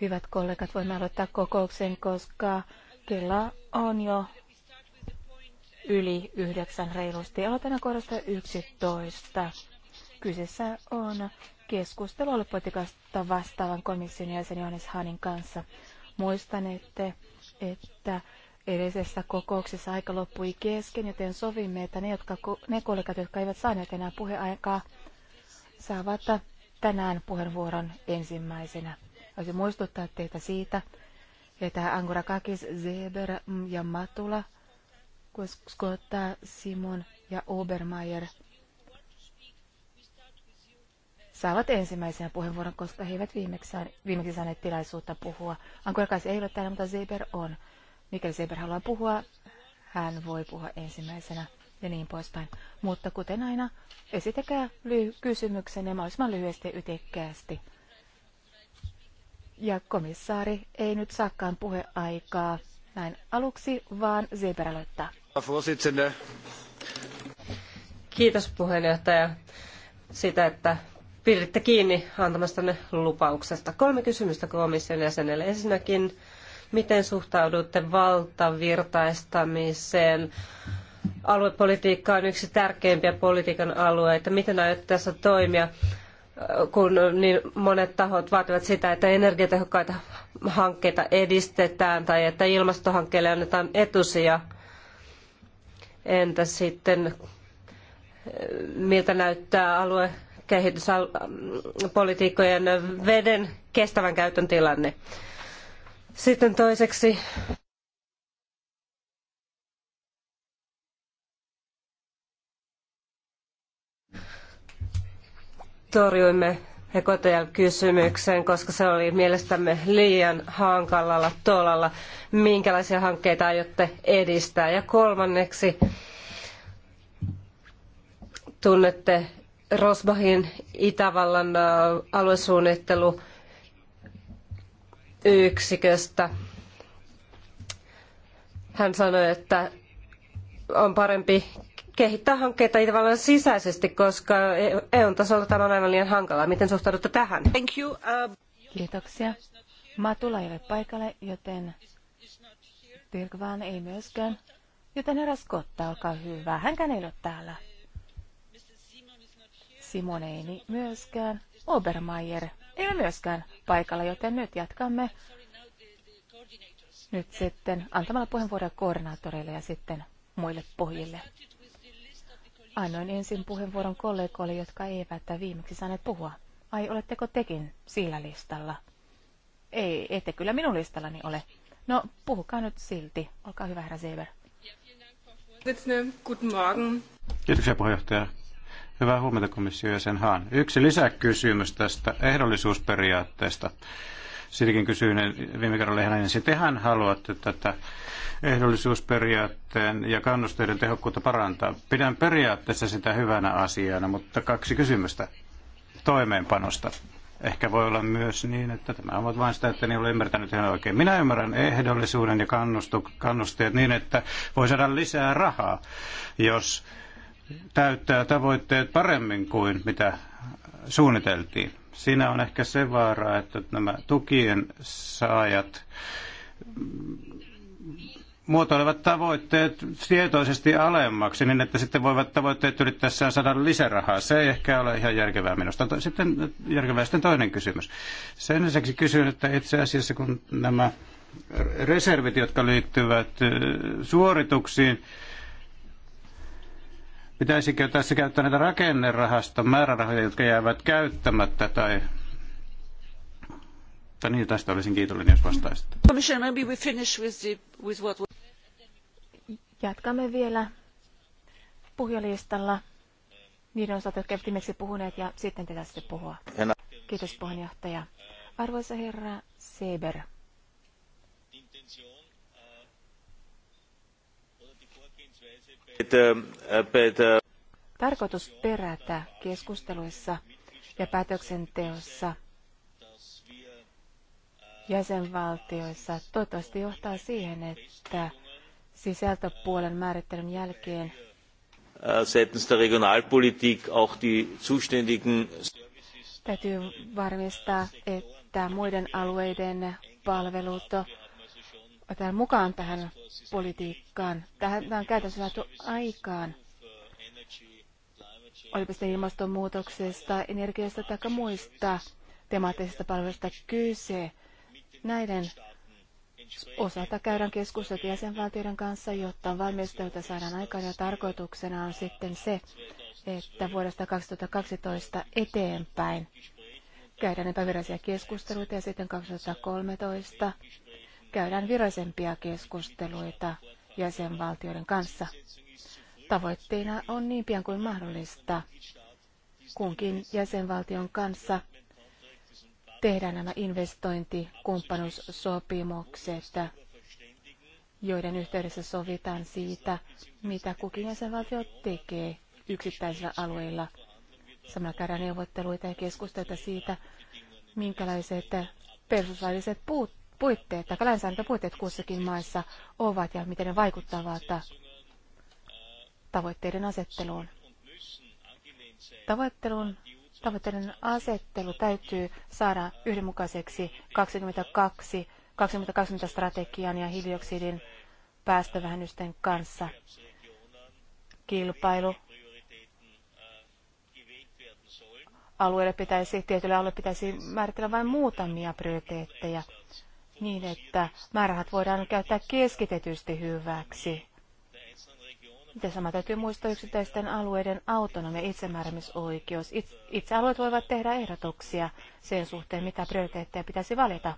Hyvät kollegat, voimme aloittaa kokouksen, koska kello on jo yli yhdeksän reilusti. Aloitetaan kohdasta 11. Kyseessä on keskustelu aluepolitiikasta vastaavan komission jäsen Johannes Hanin kanssa. Muistanette, että edellisessä kokouksessa aika loppui kesken, joten sovimme, että ne, jotka, ne kollegat, jotka eivät saaneet enää puheaikaa, saavat tänään puheenvuoron ensimmäisenä. Haluaisin muistuttaa teitä siitä, että Angurakakis, Zeber ja Matula, Skotta, Simon ja Obermeier saavat ensimmäisenä puheenvuoron, koska he eivät viimeksi, saaneet tilaisuutta puhua. Ankurakakis ei ole täällä, mutta Zeber on. Mikäli Zeber haluaa puhua, hän voi puhua ensimmäisenä ja niin poispäin. Mutta kuten aina, esitäkää lyhy- kysymyksenne mahdollisimman lyhyesti ytekkäästi. Ja komissaari ei nyt saakaan puheaikaa näin aluksi, vaan Zeber aloittaa. Kiitos puheenjohtaja sitä, että piditte kiinni antamastanne lupauksesta. Kolme kysymystä komission jäsenelle. Ensinnäkin, miten suhtaudutte valtavirtaistamiseen aluepolitiikka on yksi tärkeimpiä politiikan alueita. Miten aiotte tässä toimia, kun niin monet tahot vaativat sitä, että energiatehokkaita hankkeita edistetään tai että ilmastohankkeille annetaan etusija? Entä sitten, miltä näyttää alue kehityspolitiikkojen veden kestävän käytön tilanne? Sitten toiseksi torjuimme EKTL-kysymyksen, koska se oli mielestämme liian hankalalla tolalla. Minkälaisia hankkeita aiotte edistää? Ja kolmanneksi, tunnette Rosbachin Itävallan aluesuunnittelu yksiköstä. Hän sanoi, että on parempi kehittää hankkeita Itävallan sisäisesti, koska EUn e tasolla tämä on aivan liian hankalaa. Miten suhtaudutte tähän? Thank you. Um, Kiitoksia. Matula ei ole paikalle, joten Birgvan ei myöskään. Joten eräs kotta, olkaa hyvä. Hänkään ei ole täällä. Simoneini myöskään. Obermeier ei ole myöskään paikalla, joten nyt jatkamme nyt sitten antamalla puheenvuoroja koordinaattoreille ja sitten muille pohjille. Annoin ensin puheenvuoron kollegoille, jotka eivät viimeksi saaneet puhua. Ai, oletteko tekin sillä listalla? Ei, ette kyllä minun listallani ole. No, puhukaa nyt silti. Olkaa hyvä, herra Seber. Kiitoksia, puheenjohtaja. Hyvää huomenta komissio jäsen Haan. Yksi lisäkysymys tästä ehdollisuusperiaatteesta. Siitäkin kysyin viime kerralla ihan ensin. Tehän haluatte tätä ehdollisuusperiaatteen ja kannusteiden tehokkuutta parantaa. Pidän periaatteessa sitä hyvänä asiana, mutta kaksi kysymystä toimeenpanosta. Ehkä voi olla myös niin, että tämä on vain sitä, että en ole ymmärtänyt ihan oikein. Minä ymmärrän ehdollisuuden ja kannustu, kannusteet niin, että voi saada lisää rahaa, jos täyttää tavoitteet paremmin kuin mitä suunniteltiin. Siinä on ehkä se vaara, että nämä tukien saajat muotoilevat tavoitteet tietoisesti alemmaksi, niin että sitten voivat tavoitteet yrittäessään saada lisärahaa. Se ei ehkä ole ihan järkevää minusta. Sitten järkevää sitten toinen kysymys. Sen lisäksi kysyn, että itse asiassa kun nämä reservit, jotka liittyvät suorituksiin, Pitäisikö tässä käyttää näitä rakennerahaston määrärahoja, jotka jäävät käyttämättä tai niin, tästä olisin kiitollinen, jos vastaisitte. Jatkamme vielä puhujalistalla niiden osalta, jotka eivät viimeksi puhuneet, ja sitten te sitten puhua. Kiitos puheenjohtaja. Arvoisa herra Seber, Tarkoitus perätä keskusteluissa ja päätöksenteossa jäsenvaltioissa toivottavasti johtaa siihen, että sisältöpuolen määrittelyn jälkeen äh, seitens der Regionalpolitik auch die zuständigen Täytyy varmistaa, että muiden alueiden palvelut otetaan mukaan tähän politiikkaan. Tähän on käytännössä saatu aikaan. Olipa se ilmastonmuutoksesta, energiasta tai muista temaattisista palveluista kyse. Näiden osalta käydään keskustelut jäsenvaltioiden kanssa, jotta valmistelta saadaan aikaan ja tarkoituksena on sitten se, että vuodesta 2012 eteenpäin käydään epävirallisia keskusteluita ja sitten 2013 käydään virallisempia keskusteluita jäsenvaltioiden kanssa. Tavoitteena on niin pian kuin mahdollista kunkin jäsenvaltion kanssa tehdä nämä investointikumppanuussopimukset, joiden yhteydessä sovitaan siitä, mitä kukin jäsenvaltio tekee yksittäisillä alueilla. Samalla käydään neuvotteluita ja keskusteluita siitä, minkälaiset perustuslailliset puutteet puitteet tai lainsäädäntöpuitteet kussakin maissa ovat ja miten ne vaikuttavat tavoitteiden asetteluun. Tavoitteluun tavoitteiden asettelu täytyy saada yhdenmukaiseksi 22 2020 strategian ja hiilidioksidin päästövähennysten kanssa. Kilpailu alueelle pitäisi, tietylle alueelle pitäisi määritellä vain muutamia prioriteetteja niin, että määrärahat voidaan käyttää keskitetysti hyväksi. Mitä sama täytyy muistaa yksittäisten alueiden autonomia itsemääräämisoikeus. Itse, itse alueet voivat tehdä ehdotuksia sen suhteen, mitä prioriteetteja pitäisi valita.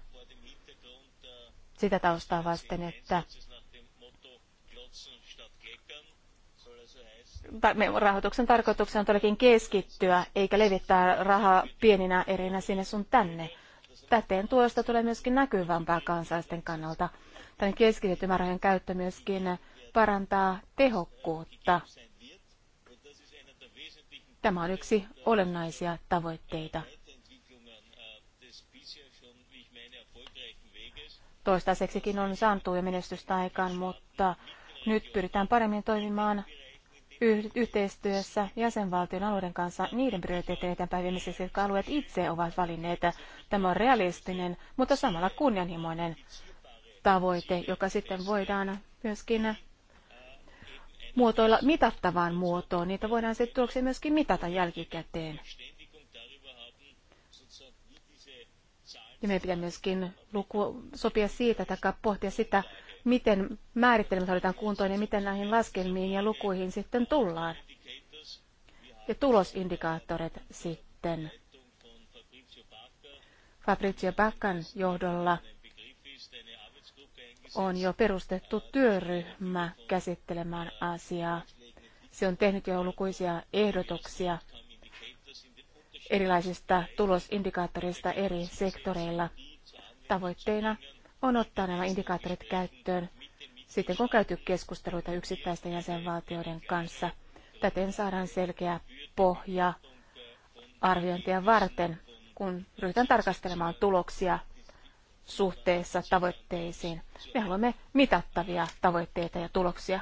Sitä taustaa vasten, että rahoituksen tarkoituksena on todellakin keskittyä, eikä levittää rahaa pieninä erinä sinne sun tänne. Täten tuosta tulee myöskin näkyvämpää kansalaisten kannalta. Tämän keskitetty käyttö myöskin parantaa tehokkuutta. Tämä on yksi olennaisia tavoitteita. Toistaiseksikin on saantu jo menestystä aikaan, mutta nyt pyritään paremmin toimimaan yhteistyössä jäsenvaltion alueiden kanssa niiden prioriteettien eteenpäinviemiseksi, jotka alueet itse ovat valinneet. Tämä on realistinen, mutta samalla kunnianhimoinen tavoite, joka sitten voidaan myöskin muotoilla mitattavaan muotoon. Niitä voidaan sitten tuloksia myöskin mitata jälkikäteen. Ja meidän pitää myöskin luku, sopia siitä tai pohtia sitä, miten määritelmät otetaan kuntoon ja miten näihin laskelmiin ja lukuihin sitten tullaan. Ja tulosindikaattorit sitten. Fabrizio Backan johdolla on jo perustettu työryhmä käsittelemään asiaa. Se on tehnyt jo lukuisia ehdotuksia erilaisista tulosindikaattoreista eri sektoreilla. Tavoitteena on ottaa nämä indikaattorit käyttöön sitten, kun käyty keskusteluita yksittäisten jäsenvaltioiden kanssa. Täten saadaan selkeä pohja arviointia varten, kun ryhdytään tarkastelemaan tuloksia suhteessa tavoitteisiin. Me haluamme mitattavia tavoitteita ja tuloksia.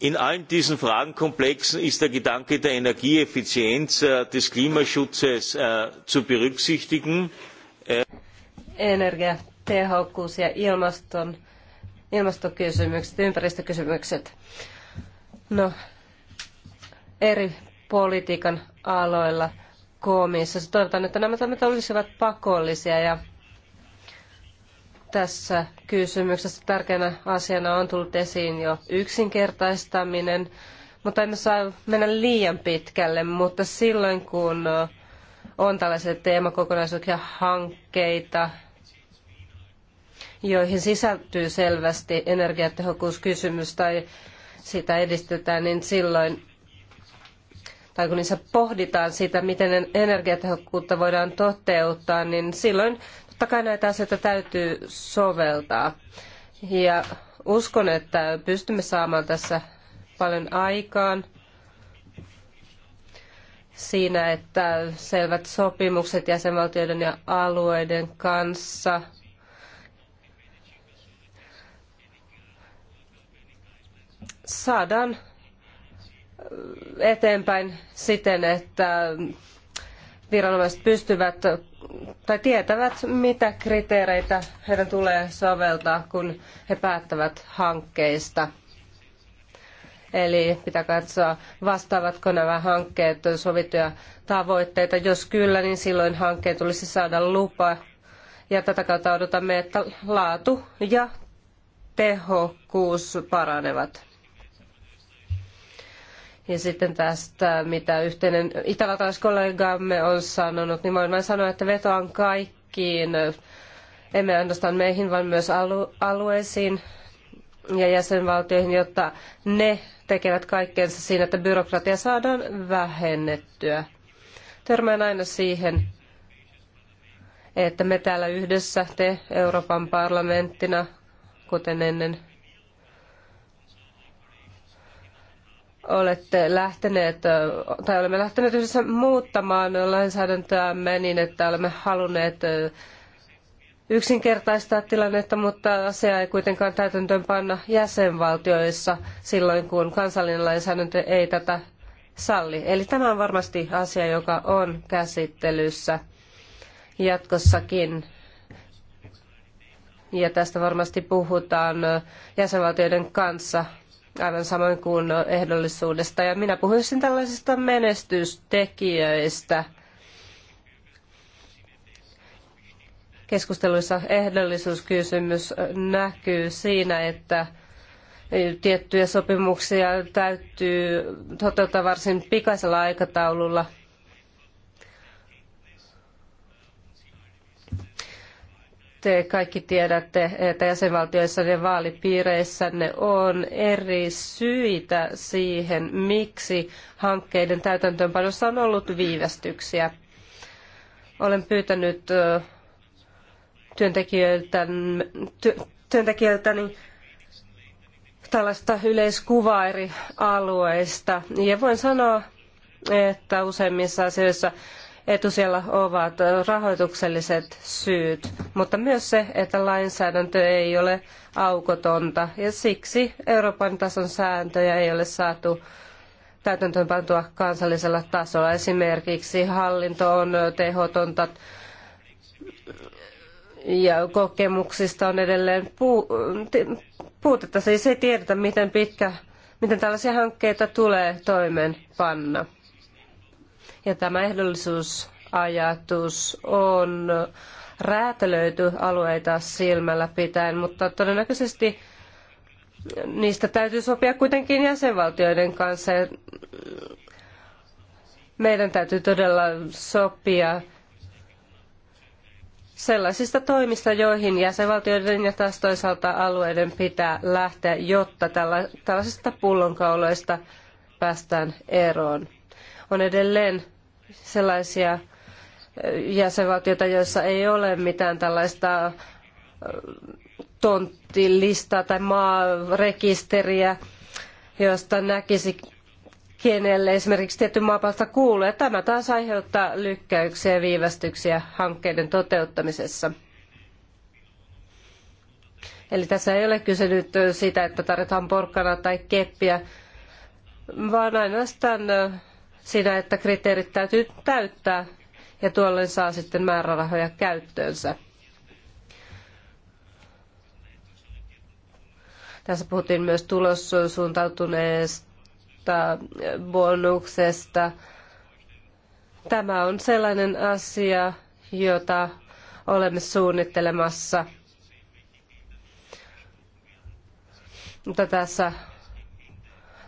In allen diesen Fragenkomplexen ist der Gedanke der Energieeffizienz äh, des Klimaschutzes äh, zu berücksichtigen. Äh... Energia tehokkuus ja ilmaston, ilmastokysymykset, ympäristökysymykset. No, eri politiikan aloilla komissiossa. Toivotaan, että nämä toimet olisivat pakollisia ja tässä kysymyksessä tärkeänä asiana on tullut esiin jo yksinkertaistaminen, mutta emme saa mennä liian pitkälle, mutta silloin kun on tällaisia teemakokonaisuuksia, hankkeita, joihin sisältyy selvästi energiatehokkuuskysymys tai sitä edistetään, niin silloin tai kun niissä pohditaan sitä, miten energiatehokkuutta voidaan toteuttaa, niin silloin totta kai näitä asioita täytyy soveltaa. Ja uskon, että pystymme saamaan tässä paljon aikaan siinä, että selvät sopimukset jäsenvaltioiden ja alueiden kanssa – saadaan eteenpäin siten, että viranomaiset pystyvät tai tietävät, mitä kriteereitä heidän tulee soveltaa, kun he päättävät hankkeista. Eli pitää katsoa, vastaavatko nämä hankkeet sovittuja tavoitteita. Jos kyllä, niin silloin hankkeen tulisi saada lupa. Ja tätä kautta odotamme, että laatu ja tehokkuus paranevat. Ja sitten tästä, mitä yhteinen itävaltalaiskollegamme on sanonut, niin voin vain sanoa, että vetoan kaikkiin, emme ainoastaan meihin, vaan myös alueisiin ja jäsenvaltioihin, jotta ne tekevät kaikkensa siinä, että byrokratia saadaan vähennettyä. Törmään aina siihen, että me täällä yhdessä, te Euroopan parlamenttina, kuten ennen olette lähteneet, tai olemme lähteneet yhdessä muuttamaan lainsäädäntöämme niin, että olemme halunneet yksinkertaistaa tilannetta, mutta asia ei kuitenkaan täytäntöön panna jäsenvaltioissa silloin, kun kansallinen lainsäädäntö ei tätä salli. Eli tämä on varmasti asia, joka on käsittelyssä jatkossakin. Ja tästä varmasti puhutaan jäsenvaltioiden kanssa aivan samoin kuin ehdollisuudesta. Ja minä puhuisin tällaisista menestystekijöistä. Keskusteluissa ehdollisuuskysymys näkyy siinä, että tiettyjä sopimuksia täytyy toteuttaa varsin pikaisella aikataululla – te kaikki tiedätte, että jäsenvaltioissa ja vaalipiireissä ne on eri syitä siihen, miksi hankkeiden täytäntöönpanossa on ollut viivästyksiä. Olen pyytänyt työntekijöiltäni tällaista yleiskuvaa eri alueista. Ja voin sanoa, että useimmissa asioissa etusijalla ovat rahoitukselliset syyt, mutta myös se, että lainsäädäntö ei ole aukotonta ja siksi Euroopan tason sääntöjä ei ole saatu täytäntöönpantua kansallisella tasolla. Esimerkiksi hallinto on tehotonta ja kokemuksista on edelleen puutetta. Siis ei tiedetä, miten pitkä, miten tällaisia hankkeita tulee toimeenpanna. Ja tämä ehdollisuusajatus on räätälöity alueita silmällä pitäen, mutta todennäköisesti niistä täytyy sopia kuitenkin jäsenvaltioiden kanssa. Meidän täytyy todella sopia sellaisista toimista, joihin jäsenvaltioiden ja taas toisaalta alueiden pitää lähteä, jotta tällaisista pullonkauloista päästään eroon. On edelleen sellaisia jäsenvaltioita, joissa ei ole mitään tällaista tonttilistaa tai maarekisteriä, josta näkisi, kenelle esimerkiksi tietty maapalsta kuuluu. Ja tämä taas aiheuttaa lykkäyksiä ja viivästyksiä hankkeiden toteuttamisessa. Eli tässä ei ole kyse nyt siitä, että tarjotaan porkkana tai keppiä, vaan ainoastaan sitä, että kriteerit täytyy täyttää ja tuolloin saa sitten määrärahoja käyttöönsä. Tässä puhuttiin myös tulossuuntautuneesta bonuksesta. Tämä on sellainen asia, jota olemme suunnittelemassa. Mutta tässä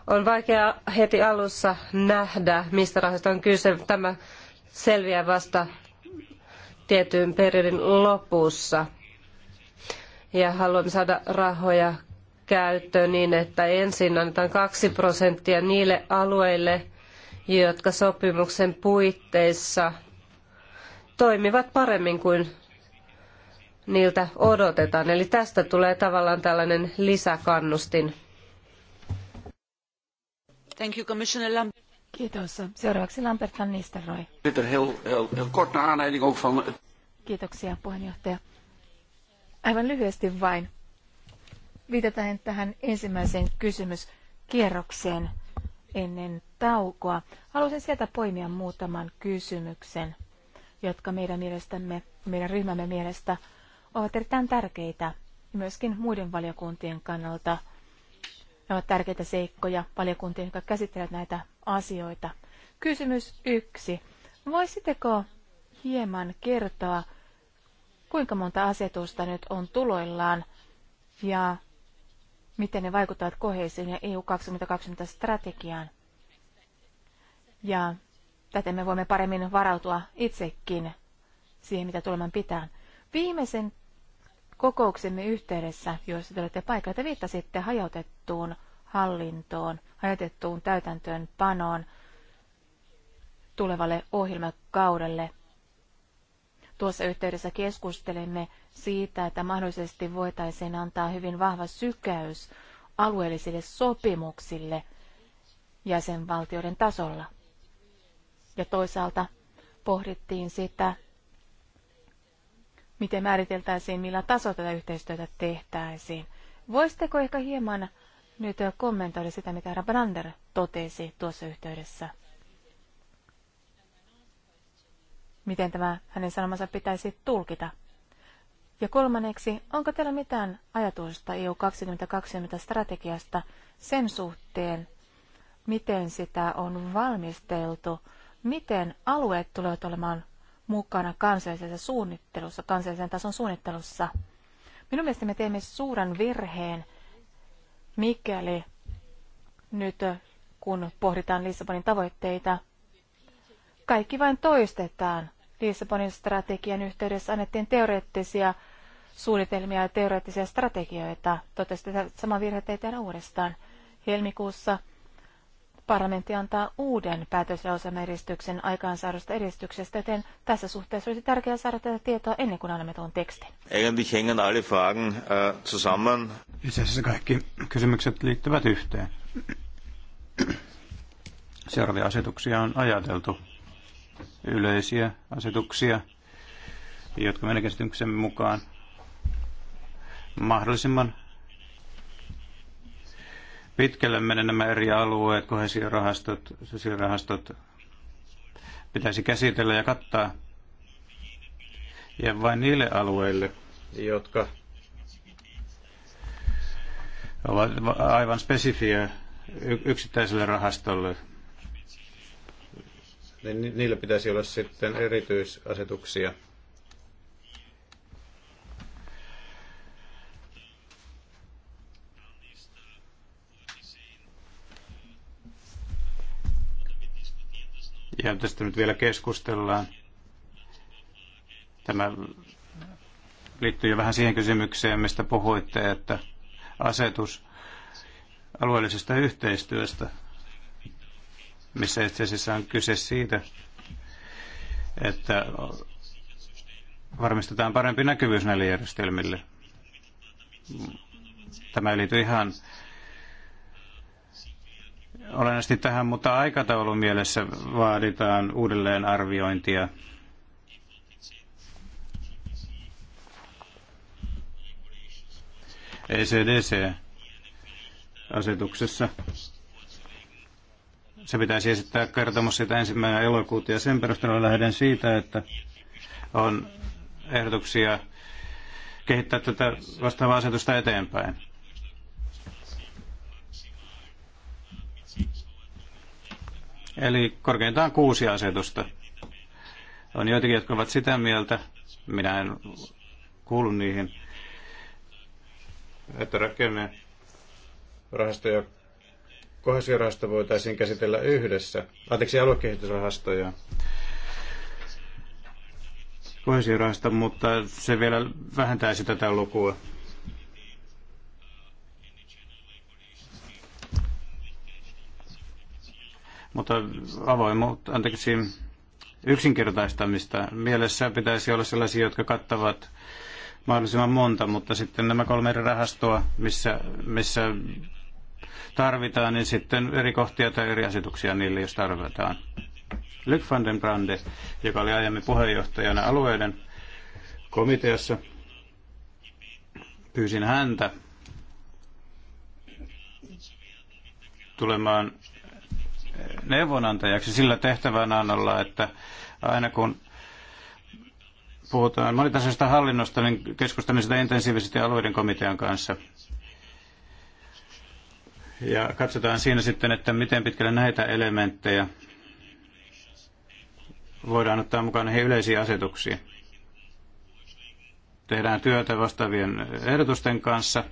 on vaikea heti alussa nähdä, mistä rahasta on kyse. Tämä selviää vasta tietyn periodin lopussa. Ja haluamme saada rahoja käyttöön niin, että ensin annetaan kaksi prosenttia niille alueille, jotka sopimuksen puitteissa toimivat paremmin kuin niiltä odotetaan. Eli tästä tulee tavallaan tällainen lisäkannustin. Er Kiitoksia, puheenjohtaja. Aivan lyhyesti vain. Viitataan tähän ensimmäiseen kysymyskierrokseen ennen taukoa. Haluaisin sieltä poimia muutaman kysymyksen, jotka meidän mielestämme, meidän ryhmämme mielestä ovat erittäin tärkeitä myöskin muiden valiokuntien kannalta – ne ovat tärkeitä seikkoja valiokuntien, jotka käsittelevät näitä asioita. Kysymys yksi. Voisitteko hieman kertoa, kuinka monta asetusta nyt on tuloillaan ja miten ne vaikuttavat koheisiin ja EU 2020 strategiaan? Ja täten me voimme paremmin varautua itsekin siihen, mitä tuleman pitää. Viimeisen kokouksemme yhteydessä, joissa te olette paikalla, te viittasitte hajautettuun hallintoon, hajautettuun täytäntöönpanoon tulevalle ohjelmakaudelle. Tuossa yhteydessä keskustelimme siitä, että mahdollisesti voitaisiin antaa hyvin vahva sykäys alueellisille sopimuksille jäsenvaltioiden tasolla. Ja toisaalta pohdittiin sitä, miten määriteltäisiin, millä tasolla tätä yhteistyötä tehtäisiin. Voisitteko ehkä hieman nyt kommentoida sitä, mitä herra Brander totesi tuossa yhteydessä? Miten tämä hänen sanomansa pitäisi tulkita? Ja kolmanneksi, onko teillä mitään ajatusta EU 2020 strategiasta sen suhteen, miten sitä on valmisteltu, miten alueet tulevat olemaan mukana kansallisessa suunnittelussa, kansallisen tason suunnittelussa. Minun mielestäni me teemme suuren virheen, mikäli nyt kun pohditaan Lissabonin tavoitteita, kaikki vain toistetaan. Lissabonin strategian yhteydessä annettiin teoreettisia suunnitelmia ja teoreettisia strategioita. Totesi, että sama virhe ei tehdä uudestaan. Helmikuussa parlamentti antaa uuden päätöslauselmaeristyksen aikaansaadusta edistyksestä, joten tässä suhteessa olisi tärkeää saada tätä tietoa ennen kuin annamme tuon tekstin. Eigentlich hängen alle Fragen äh, zusammen. Itse asiassa kaikki kysymykset liittyvät yhteen. Seuraavia asetuksia on ajateltu. Yleisiä asetuksia, jotka meidän käsityksemme mukaan mahdollisimman pitkälle mene nämä eri alueet, kohesiorahastot, sosiaalirahastot pitäisi käsitellä ja kattaa. Ja vain niille alueille, jotka ovat aivan spesifiä yksittäiselle rahastolle, niin niillä pitäisi olla sitten erityisasetuksia ja tästä nyt vielä keskustellaan. Tämä liittyy jo vähän siihen kysymykseen, mistä puhuitte, että asetus alueellisesta yhteistyöstä, missä itse asiassa on kyse siitä, että varmistetaan parempi näkyvyys näille järjestelmille. Tämä liittyy ihan olennaisesti tähän, mutta aikataulun mielessä vaaditaan uudelleen arviointia. ECDC-asetuksessa. Se pitäisi esittää kertomus sitä ensimmäinen elokuuta ja sen perusteella lähden siitä, että on ehdotuksia kehittää tätä vastaavaa asetusta eteenpäin. Eli korkeintaan kuusi asetusta. On joitakin, jotka ovat sitä mieltä, minä en kuulu niihin, että rakenne rahastoja kohesiorahasto voitaisiin käsitellä yhdessä, anteeksi aluekehitysrahastoja kohesiorahasto, mutta se vielä vähentäisi tätä lukua. Mutta avoimuut, anteeksi, yksinkertaistamista mielessä pitäisi olla sellaisia, jotka kattavat mahdollisimman monta, mutta sitten nämä kolme eri rahastoa, missä, missä tarvitaan, niin sitten eri kohtia tai eri asetuksia niille, jos tarvitaan. Lyck van den Brande, joka oli aiemmin puheenjohtajana alueiden komiteassa, pyysin häntä tulemaan neuvonantajaksi. Sillä tehtävänä on olla, että aina kun puhutaan monitasoisesta hallinnosta, niin keskustelen sitä intensiivisesti alueiden komitean kanssa. Ja katsotaan siinä sitten, että miten pitkälle näitä elementtejä voidaan ottaa mukaan näihin yleisiin asetuksiin. Tehdään työtä vastaavien ehdotusten kanssa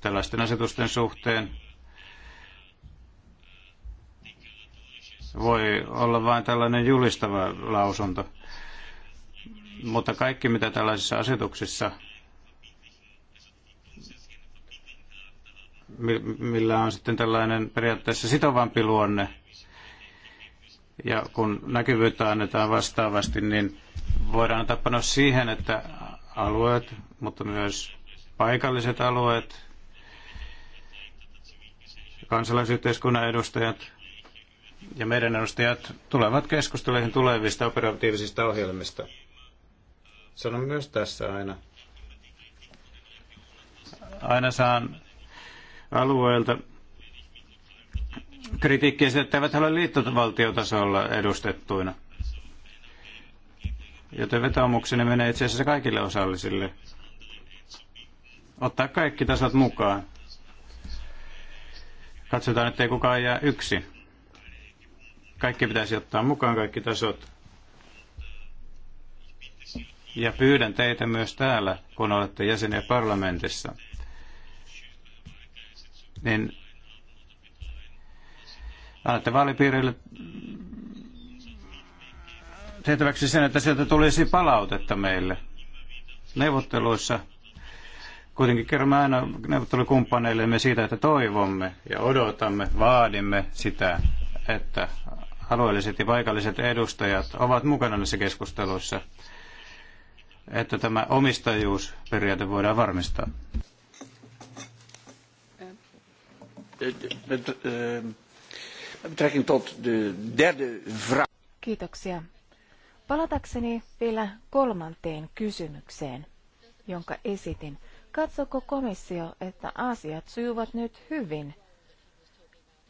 tällaisten asetusten suhteen. voi olla vain tällainen julistava lausunto. Mutta kaikki, mitä tällaisissa asetuksissa, millä on sitten tällainen periaatteessa sitovampi luonne, ja kun näkyvyyttä annetaan vastaavasti, niin voidaan antaa panos siihen, että alueet, mutta myös paikalliset alueet, kansalaisyhteiskunnan edustajat ja meidän edustajat tulevat keskusteluihin tulevista operatiivisista ohjelmista. Sanon myös tässä aina. Aina saan alueelta kritiikkiä siitä, että eivät ole liittovaltiotasolla edustettuina. Joten vetoomukseni menee itse asiassa kaikille osallisille. Ottaa kaikki tasot mukaan. Katsotaan, ettei kukaan jää yksi kaikki pitäisi ottaa mukaan, kaikki tasot. Ja pyydän teitä myös täällä, kun olette jäseniä parlamentissa, niin annatte vaalipiirille tehtäväksi sen, että sieltä tulisi palautetta meille neuvotteluissa. Kuitenkin kerromme aina neuvottelukumppaneillemme siitä, että toivomme ja odotamme, vaadimme sitä, että alueelliset ja paikalliset edustajat ovat mukana näissä keskusteluissa, että tämä omistajuusperiaate voidaan varmistaa? Kiitoksia. Palatakseni vielä kolmanteen kysymykseen, jonka esitin. Katsoko komissio, että asiat sujuvat nyt hyvin,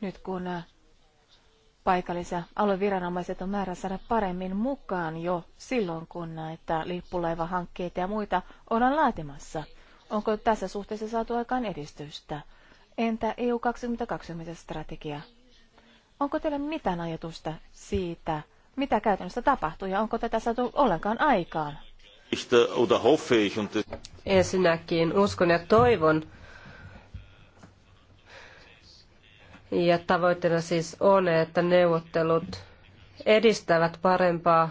nyt kun paikallisia alueviranomaiset on määrä saada paremmin mukaan jo silloin, kun näitä lippulaivahankkeita ja muita ollaan laatimassa. Onko tässä suhteessa saatu aikaan edistystä? Entä EU 2020-strategia? Onko teillä mitään ajatusta siitä, mitä käytännössä tapahtuu ja onko tätä saatu ollenkaan aikaan? Äh, Ensinnäkin uskon ja toivon, Ja tavoitteena siis on, että neuvottelut edistävät parempaa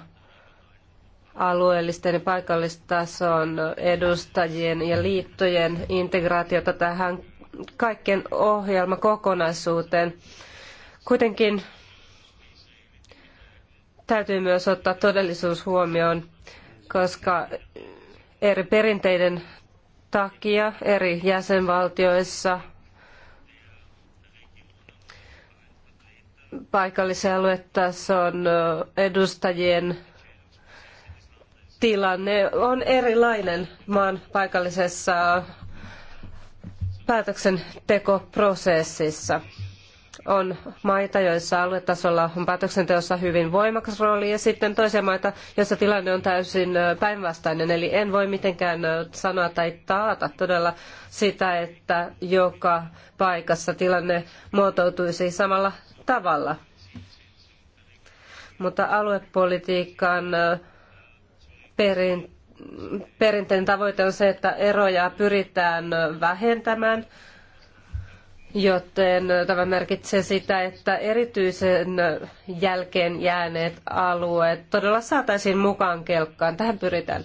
alueellisten ja paikallistason edustajien ja liittojen integraatiota tähän kaikkien ohjelmakokonaisuuteen. Kuitenkin täytyy myös ottaa todellisuus huomioon, koska eri perinteiden takia eri jäsenvaltioissa se on edustajien tilanne on erilainen maan paikallisessa päätöksentekoprosessissa. On maita, joissa aluetasolla on päätöksenteossa hyvin voimakas rooli, ja sitten toisia maita, joissa tilanne on täysin päinvastainen. Eli en voi mitenkään sanoa tai taata todella sitä, että joka paikassa tilanne muotoutuisi samalla tavalla. Mutta aluepolitiikan perin, perinteinen tavoite on se, että eroja pyritään vähentämään, joten tämä merkitsee sitä, että erityisen jälkeen jääneet alueet todella saataisiin mukaan kelkkaan. Tähän pyritään.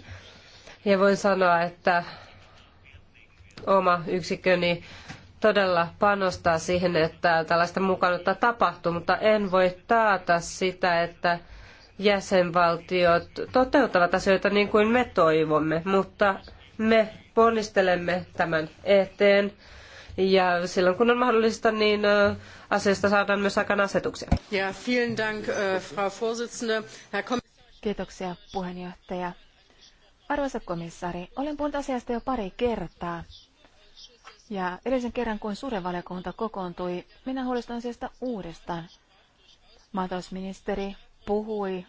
Ja voin sanoa, että oma yksiköni todella panostaa siihen, että tällaista mukanautta tapahtuu, mutta en voi taata sitä, että jäsenvaltiot toteuttavat asioita niin kuin me toivomme, mutta me ponnistelemme tämän eteen. Ja silloin kun on mahdollista, niin asiasta saadaan myös aikaan asetuksia. Ja, vielen dank, Frau Vorsitzende. Herr Kiitoksia, puheenjohtaja. Arvoisa komissaari, olen puhunut asiasta jo pari kertaa. Ja edellisen kerran, kun suurevaliokunta kokoontui, minä huolestan sieltä uudestaan. Maatalousministeri puhui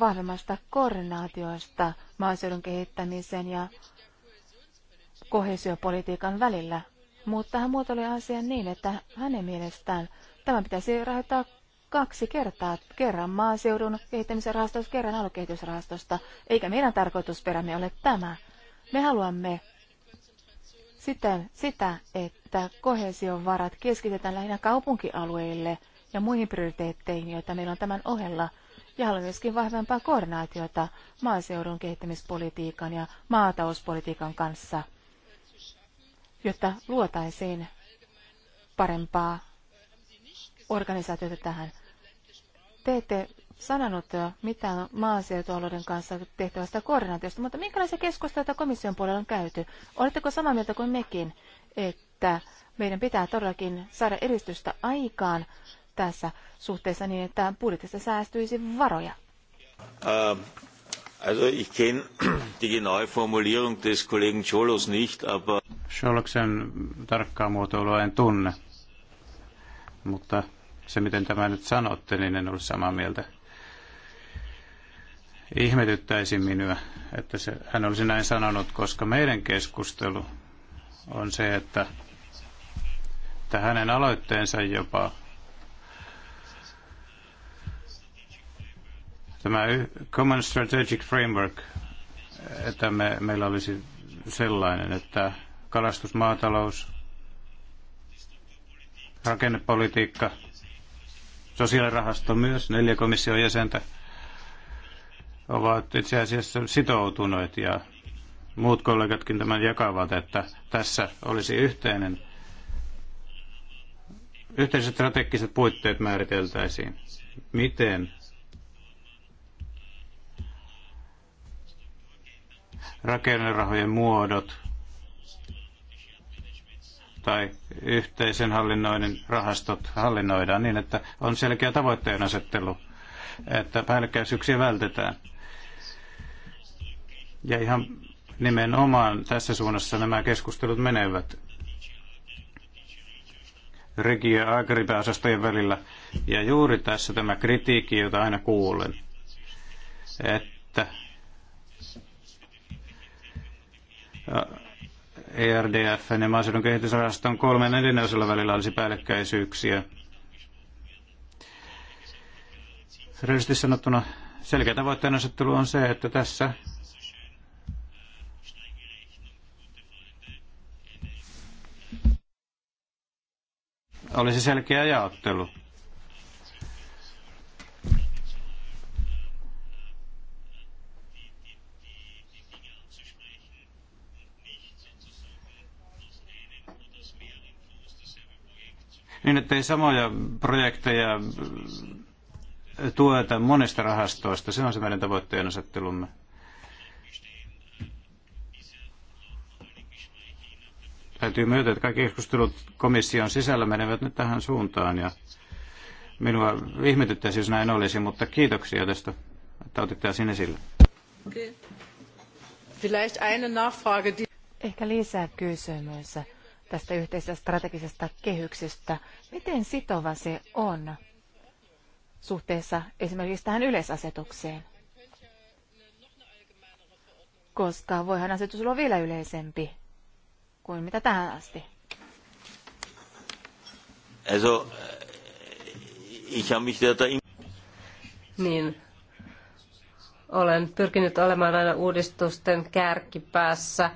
vahvemmasta koordinaatioista maaseudun kehittämisen ja kohesiopolitiikan välillä, mutta hän muotoili asian niin, että hänen mielestään tämä pitäisi rahoittaa kaksi kertaa, kerran maaseudun kehittämisen rahastosta, kerran aluekehitysrahastosta, eikä meidän tarkoitusperämme ole tämä. Me haluamme sitä, sitä että kohesion varat keskitetään lähinnä kaupunkialueille ja muihin prioriteetteihin, joita meillä on tämän ohella, ja haluan myöskin vahvempaa koordinaatiota maaseudun kehittämispolitiikan ja maatalouspolitiikan kanssa, jotta luotaisiin parempaa organisaatiota tähän. Te ette sanonut äh, mitään maansietoalueiden kanssa tehtävästä koordinaatiosta, mutta minkälaisia keskusteluita komission puolella on käyty? Oletteko samaa mieltä kuin mekin, että meidän pitää todellakin saada edistystä aikaan tässä suhteessa niin, että budjetista säästyisi varoja? Uh, Also ich kenne die genaue Formulierung des Kollegen Scholos nicht, aber... Scholoksen tarkkaa muotoilua en tunne, mutta se miten tämä nyt sanotte, niin en ole samaa mieltä ihmetyttäisi minua, että se, hän olisi näin sanonut, koska meidän keskustelu on se, että, että hänen aloitteensa jopa tämä Common Strategic Framework, että me, meillä olisi sellainen, että kalastus, maatalous, rakennepolitiikka, sosiaalirahasto myös, neljä komission jäsentä – ovat itse asiassa sitoutuneet ja muut kollegatkin tämän jakavat, että tässä olisi yhteinen, yhteiset strategiset puitteet määriteltäisiin. Miten rakennerahojen muodot tai yhteisen hallinnoinnin rahastot hallinnoidaan niin, että on selkeä tavoitteen asettelu, että päällekkäisyyksiä vältetään ja ihan nimenomaan tässä suunnassa nämä keskustelut menevät regi- ja agripäosastojen välillä. Ja juuri tässä tämä kritiikki, jota aina kuulen, että ERDF ja maaseudun kehitysrahaston kolmen neljännesosalla välillä olisi päällekkäisyyksiä. Rehellisesti sanottuna selkeä tavoitteen asettelu on se, että tässä olisi selkeä jaottelu. Niin, että ei samoja projekteja äh, tueta monista rahastoista. Se on se meidän tavoitteen asettelumme. Täytyy myötä, että kaikki keskustelut komission sisällä menevät nyt tähän suuntaan ja minua ihmetyttäisi, jos näin olisi, mutta kiitoksia tästä, että otitte sen esille. Okay. Ehkä lisää kysymys tästä yhteisestä strategisesta kehyksestä. Miten sitova se on suhteessa esimerkiksi tähän yleisasetukseen? Koska voihan asetus olla vielä yleisempi kuin mitä tähän asti? Also, äh, ich habe mich da Niin, olen pyrkinyt olemaan aina uudistusten kärkipäässä.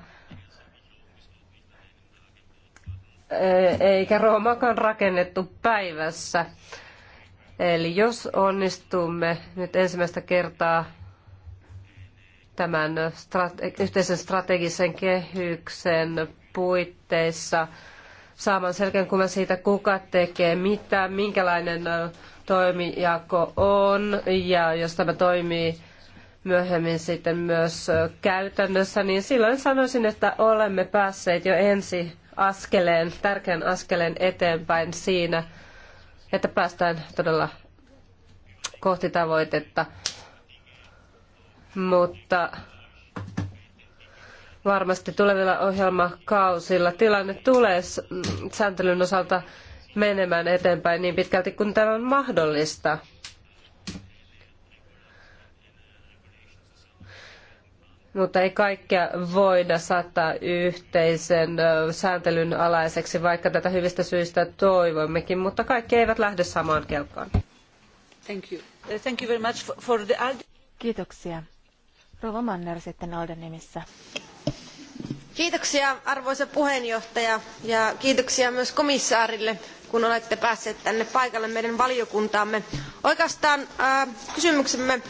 Eikä Roomakaan rakennettu päivässä. Eli jos onnistumme nyt ensimmäistä kertaa tämän strate- yhteisen strategisen kehyksen puitteissa saamaan selkeän kuvan siitä, kuka tekee mitä, minkälainen toimijako on ja jos tämä toimii myöhemmin sitten myös käytännössä, niin silloin sanoisin, että olemme päässeet jo ensi askeleen, tärkeän askeleen eteenpäin siinä, että päästään todella kohti tavoitetta. Mutta varmasti tulevilla ohjelmakausilla tilanne tulee sääntelyn osalta menemään eteenpäin niin pitkälti kuin tämä on mahdollista. Mutta ei kaikkea voida saattaa yhteisen sääntelyn alaiseksi, vaikka tätä hyvistä syistä toivommekin, mutta kaikki eivät lähde samaan kelkaan. Thank you. Thank you very much for the... Kiitoksia. Rova Manner sitten Alden nimissä. Kiitoksia arvoisa puheenjohtaja ja kiitoksia myös komissaarille, kun olette päässeet tänne paikalle meidän valiokuntaamme. Oikeastaan kysymyksemme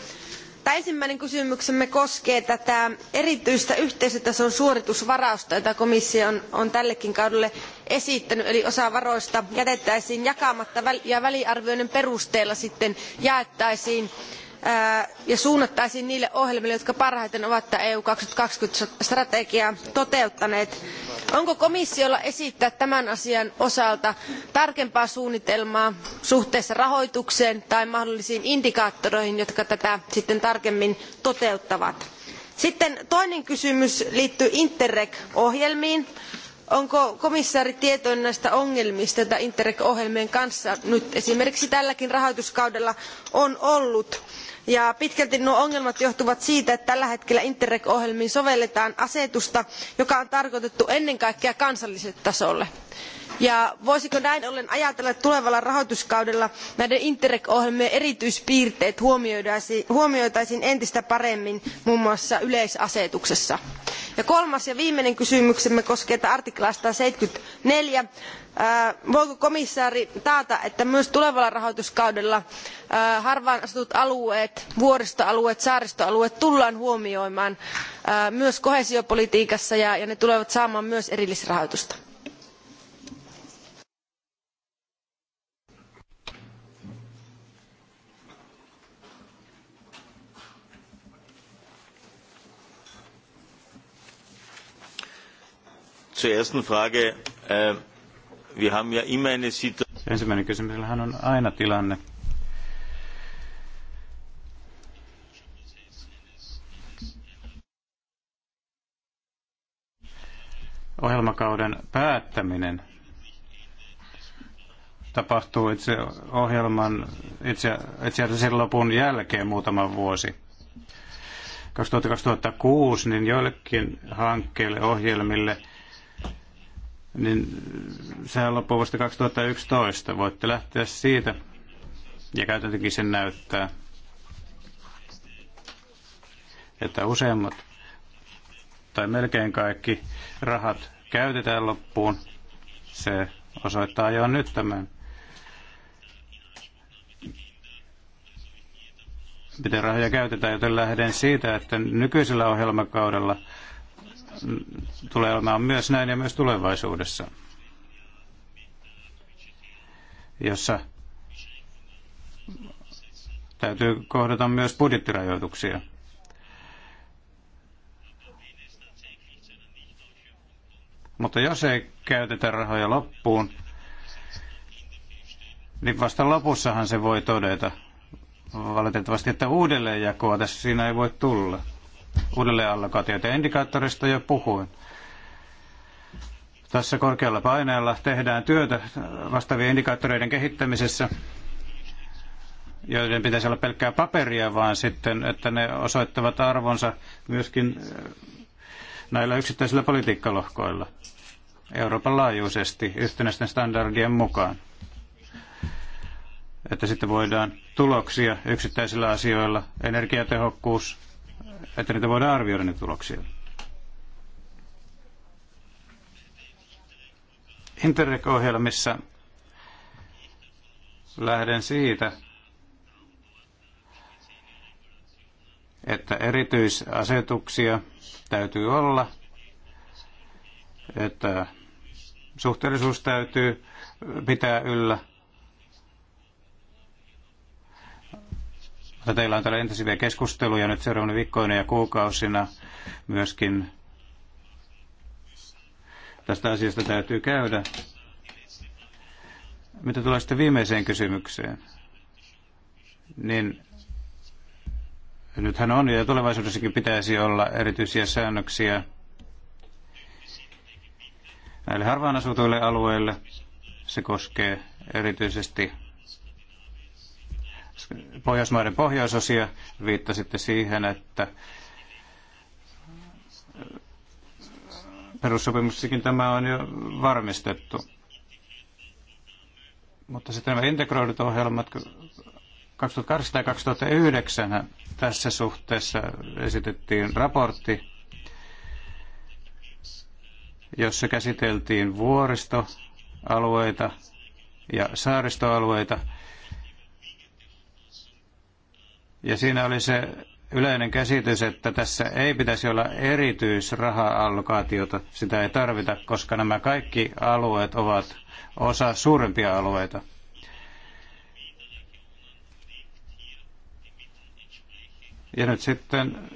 ensimmäinen kysymyksemme koskee tätä erityistä yhteisötason suoritusvarausta, jota komissio on, on tällekin kaudelle esittänyt, eli osa varoista jätettäisiin jakamatta ja väliarvioinnin perusteella sitten jaettaisiin ja suunnattaisiin niille ohjelmille, jotka parhaiten ovat tätä EU 2020-strategiaa toteuttaneet. Onko komissiolla esittää tämän asian osalta tarkempaa suunnitelmaa suhteessa rahoitukseen tai mahdollisiin indikaattoreihin, jotka tätä sitten tarkemmin toteuttavat? Sitten toinen kysymys liittyy Interreg-ohjelmiin. Onko komissaari tietoinen näistä ongelmista, joita Interreg-ohjelmien kanssa nyt esimerkiksi tälläkin rahoituskaudella on ollut? ja pitkälti nuo ongelmat johtuvat siitä että tällä hetkellä interreg ohjelmiin sovelletaan asetusta joka on tarkoitettu ennen kaikkea kansalliselle tasolle ja voisiko näin ollen ajatella että tulevalla rahoituskaudella näiden interreg ohjelmien erityispiirteet huomioitaisiin entistä paremmin muun muassa yleisasetuksessa? kolmas ja viimeinen kysymyksemme koskee artiklaa sataseitsemänkymmentäneljä äh, voiko jäsen taata että myös tulevalla rahoituskaudella äh, harvaan asutut alueet vuoristoalueet ja saaristoalueet tullaan huomioimaan äh, myös koheesiopolitiikassa ja ne tulevat saamaan myös erillisrahoitusta? Zur ersten Frage. Äh, wir haben ja immer eine Situation. Ensimmäinen kysymyksellähän on aina tilanne, ohjelmakauden päättäminen tapahtuu itse ohjelman itse, itse asiassa sen lopun jälkeen muutama vuosi. 2000-2006, niin joillekin hankkeille, ohjelmille niin sehän loppuu vasta 2011. Voitte lähteä siitä ja käytäntökin sen näyttää, että useimmat tai melkein kaikki rahat käytetään loppuun. Se osoittaa jo nyt tämän, miten rahoja käytetään, joten lähden siitä, että nykyisellä ohjelmakaudella – tulee olemaan myös näin ja myös tulevaisuudessa, jossa täytyy kohdata myös budjettirajoituksia. Mutta jos ei käytetä rahoja loppuun, niin vasta lopussahan se voi todeta valitettavasti, että uudelleenjakoa tässä siinä ei voi tulla uudelleenallokaatioita. Indikaattorista jo puhuin. Tässä korkealla paineella tehdään työtä vastaavien indikaattoreiden kehittämisessä, joiden pitäisi olla pelkkää paperia, vaan sitten, että ne osoittavat arvonsa myöskin eh, näillä yksittäisillä politiikkalohkoilla Euroopan laajuisesti yhtenäisten standardien mukaan. Että sitten voidaan tuloksia yksittäisillä asioilla, energiatehokkuus, että niitä voidaan arvioida niitä tuloksia. Interreg-ohjelmissa lähden siitä, että erityisasetuksia täytyy olla, että suhteellisuus täytyy pitää yllä – Mutta teillä on täällä intensiivisiä keskusteluja nyt seuraavana viikkoina ja kuukausina myöskin tästä asiasta täytyy käydä. Mitä tulee sitten viimeiseen kysymykseen, niin nythän on ja tulevaisuudessakin pitäisi olla erityisiä säännöksiä näille harvaan asutuille alueille. Se koskee erityisesti Pohjoismaiden pohjoisosia. Viittasitte siihen, että perussopimuksessakin tämä on jo varmistettu. Mutta sitten nämä integroidut ohjelmat 2008 ja 2009 tässä suhteessa esitettiin raportti, jossa käsiteltiin vuoristoalueita ja saaristoalueita – ja siinä oli se yleinen käsitys, että tässä ei pitäisi olla erityisraha-allokaatiota, sitä ei tarvita, koska nämä kaikki alueet ovat osa suurempia alueita. Ja nyt sitten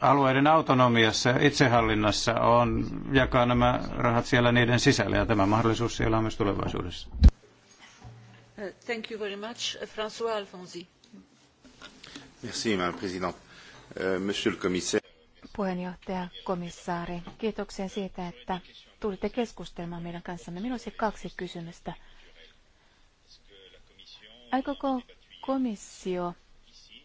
alueiden autonomiassa, itsehallinnassa on jakaa nämä rahat siellä niiden sisällä ja tämä mahdollisuus siellä on myös tulevaisuudessa. Thank you very much, François Alfonsi. Merci, madame président. Euh, Monsieur le commissaire. Puheenjohtaja, komissaari, kiitoksia siitä, että tulitte keskustelemaan meidän kanssamme. Minulla olisi kaksi kysymystä. Aikooko komissio,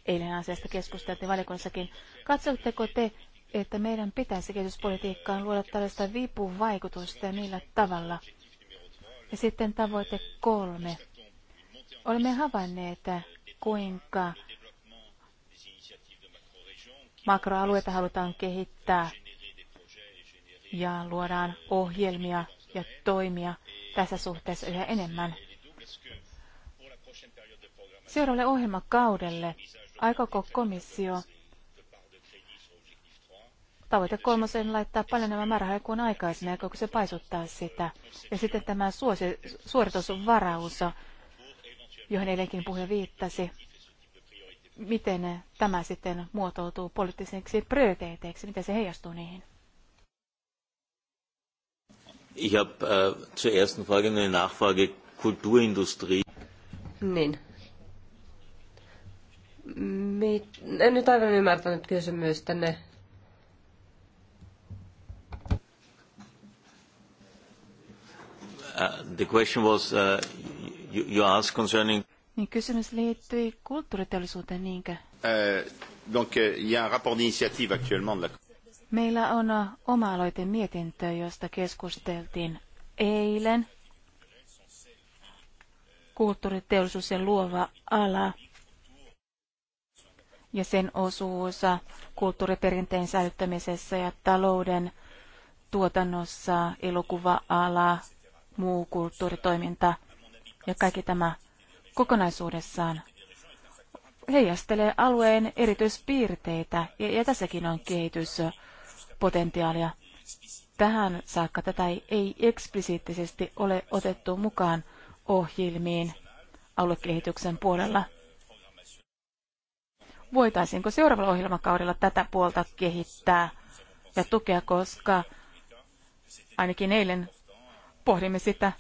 eilen asiasta keskusteltiin valiokunnassakin, katsotteko te, että meidän pitäisi kehityspolitiikkaan luoda tällaista vipuvaikutusta ja millä tavalla? Ja sitten tavoite kolme. Olemme havainneet, kuinka makroalueita halutaan kehittää ja luodaan ohjelmia ja toimia tässä suhteessa yhä enemmän. Seuraavalle ohjelmakaudelle aikooko komissio tavoite kolmosen laittaa paljon nämä määrärahoja kuin aikaisemmin, ja se paisuttaa sitä. Ja sitten tämä suositusvaraus, johon eilenkin puhe viittasi, miten tämä sitten muotoutuu poliittiseksi prioriteeteiksi, miten se heijastuu niihin? Ich habe äh, zur ersten Frage eine Nachfrage. Kulturindustrie. Niin. Mit, en nyt aivan ymmärtänyt kysymystänne. Uh, the question was uh, you, you asked concerning niin kysymys liittyy kulttuuriteollisuuteen niinkö? Uh, donc, euh, il y a un rapport d'initiative actuellement de la... Meillä on äh, oma aloite mietintö, josta keskusteltiin eilen. Kulttuuriteollisuus ja luova ala ja sen osuus kulttuuriperinteen säilyttämisessä ja talouden tuotannossa, elokuva-ala, muu kulttuuritoiminta ja kaikki tämä kokonaisuudessaan heijastelee alueen erityispiirteitä ja, ja tässäkin on kehityspotentiaalia. Tähän saakka tätä ei, ei eksplisiittisesti ole otettu mukaan ohjelmiin aluekehityksen puolella. Voitaisiinko seuraavalla ohjelmakaudella tätä puolta kehittää ja tukea, koska ainakin eilen pohdimme sitä,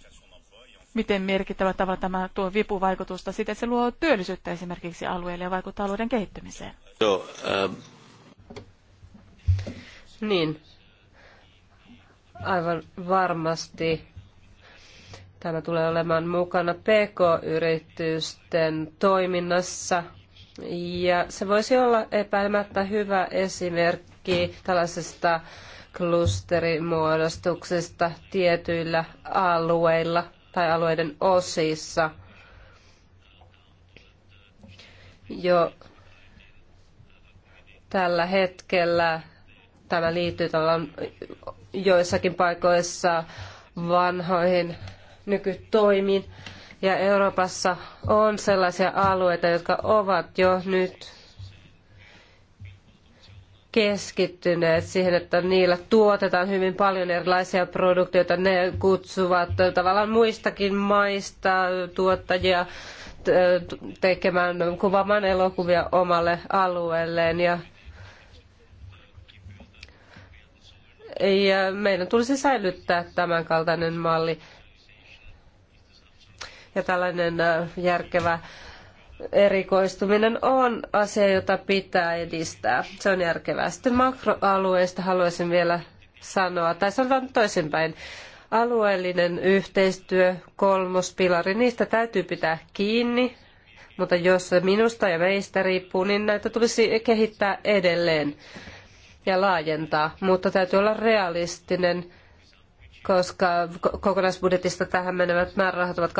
miten merkittävä tavalla tämä tuo vipuvaikutusta siten, se luo työllisyyttä esimerkiksi alueelle ja vaikuttaa alueiden kehittymiseen. Joo, ähm. Um, niin, aivan varmasti tämä tulee olemaan mukana PK-yritysten toiminnassa. Ja se voisi olla epäilemättä hyvä esimerkki tällaisesta klusterimuodostuksesta tietyillä alueilla – tai alueiden osissa. Jo tällä hetkellä tämä liittyy tavallaan joissakin paikoissa vanhoihin nykytoimiin. Ja Euroopassa on sellaisia alueita, jotka ovat jo nyt keskittyneet siihen, että niillä tuotetaan hyvin paljon erilaisia produktioita. Ne kutsuvat tavallaan muistakin maista tuottajia tekemään, kuvaamaan elokuvia omalle alueelleen. Ja, meidän tulisi säilyttää tämän kaltainen malli ja tällainen äh, järkevä erikoistuminen on asia, jota pitää edistää. Se on järkevää. Sitten makroalueista haluaisin vielä sanoa, tai sanotaan toisinpäin. Alueellinen yhteistyö, kolmospilari, niistä täytyy pitää kiinni, mutta jos se minusta ja meistä riippuu, niin näitä tulisi kehittää edelleen ja laajentaa, mutta täytyy olla realistinen koska kokonaisbudjetista tähän menevät määrärahat ovat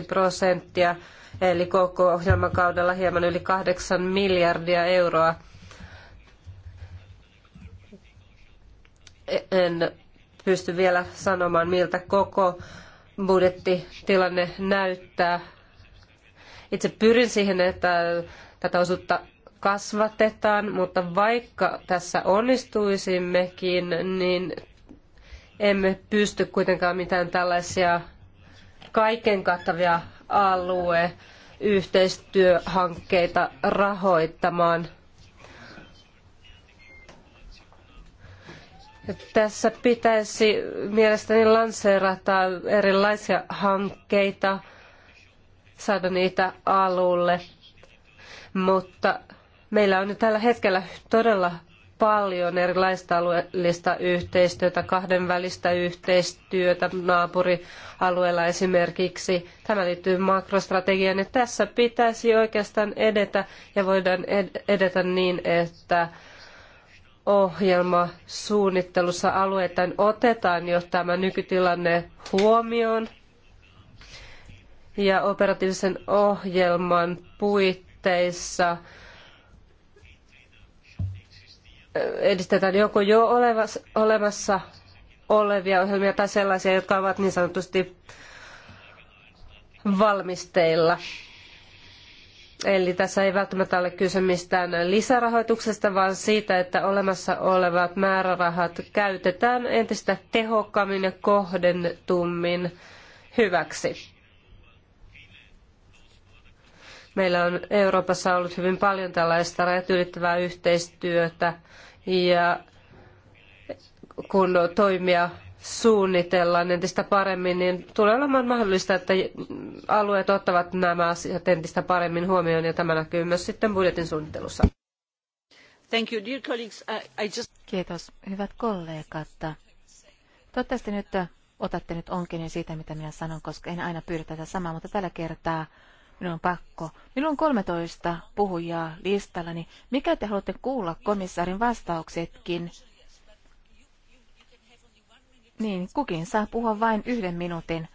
2,5 prosenttia, eli koko ohjelmakaudella hieman yli 8 miljardia euroa. En pysty vielä sanomaan, miltä koko budjettitilanne näyttää. Itse pyrin siihen, että tätä osuutta kasvatetaan, mutta vaikka tässä onnistuisimmekin, niin emme pysty kuitenkaan mitään tällaisia kaiken kattavia alue yhteistyöhankkeita rahoittamaan. Tässä pitäisi mielestäni lanseerata erilaisia hankkeita, saada niitä alulle, mutta meillä on jo tällä hetkellä todella paljon erilaista alueellista yhteistyötä, kahdenvälistä yhteistyötä naapurialueella esimerkiksi. Tämä liittyy makrostrategiaan ja tässä pitäisi oikeastaan edetä ja voidaan edetä niin, että ohjelmasuunnittelussa alueittain otetaan jo tämä nykytilanne huomioon ja operatiivisen ohjelman puitteissa – edistetään joko jo olemassa olevia ohjelmia tai sellaisia, jotka ovat niin sanotusti valmisteilla. Eli tässä ei välttämättä ole kyse mistään lisärahoituksesta, vaan siitä, että olemassa olevat määrärahat käytetään entistä tehokkaammin ja kohdentummin hyväksi. Meillä on Euroopassa ollut hyvin paljon tällaista rajat ylittävää yhteistyötä ja kun toimia suunnitellaan entistä paremmin, niin tulee olemaan mahdollista, että alueet ottavat nämä asiat entistä paremmin huomioon ja tämä näkyy myös sitten budjetin suunnittelussa. Thank you, dear colleagues. I, just... Kiitos, hyvät kollegat. Toivottavasti nyt otatte nyt onkin siitä, mitä minä sanon, koska en aina pyydä tätä samaa, mutta tällä kertaa Minun on pakko. Minulla on 13 puhujaa niin Mikä te haluatte kuulla komissaarin vastauksetkin? Niin, kukin saa puhua vain yhden minuutin.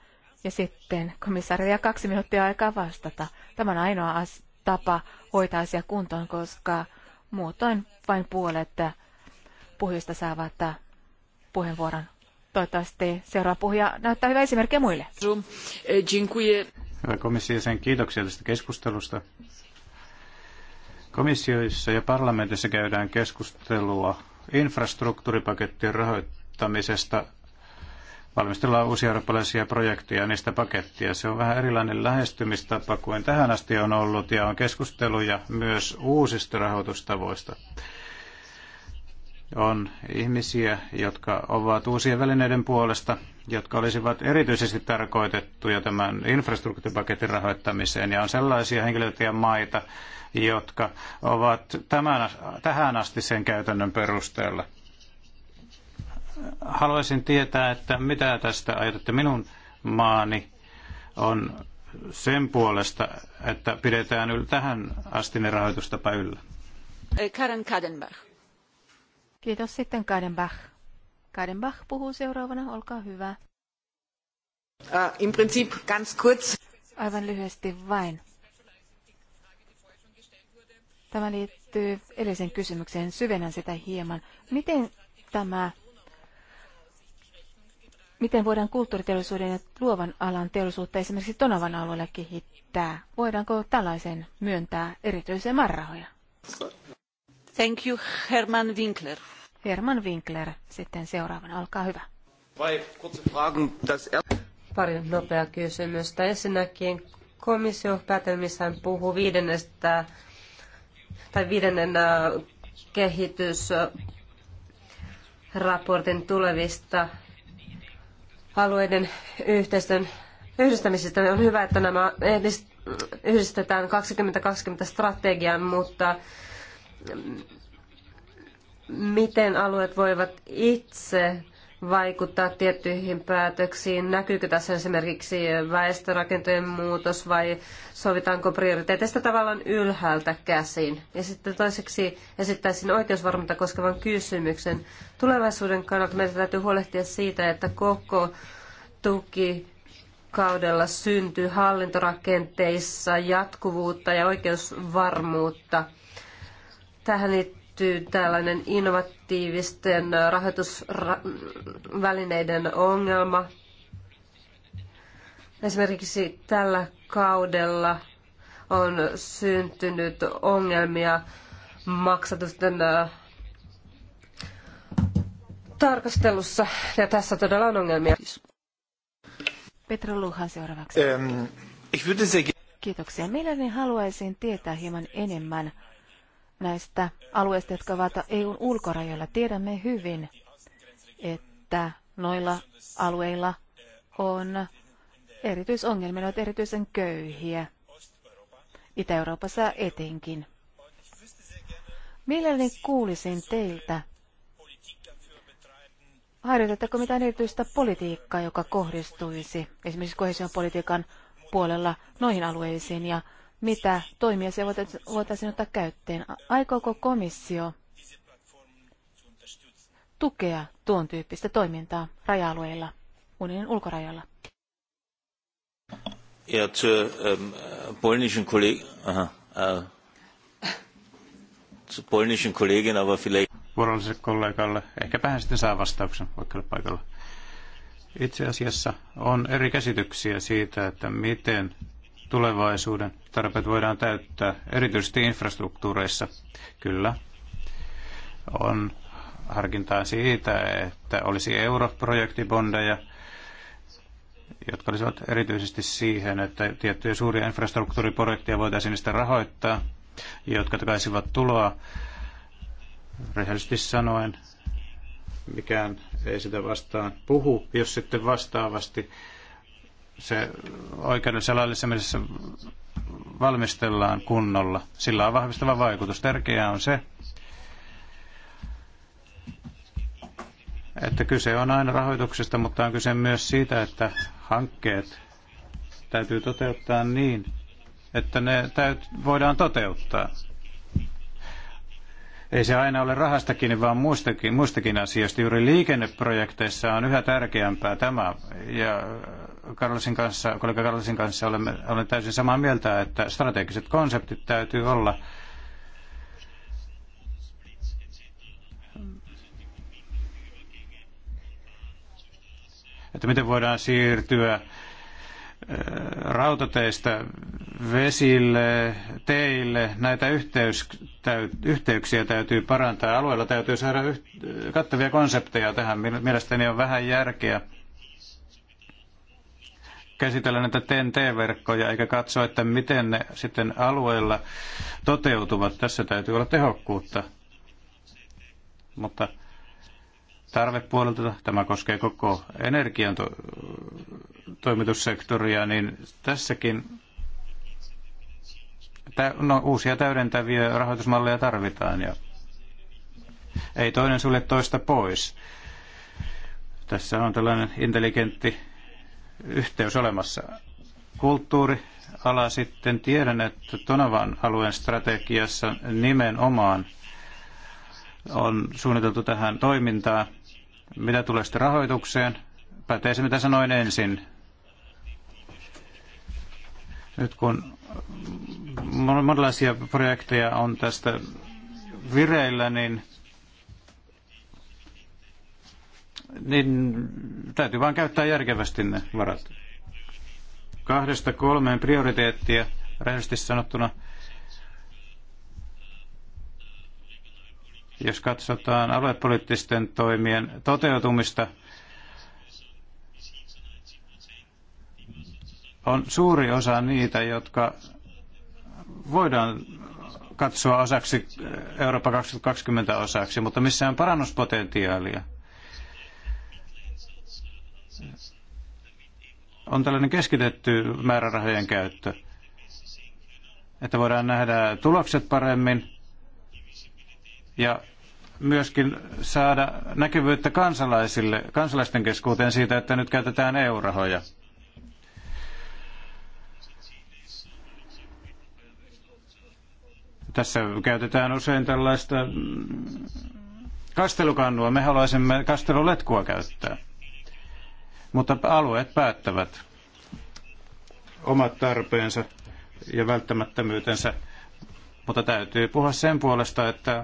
Ja sitten komissaari ja kaksi minuuttia aikaa vastata. Tämä on ainoa tapa hoitaa asia kuntoon, koska muutoin vain puolet puhujista saavat puheenvuoron. Toivottavasti seuraava puhuja näyttää hyvä esimerkki muille. Dziękuję. Hyvä komissio, sen kiitoksia tästä keskustelusta. Komissioissa ja parlamentissa käydään keskustelua infrastruktuuripakettien rahoittamisesta. Valmistellaan uusia eurooppalaisia projekteja niistä pakettia. Se on vähän erilainen lähestymistapa kuin tähän asti on ollut ja on keskusteluja myös uusista rahoitustavoista on ihmisiä, jotka ovat uusien välineiden puolesta, jotka olisivat erityisesti tarkoitettuja tämän infrastruktuuripaketin rahoittamiseen, ja on sellaisia henkilöitä ja maita, jotka ovat tämän, tähän asti sen käytännön perusteella. Haluaisin tietää, että mitä tästä ajatette minun maani on sen puolesta, että pidetään yl- tähän asti ne rahoitustapa yllä. Karen Kadenbach. Kiitos sitten Kaidenbach. Kaidenbach puhuu seuraavana, olkaa hyvä. Uh, Im Prinzip ganz kurz. Aivan lyhyesti vain. Tämä liittyy edellisen kysymykseen. Syvennän sitä hieman. Miten tämä Miten voidaan kulttuuriteollisuuden ja luovan alan teollisuutta esimerkiksi Tonavan alueella kehittää? Voidaanko tällaisen myöntää erityisiä marrahoja? Thank you, Herman Winkler. Herman Winkler sitten seuraavana, olkaa hyvä. Er- Pari nopeaa kysymystä. Ensinnäkin komissio päätelmissään puhuu viidennestä tai viidennen äh, kehitysraportin tulevista alueiden yhteistyön yhdistämisestä. On hyvä, että nämä yhdistetään 2020 strategian mutta miten alueet voivat itse vaikuttaa tiettyihin päätöksiin? Näkyykö tässä esimerkiksi väestörakenteen muutos vai sovitaanko prioriteeteista tavallaan ylhäältä käsin? Ja sitten toiseksi esittäisin oikeusvarmuutta koskevan kysymyksen. Tulevaisuuden kannalta meidän täytyy huolehtia siitä, että koko tuki kaudella syntyy hallintorakenteissa jatkuvuutta ja oikeusvarmuutta – Tähän liittyy tällainen innovatiivisten rahoitusvälineiden ongelma. Esimerkiksi tällä kaudella on syntynyt ongelmia maksatusten äh, tarkastelussa ja tässä todella on ongelmia. Petra Luhan seuraavaksi. Ähm, Kiitoksia. Mielelläni haluaisin tietää hieman enemmän näistä alueista, jotka ovat EUn ulkorajoilla. Tiedämme hyvin, että noilla alueilla on erityisongelmia, ne ovat erityisen köyhiä. Itä-Euroopassa etenkin. Mielelläni kuulisin teiltä, harjoitatteko mitään erityistä politiikkaa, joka kohdistuisi esimerkiksi kohesion politiikan puolella noihin alueisiin ja mitä toimia se voitaisiin ottaa käyttöön. Aikooko komissio tukea tuon tyyppistä toimintaa raja-alueilla, unionin ulkorajalla? Ja zur ähm, polnischen Kollegin, uh, polnischen Kollegin, aber vielleicht... Vuorolliselle kollegalle, ehkäpä hän sitten saa vastauksen, vaikka paikalla. Itse asiassa on eri käsityksiä siitä, että miten tulevaisuuden tarpeet voidaan täyttää, erityisesti infrastruktuureissa. Kyllä, on harkintaa siitä, että olisi europrojektibondeja, jotka olisivat erityisesti siihen, että tiettyjä suuria infrastruktuuriprojekteja voitaisiin niistä rahoittaa, jotka takaisivat tuloa. Rehellisesti sanoen, mikään ei sitä vastaan puhu, jos sitten vastaavasti se oikeudellisessa laillisessa valmistellaan kunnolla. Sillä on vahvistava vaikutus. Tärkeää on se, että kyse on aina rahoituksesta, mutta on kyse myös siitä, että hankkeet täytyy toteuttaa niin, että ne täyt, voidaan toteuttaa ei se aina ole rahasta kiinni, vaan muistakin, muistakin asioista. Juuri liikenneprojekteissa on yhä tärkeämpää tämä. Ja Karlsin kanssa, kollega Karlsin kanssa olemme, olen täysin samaa mieltä, että strategiset konseptit täytyy olla että miten voidaan siirtyä rautateistä vesille, teille, näitä yhteys, täyt, yhteyksiä täytyy parantaa. Alueella täytyy saada yht, kattavia konsepteja tähän. Mielestäni on vähän järkeä käsitellä näitä TNT-verkkoja eikä katsoa, että miten ne sitten alueella toteutuvat. Tässä täytyy olla tehokkuutta. Mutta tarvepuolelta, tämä koskee koko energian to- toimitussektoria, niin tässäkin no, uusia täydentäviä rahoitusmalleja tarvitaan ja ei toinen sulle toista pois. Tässä on tällainen intelligentti yhteys olemassa. Kulttuuriala sitten tiedän, että Tonavan alueen strategiassa nimenomaan on suunniteltu tähän toimintaa. Mitä tulee sitten rahoitukseen? Pätee se, mitä sanoin ensin nyt kun monenlaisia projekteja on tästä vireillä, niin, niin täytyy vain käyttää järkevästi ne varat. Kahdesta kolmeen prioriteettia, rehellisesti sanottuna, jos katsotaan aluepoliittisten toimien toteutumista – on suuri osa niitä, jotka voidaan katsoa osaksi eh, Eurooppa 2020 osaksi, mutta missä on parannuspotentiaalia. On tällainen keskitetty määrärahojen käyttö, että voidaan nähdä tulokset paremmin ja myöskin saada näkyvyyttä kansalaisille, kansalaisten keskuuteen siitä, että nyt käytetään EU-rahoja. Tässä käytetään usein tällaista kastelukannua. Me haluaisimme kasteluletkua käyttää. Mutta alueet päättävät omat tarpeensa ja välttämättömyytensä. Mutta täytyy puhua sen puolesta, että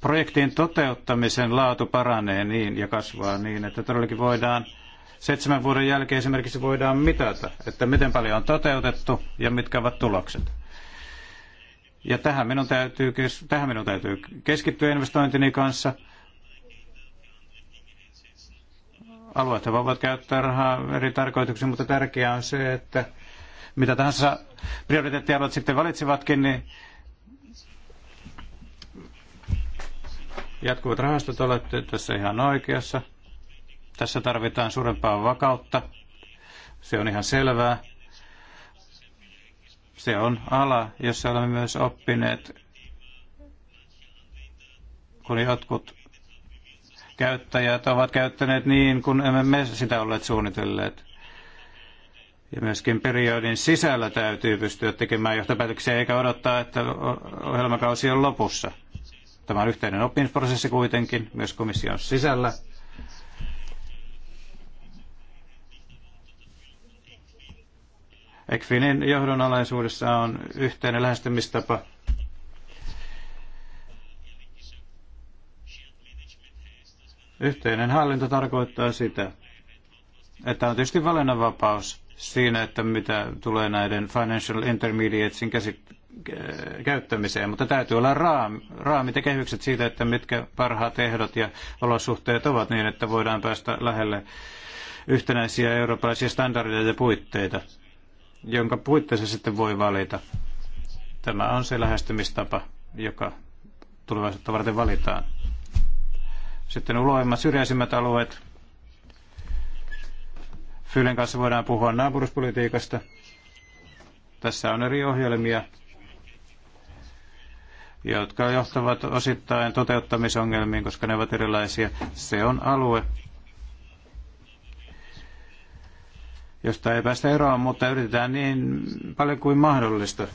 projektin toteuttamisen laatu paranee niin ja kasvaa niin, että todellakin voidaan seitsemän vuoden jälkeen esimerkiksi voidaan mitata, että miten paljon on toteutettu ja mitkä ovat tulokset. Ja tähän minun täytyy, tähän minun täytyy keskittyä investointini kanssa. Alueet voivat käyttää rahaa eri tarkoituksiin, mutta tärkeää on se, että mitä tahansa prioriteettialueet sitten valitsivatkin, niin jatkuvat rahastot olette tässä ihan oikeassa – tässä tarvitaan suurempaa vakautta. Se on ihan selvää. Se on ala, jossa olemme myös oppineet, kun jotkut käyttäjät ovat käyttäneet niin, kun emme me sitä olleet suunnitelleet. Ja myöskin periodin sisällä täytyy pystyä tekemään johtopäätöksiä eikä odottaa, että ohjelmakausi on lopussa. Tämä on yhteinen oppimisprosessi kuitenkin myös komission sisällä. ECFINin johdonalaisuudessa on yhteinen lähestymistapa Yhteinen hallinto tarkoittaa sitä, että on tietysti valinnanvapaus siinä, että mitä tulee näiden financial intermediatesin käsit- käyttämiseen, mutta täytyy olla raam, raamit ja kehykset siitä, että mitkä parhaat ehdot ja olosuhteet ovat niin, että voidaan päästä lähelle yhtenäisiä eurooppalaisia standardeja ja puitteita jonka puitteissa sitten voi valita. Tämä on se lähestymistapa, joka tulevaisuutta varten valitaan. Sitten uloimmat syrjäisimmät alueet. Fylen kanssa voidaan puhua naapuruspolitiikasta. Tässä on eri ohjelmia, jotka johtavat osittain toteuttamisongelmiin, koska ne ovat erilaisia. Se on alue, josta ei päästä eroon, mutta yritetään niin paljon kuin mahdollista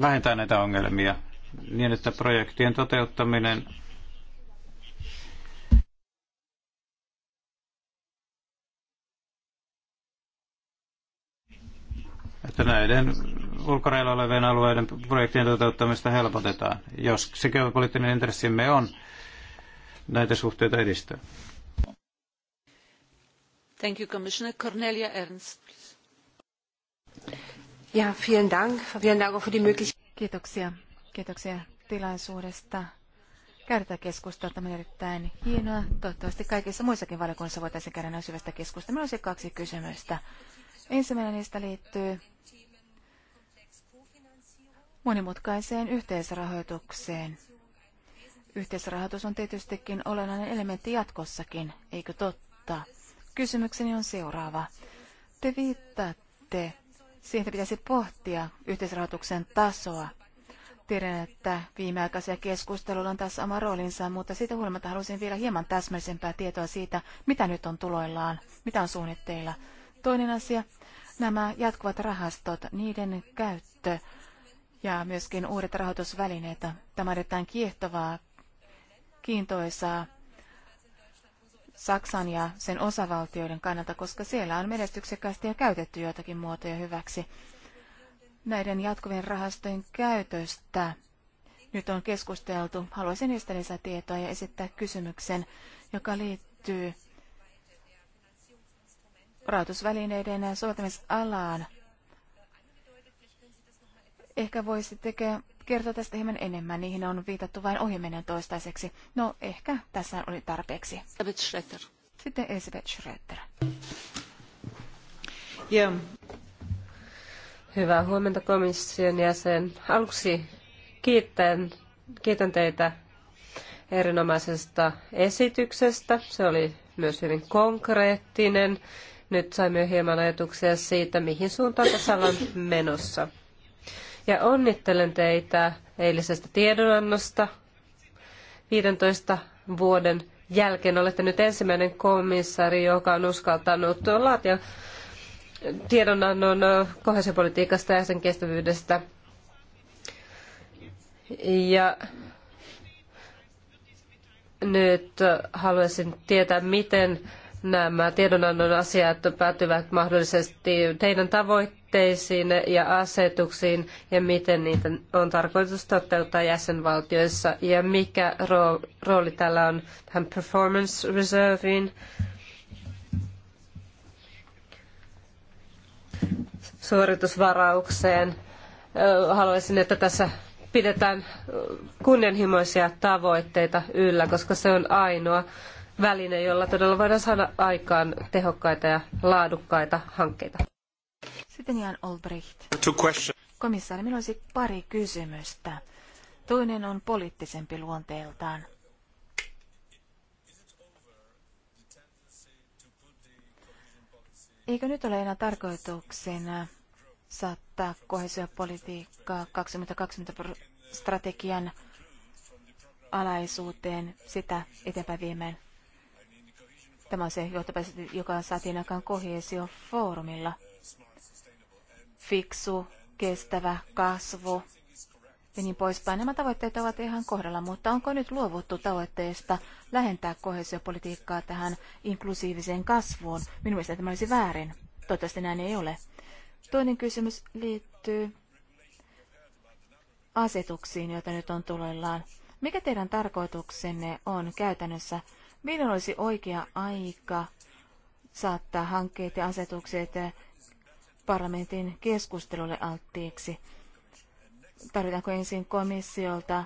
vähentää näitä ongelmia niin, että projektien toteuttaminen että näiden ulkoreilla olevien alueiden projektien toteuttamista helpotetaan, jos se geopoliittinen intressimme on näitä suhteita edistää. Thank you, Cornelia Ernst, ja, Kiitoksia. Kiitoksia tilaisuudesta käydä keskustelua. Tämä on erittäin hienoa. Toivottavasti kaikissa muissakin valiokunnissa voitaisiin käydä näin syvästä keskustelua. Minulla olisi kaksi kysymystä. Ensimmäinen niistä liittyy monimutkaiseen yhteisrahoitukseen. Yhteisrahoitus on tietystikin olennainen elementti jatkossakin, eikö totta? Kysymykseni on seuraava. Te viittaatte siihen, pitäisi pohtia yhteisrahoituksen tasoa. Tiedän, että viimeaikaisia keskusteluilla on tässä oma roolinsa, mutta siitä huolimatta haluaisin vielä hieman täsmällisempää tietoa siitä, mitä nyt on tuloillaan, mitä on suunnitteilla. Toinen asia, nämä jatkuvat rahastot, niiden käyttö ja myöskin uudet rahoitusvälineet. Tämä on erittäin kiehtovaa, kiintoisaa Saksan ja sen osavaltioiden kannalta, koska siellä on menestyksekkäästi ja käytetty joitakin muotoja hyväksi. Näiden jatkuvien rahastojen käytöstä nyt on keskusteltu. Haluaisin niistä lisätietoa ja esittää kysymyksen, joka liittyy rahoitusvälineiden soveltamisalaan. Ehkä voisitteko kertoa tästä hieman enemmän. Niihin on viitattu vain ohimennen toistaiseksi. No, ehkä tässä oli tarpeeksi. Sitten Elisabeth Schroeder. Yeah. Hyvää huomenta komission jäsen. Aluksi kiitän, kiitän teitä erinomaisesta esityksestä. Se oli myös hyvin konkreettinen. Nyt saimme hieman ajatuksia siitä, mihin suuntaan tässä on menossa. Ja onnittelen teitä eilisestä tiedonannosta. 15 vuoden jälkeen olette nyt ensimmäinen komissaari, joka on uskaltanut laatia tiedonannon kohesiopolitiikasta ja sen kestävyydestä. Ja nyt haluaisin tietää, miten nämä tiedonannon asiat päätyvät mahdollisesti teidän tavoitteeseen tavoitteisiin ja asetuksiin ja miten niitä on tarkoitus toteuttaa jäsenvaltioissa ja mikä rooli tällä on tähän performance reserviin. suoritusvaraukseen. Haluaisin, että tässä pidetään kunnianhimoisia tavoitteita yllä, koska se on ainoa väline, jolla todella voidaan saada aikaan tehokkaita ja laadukkaita hankkeita. Sitten Jan Olbricht. Komissaari, minulla olisi pari kysymystä. Toinen on poliittisempi luonteeltaan. Eikö nyt ole enää tarkoituksena saattaa kohesiopolitiikkaa 2020 strategian alaisuuteen sitä eteenpäin viemään? Tämä on se johtopäätös, joka saatiin aikaan kohesiofoorumilla fiksu, kestävä kasvu ja niin poispäin. Nämä tavoitteet ovat ihan kohdalla, mutta onko nyt luovuttu tavoitteesta lähentää kohesiopolitiikkaa tähän inklusiiviseen kasvuun? Minun mielestäni tämä olisi väärin. Toivottavasti näin ei ole. Toinen kysymys liittyy asetuksiin, joita nyt on tuloillaan. Mikä teidän tarkoituksenne on käytännössä? Milloin olisi oikea aika saattaa hankkeet ja asetukset parlamentin keskustelulle alttiiksi. Tarvitaanko ensin komissiolta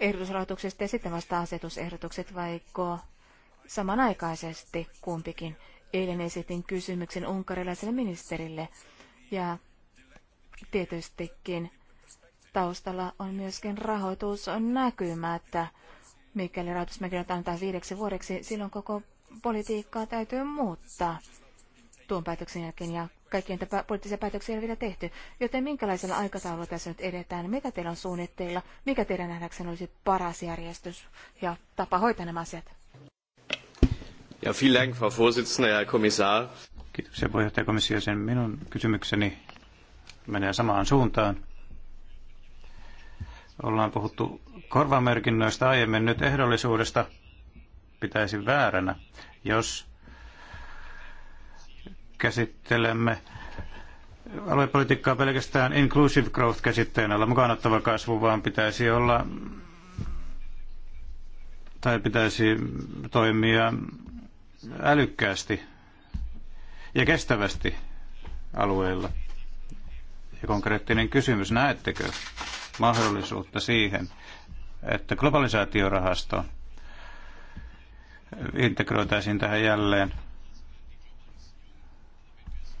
ehdotusrahoituksesta ja sitten vasta asetusehdotukset vaiko samanaikaisesti kumpikin? Eilen esitin kysymyksen unkarilaiselle ministerille ja tietystikin taustalla on myöskin rahoitus on että Mikäli rahoitusmäkin antaa viideksi vuodeksi, silloin koko politiikkaa täytyy muuttaa tuon päätöksen jälkeen ja kaikkien poliittisia päätöksiä ei ole vielä tehty. Joten minkälaisella aikataululla tässä nyt edetään? Mitä teillä on suunnitteilla? Mikä teidän nähdäksenne olisi paras järjestys ja tapa hoitaa nämä asiat? Ja vielen Dank, Frau Vorsitzende, Herr Kommissar. Kiitoksia puheenjohtaja komissio. Sen minun kysymykseni menee samaan suuntaan. Ollaan puhuttu korvamerkinnöistä aiemmin, nyt ehdollisuudesta pitäisi vääränä, jos käsittelemme aluepolitiikkaa pelkästään inclusive growth käsitteen alla ottava kasvu, vaan pitäisi olla tai pitäisi toimia älykkäästi ja kestävästi alueilla. Ja konkreettinen kysymys, näettekö mahdollisuutta siihen, että globalisaatiorahasto integroitaisiin tähän jälleen –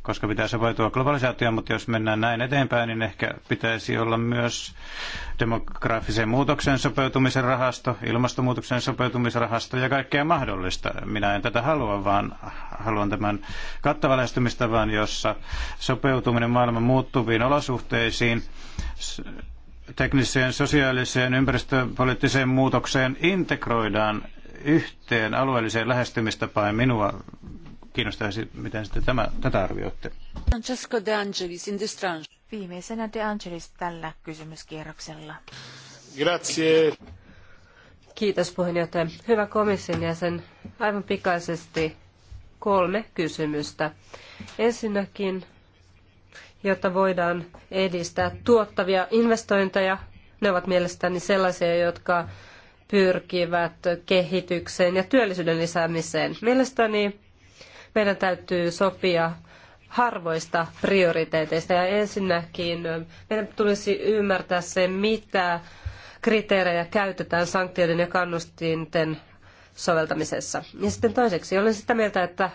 koska pitää sopeutua globalisaatioon, mutta jos mennään näin eteenpäin, niin ehkä pitäisi olla myös demografisen muutoksen sopeutumisen rahasto, ilmastonmuutoksen rahasto ja kaikkea mahdollista. Minä en tätä halua, vaan haluan tämän kattavan lähestymistavan, jossa sopeutuminen maailman muuttuviin olosuhteisiin tekniseen, sosiaaliseen, ympäristöpoliittiseen muutokseen integroidaan yhteen alueelliseen lähestymistapaan. Minua kiinnostaisi, miten sitten tämä, tätä arvioitte. Francesco De Angelis, in this tranche. Viimeisenä De Angelis tällä kysymyskierroksella. Grazie. Kiitos puheenjohtaja. Hyvä komission jäsen, aivan pikaisesti kolme kysymystä. Ensinnäkin, jotta voidaan edistää tuottavia investointeja, ne ovat mielestäni sellaisia, jotka pyrkivät kehitykseen ja työllisyyden lisäämiseen. Mielestäni meidän täytyy sopia harvoista prioriteeteista. Ja ensinnäkin meidän tulisi ymmärtää se, mitä kriteerejä käytetään sanktioiden ja kannustinten soveltamisessa. Ja sitten toiseksi olen sitä mieltä, että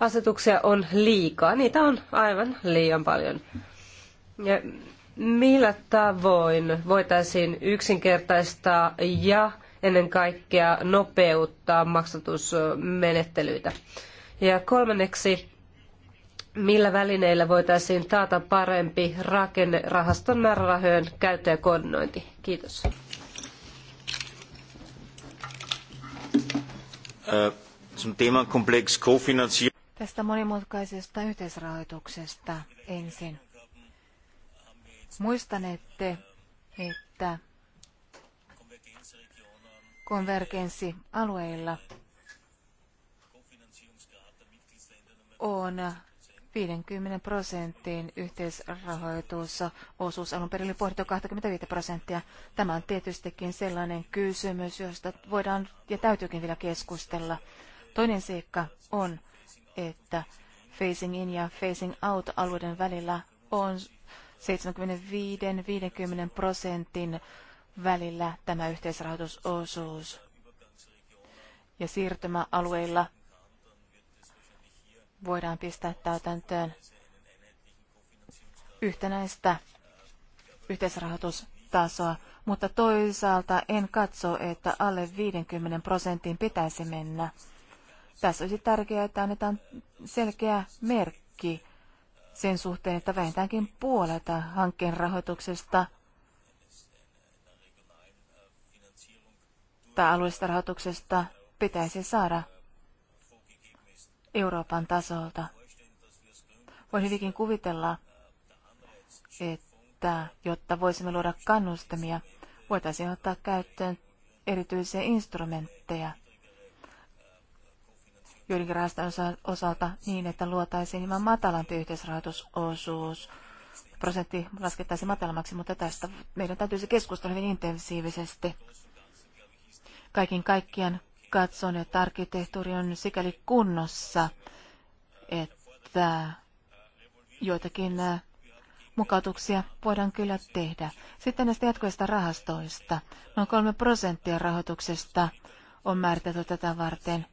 asetuksia on liikaa. Niitä on aivan liian paljon. Ja millä tavoin voitaisiin yksinkertaistaa ja ennen kaikkea nopeuttaa maksatusmenettelyitä? Ja kolmanneksi, millä välineillä voitaisiin taata parempi rakennerahaston määrärahojen käyttö ja koordinointi? Kiitos. Äh, Tästä monimutkaisesta yhteisrahoituksesta ensin. Muistanette, että konvergenssialueilla on 50 prosentin yhteisrahoitusosuus. Alun perin oli pohdittu 25 prosenttia. Tämä on tietystikin sellainen kysymys, josta voidaan ja täytyykin vielä keskustella. Toinen seikka on, että facing in ja facing out alueiden välillä on 75-50 prosentin välillä tämä yhteisrahoitusosuus. Ja siirtymäalueilla voidaan pistää täytäntöön yhtenäistä yhteisrahoitustasoa, mutta toisaalta en katso, että alle 50 prosentin pitäisi mennä. Tässä olisi tärkeää, että annetaan selkeä merkki sen suhteen, että vähintäänkin puolelta hankkeen rahoituksesta tai alueellisesta rahoituksesta pitäisi saada Euroopan tasolta. Voin hyvinkin kuvitella, että jotta voisimme luoda kannustamia, voitaisiin ottaa käyttöön erityisiä instrumentteja joidenkin rahaston osalta niin, että luotaisiin hieman matalampi yhteisrahoitusosuus. Prosentti laskettaisiin matalammaksi, mutta tästä meidän täytyisi keskustella hyvin intensiivisesti. Kaikin kaikkiaan katson, että arkkitehtuuri on sikäli kunnossa, että joitakin äh, mukautuksia voidaan kyllä tehdä. Sitten näistä jatkoista rahastoista. Noin kolme prosenttia rahoituksesta on määritelty tätä varten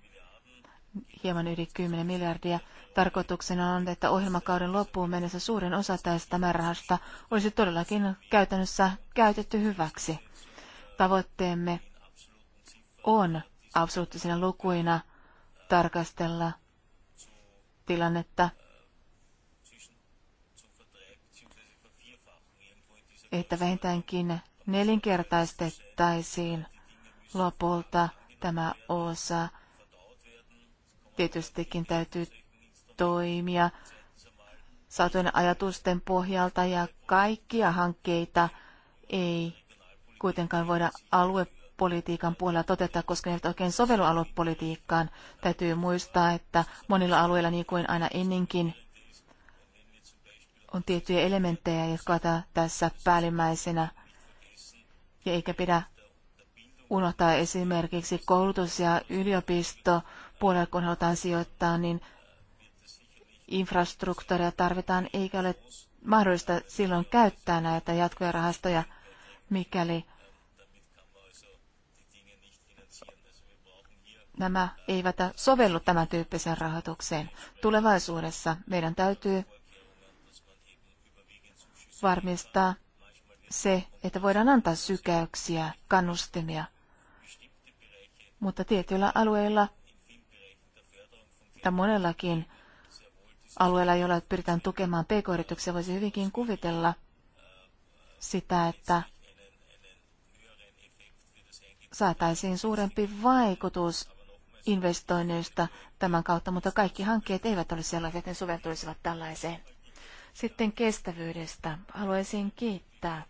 hieman yli 10 miljardia. Tarkoituksena on, että ohjelmakauden loppuun mennessä suurin osa tästä määrärahasta olisi todellakin käytännössä käytetty hyväksi. Tavoitteemme on absoluuttisina lukuina tarkastella tilannetta, että vähintäänkin nelinkertaistettaisiin lopulta tämä osa. Tietystikin täytyy toimia saatujen ajatusten pohjalta ja kaikkia hankkeita ei kuitenkaan voida alue politiikan puolella toteuttaa, koska ne eivät oikein sovellu aluepolitiikkaan. Täytyy muistaa, että monilla alueilla, niin kuin aina ennenkin, on tiettyjä elementtejä, jotka ovat tässä päällimmäisenä. Ja eikä pidä unohtaa esimerkiksi koulutus- ja yliopisto puolella, kun halutaan sijoittaa, niin infrastruktuuria tarvitaan, eikä ole mahdollista silloin käyttää näitä jatkoja rahastoja, mikäli nämä eivät sovellu tämän tyyppiseen rahoitukseen. Tulevaisuudessa meidän täytyy varmistaa se, että voidaan antaa sykäyksiä, kannustimia, mutta tietyillä alueilla tai monellakin alueella, jolla pyritään tukemaan pk-yrityksiä, voisi hyvinkin kuvitella sitä, että saataisiin suurempi vaikutus investoinneista tämän kautta, mutta kaikki hankkeet eivät ole sellaisia, että ne soveltuisivat tällaiseen. Sitten kestävyydestä. Haluaisin kiittää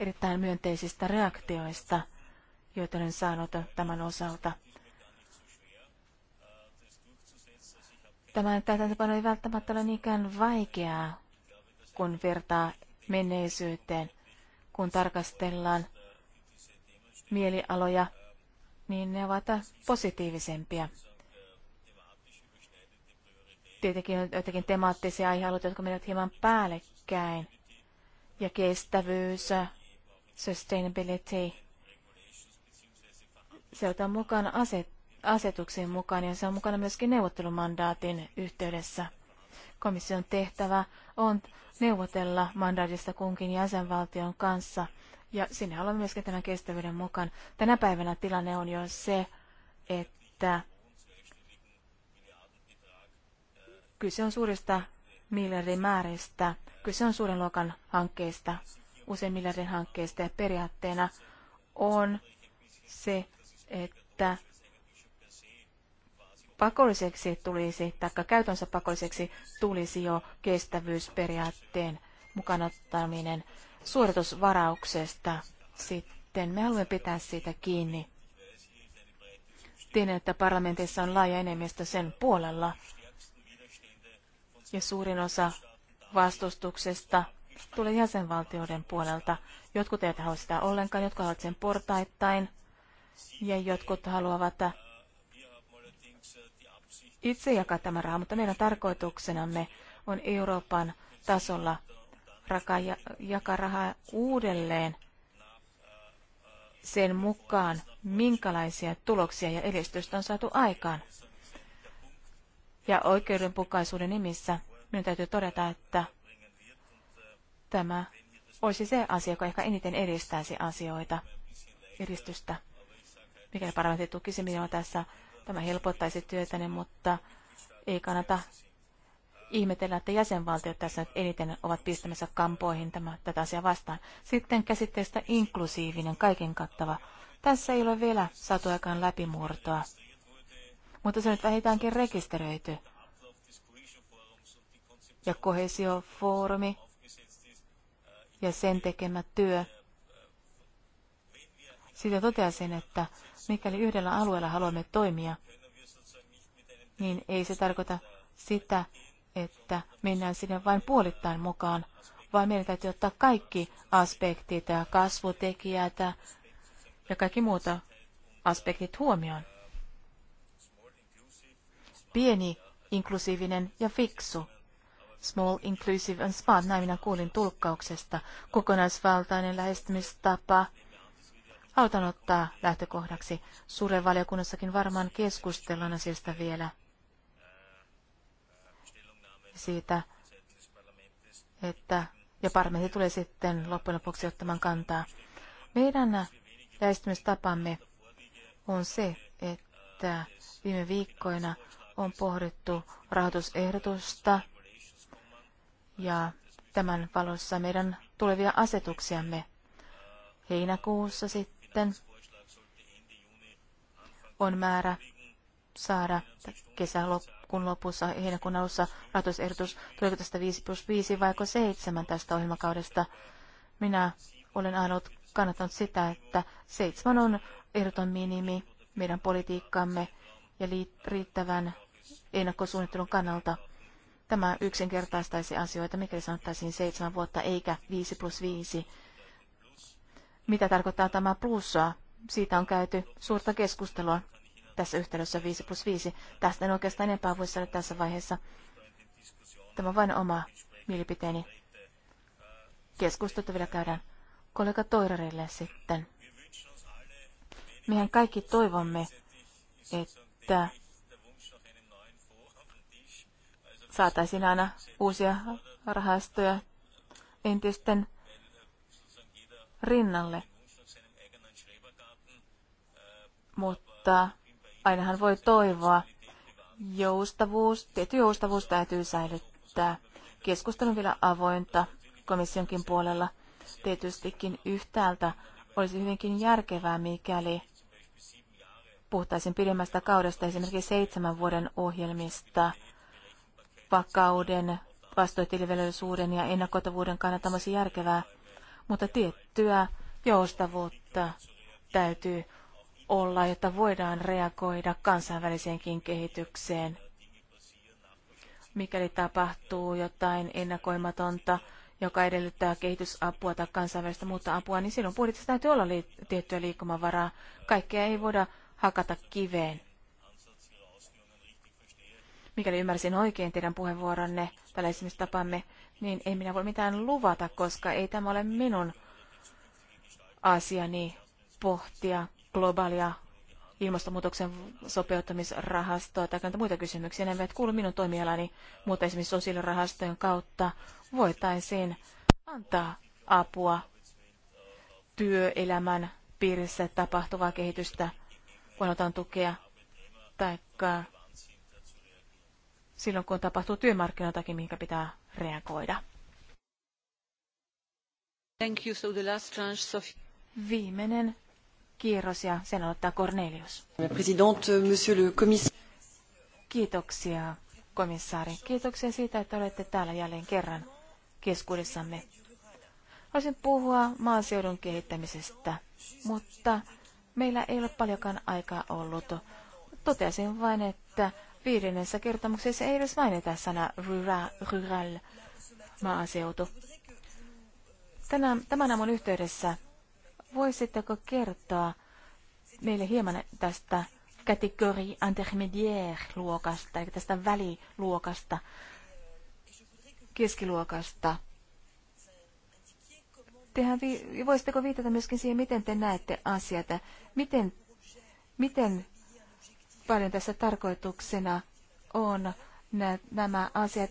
erittäin myönteisistä reaktioista, joita olen saanut tämän osalta. Tämän täytäntöpano ei välttämättä ole niinkään vaikeaa, kun vertaa menneisyyteen, kun tarkastellaan mielialoja niin ne ovat positiivisempia. Tietenkin on joitakin temaattisia aihealueita, jotka menevät hieman päällekkäin. Ja kestävyys, sustainability, se otetaan mukaan aset, asetuksiin mukaan ja se on mukana myöskin neuvottelumandaatin yhteydessä. Komission tehtävä on neuvotella mandaatista kunkin jäsenvaltion kanssa – ja sinne haluamme myöskin tämän kestävyyden mukaan. Tänä päivänä tilanne on jo se, että kyse on suurista määristä, kyse on suuren luokan hankkeista, usein miljardin hankkeista ja periaatteena on se, että pakolliseksi tulisi, taikka käytönsä pakolliseksi tulisi jo kestävyysperiaatteen ottaminen suoritusvarauksesta sitten. Me haluamme pitää siitä kiinni. Tiedän, että parlamentissa on laaja enemmistö sen puolella. Ja suurin osa vastustuksesta tulee jäsenvaltioiden puolelta. Jotkut eivät halua sitä ollenkaan, jotkut haluavat sen portaittain ja jotkut haluavat itse jakaa tämän rahan, mutta meidän tarkoituksenamme on Euroopan tasolla jakaa, jakaa rahaa uudelleen sen mukaan, minkälaisia tuloksia ja edistystä on saatu aikaan. Ja oikeudenmukaisuuden nimissä minun täytyy todeta, että tämä olisi se asia, joka ehkä eniten edistäisi asioita, edistystä. Mikäli parlamentti tukisi minua tässä, tämä helpottaisi työtäni, mutta ei kannata ihmetellä, että jäsenvaltiot tässä eniten ovat pistämässä kampoihin tämä, tätä asiaa vastaan. Sitten käsitteestä inklusiivinen, kaiken kattava. Tässä ei ole vielä saatu aikaan läpimurtoa, mutta se nyt vähintäänkin rekisteröity. Ja kohesiofoorumi ja sen tekemä työ. Sitä toteasin, että mikäli yhdellä alueella haluamme toimia, niin ei se tarkoita sitä, että mennään sinne vain puolittain mukaan, vaan meidän täytyy ottaa kaikki aspektit ja kasvutekijät ja kaikki muuta aspektit huomioon. Pieni, inklusiivinen ja fiksu. Small, inclusive and smart, näin minä kuulin tulkkauksesta. Kokonaisvaltainen lähestymistapa. autan ottaa lähtökohdaksi. Suuren valiokunnassakin varmaan keskustellaan asiasta vielä – siitä, että ja parlamentti tulee sitten loppujen lopuksi ottamaan kantaa. Meidän lähestymistapamme on se, että viime viikkoina on pohdittu rahoitusehdotusta ja tämän valossa meidän tulevia asetuksiamme. Heinäkuussa sitten on määrä saada kesäloppuun heinäkuun lopussa, heinäkuun alussa rahoitusehdotus, tuleeko tästä 5 plus 5 vai 7 tästä ohjelmakaudesta. Minä olen aina kannattanut sitä, että 7 on ehdoton minimi meidän politiikkamme ja riittävän ennakkosuunnittelun kannalta. Tämä yksinkertaistaisi asioita, mikäli sanottaisiin 7 vuotta eikä 5 plus 5. Mitä tarkoittaa tämä plussaa? Siitä on käyty suurta keskustelua tässä yhteydessä 5 plus 5. Tästä en oikeastaan enempää voi saada tässä vaiheessa. Tämä on vain oma mielipiteeni. Keskustelta vielä käydään kollega Toirarille sitten. Mehän kaikki toivomme, että saataisiin aina uusia rahastoja entisten rinnalle. Mutta Ainahan voi toivoa. Joustavuus, tietty joustavuus täytyy säilyttää. Keskustelu vielä avointa komissionkin puolella. Tietystikin yhtäältä olisi hyvinkin järkevää, mikäli puhtaisin pidemmästä kaudesta, esimerkiksi seitsemän vuoden ohjelmista, vakauden, vastoitilvelyisuuden ja ennakoitavuuden kannalta olisi järkevää, mutta tiettyä joustavuutta täytyy olla, jotta voidaan reagoida kansainväliseenkin kehitykseen, mikäli tapahtuu jotain ennakoimatonta, joka edellyttää kehitysapua tai kansainvälistä muuta apua, niin silloin budjetissa täytyy olla li- tiettyä liikkumavaraa. Kaikkea ei voida hakata kiveen. Mikäli ymmärsin oikein teidän puheenvuoronne tällä esimerkiksi tapamme, niin ei minä voi mitään luvata, koska ei tämä ole minun asiani pohtia globaalia ilmastonmuutoksen sopeuttamisrahastoa tai muita kysymyksiä. Ne eivät kuulu minun toimialani, mutta esimerkiksi sosiaalirahastojen kautta voitaisiin antaa apua työelämän piirissä tapahtuvaa kehitystä. otan tukea tai silloin, kun tapahtuu työmarkkinoitakin, mihinkä pitää reagoida. Thank you. So the last tranche, Viimeinen kierros ja sen aloittaa Cornelius. Kiitoksia, komissaari. Kiitoksia siitä, että olette täällä jälleen kerran keskuudessamme. Haluaisin puhua maaseudun kehittämisestä, mutta meillä ei ole paljonkaan aikaa ollut. Totesin vain, että viidennessä kertomuksessa ei edes mainita sana rural, rural maaseutu. Tänään, tämän aamun yhteydessä Voisitteko kertoa meille hieman tästä kategori intermediaire-luokasta, eli tästä väliluokasta, keskiluokasta? Tehän vi- voisitteko viitata myöskin siihen, miten te näette asiat, miten, miten paljon tässä tarkoituksena on nämä asiat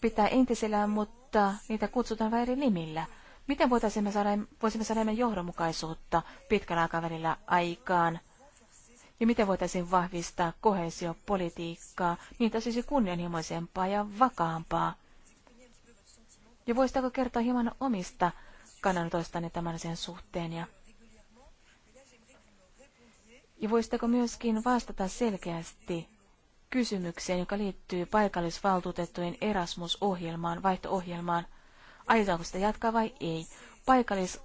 pitää entisellään, mutta niitä kutsutaan vain eri nimillä. Miten voitaisiin saada, voisimme saada enemmän johdonmukaisuutta pitkällä aikavälillä aikaan? Ja miten voitaisiin vahvistaa kohesiopolitiikkaa, niitä olisi kunnianhimoisempaa ja vakaampaa? Ja voisitko kertoa hieman omista kannanotoistani tämän sen suhteen? Ja, ja voisitko myöskin vastata selkeästi kysymykseen, joka liittyy paikallisvaltuutettujen Erasmus-ohjelmaan, vaihto-ohjelmaan? Aiotaanko sitä jatkaa vai ei? Paikallis-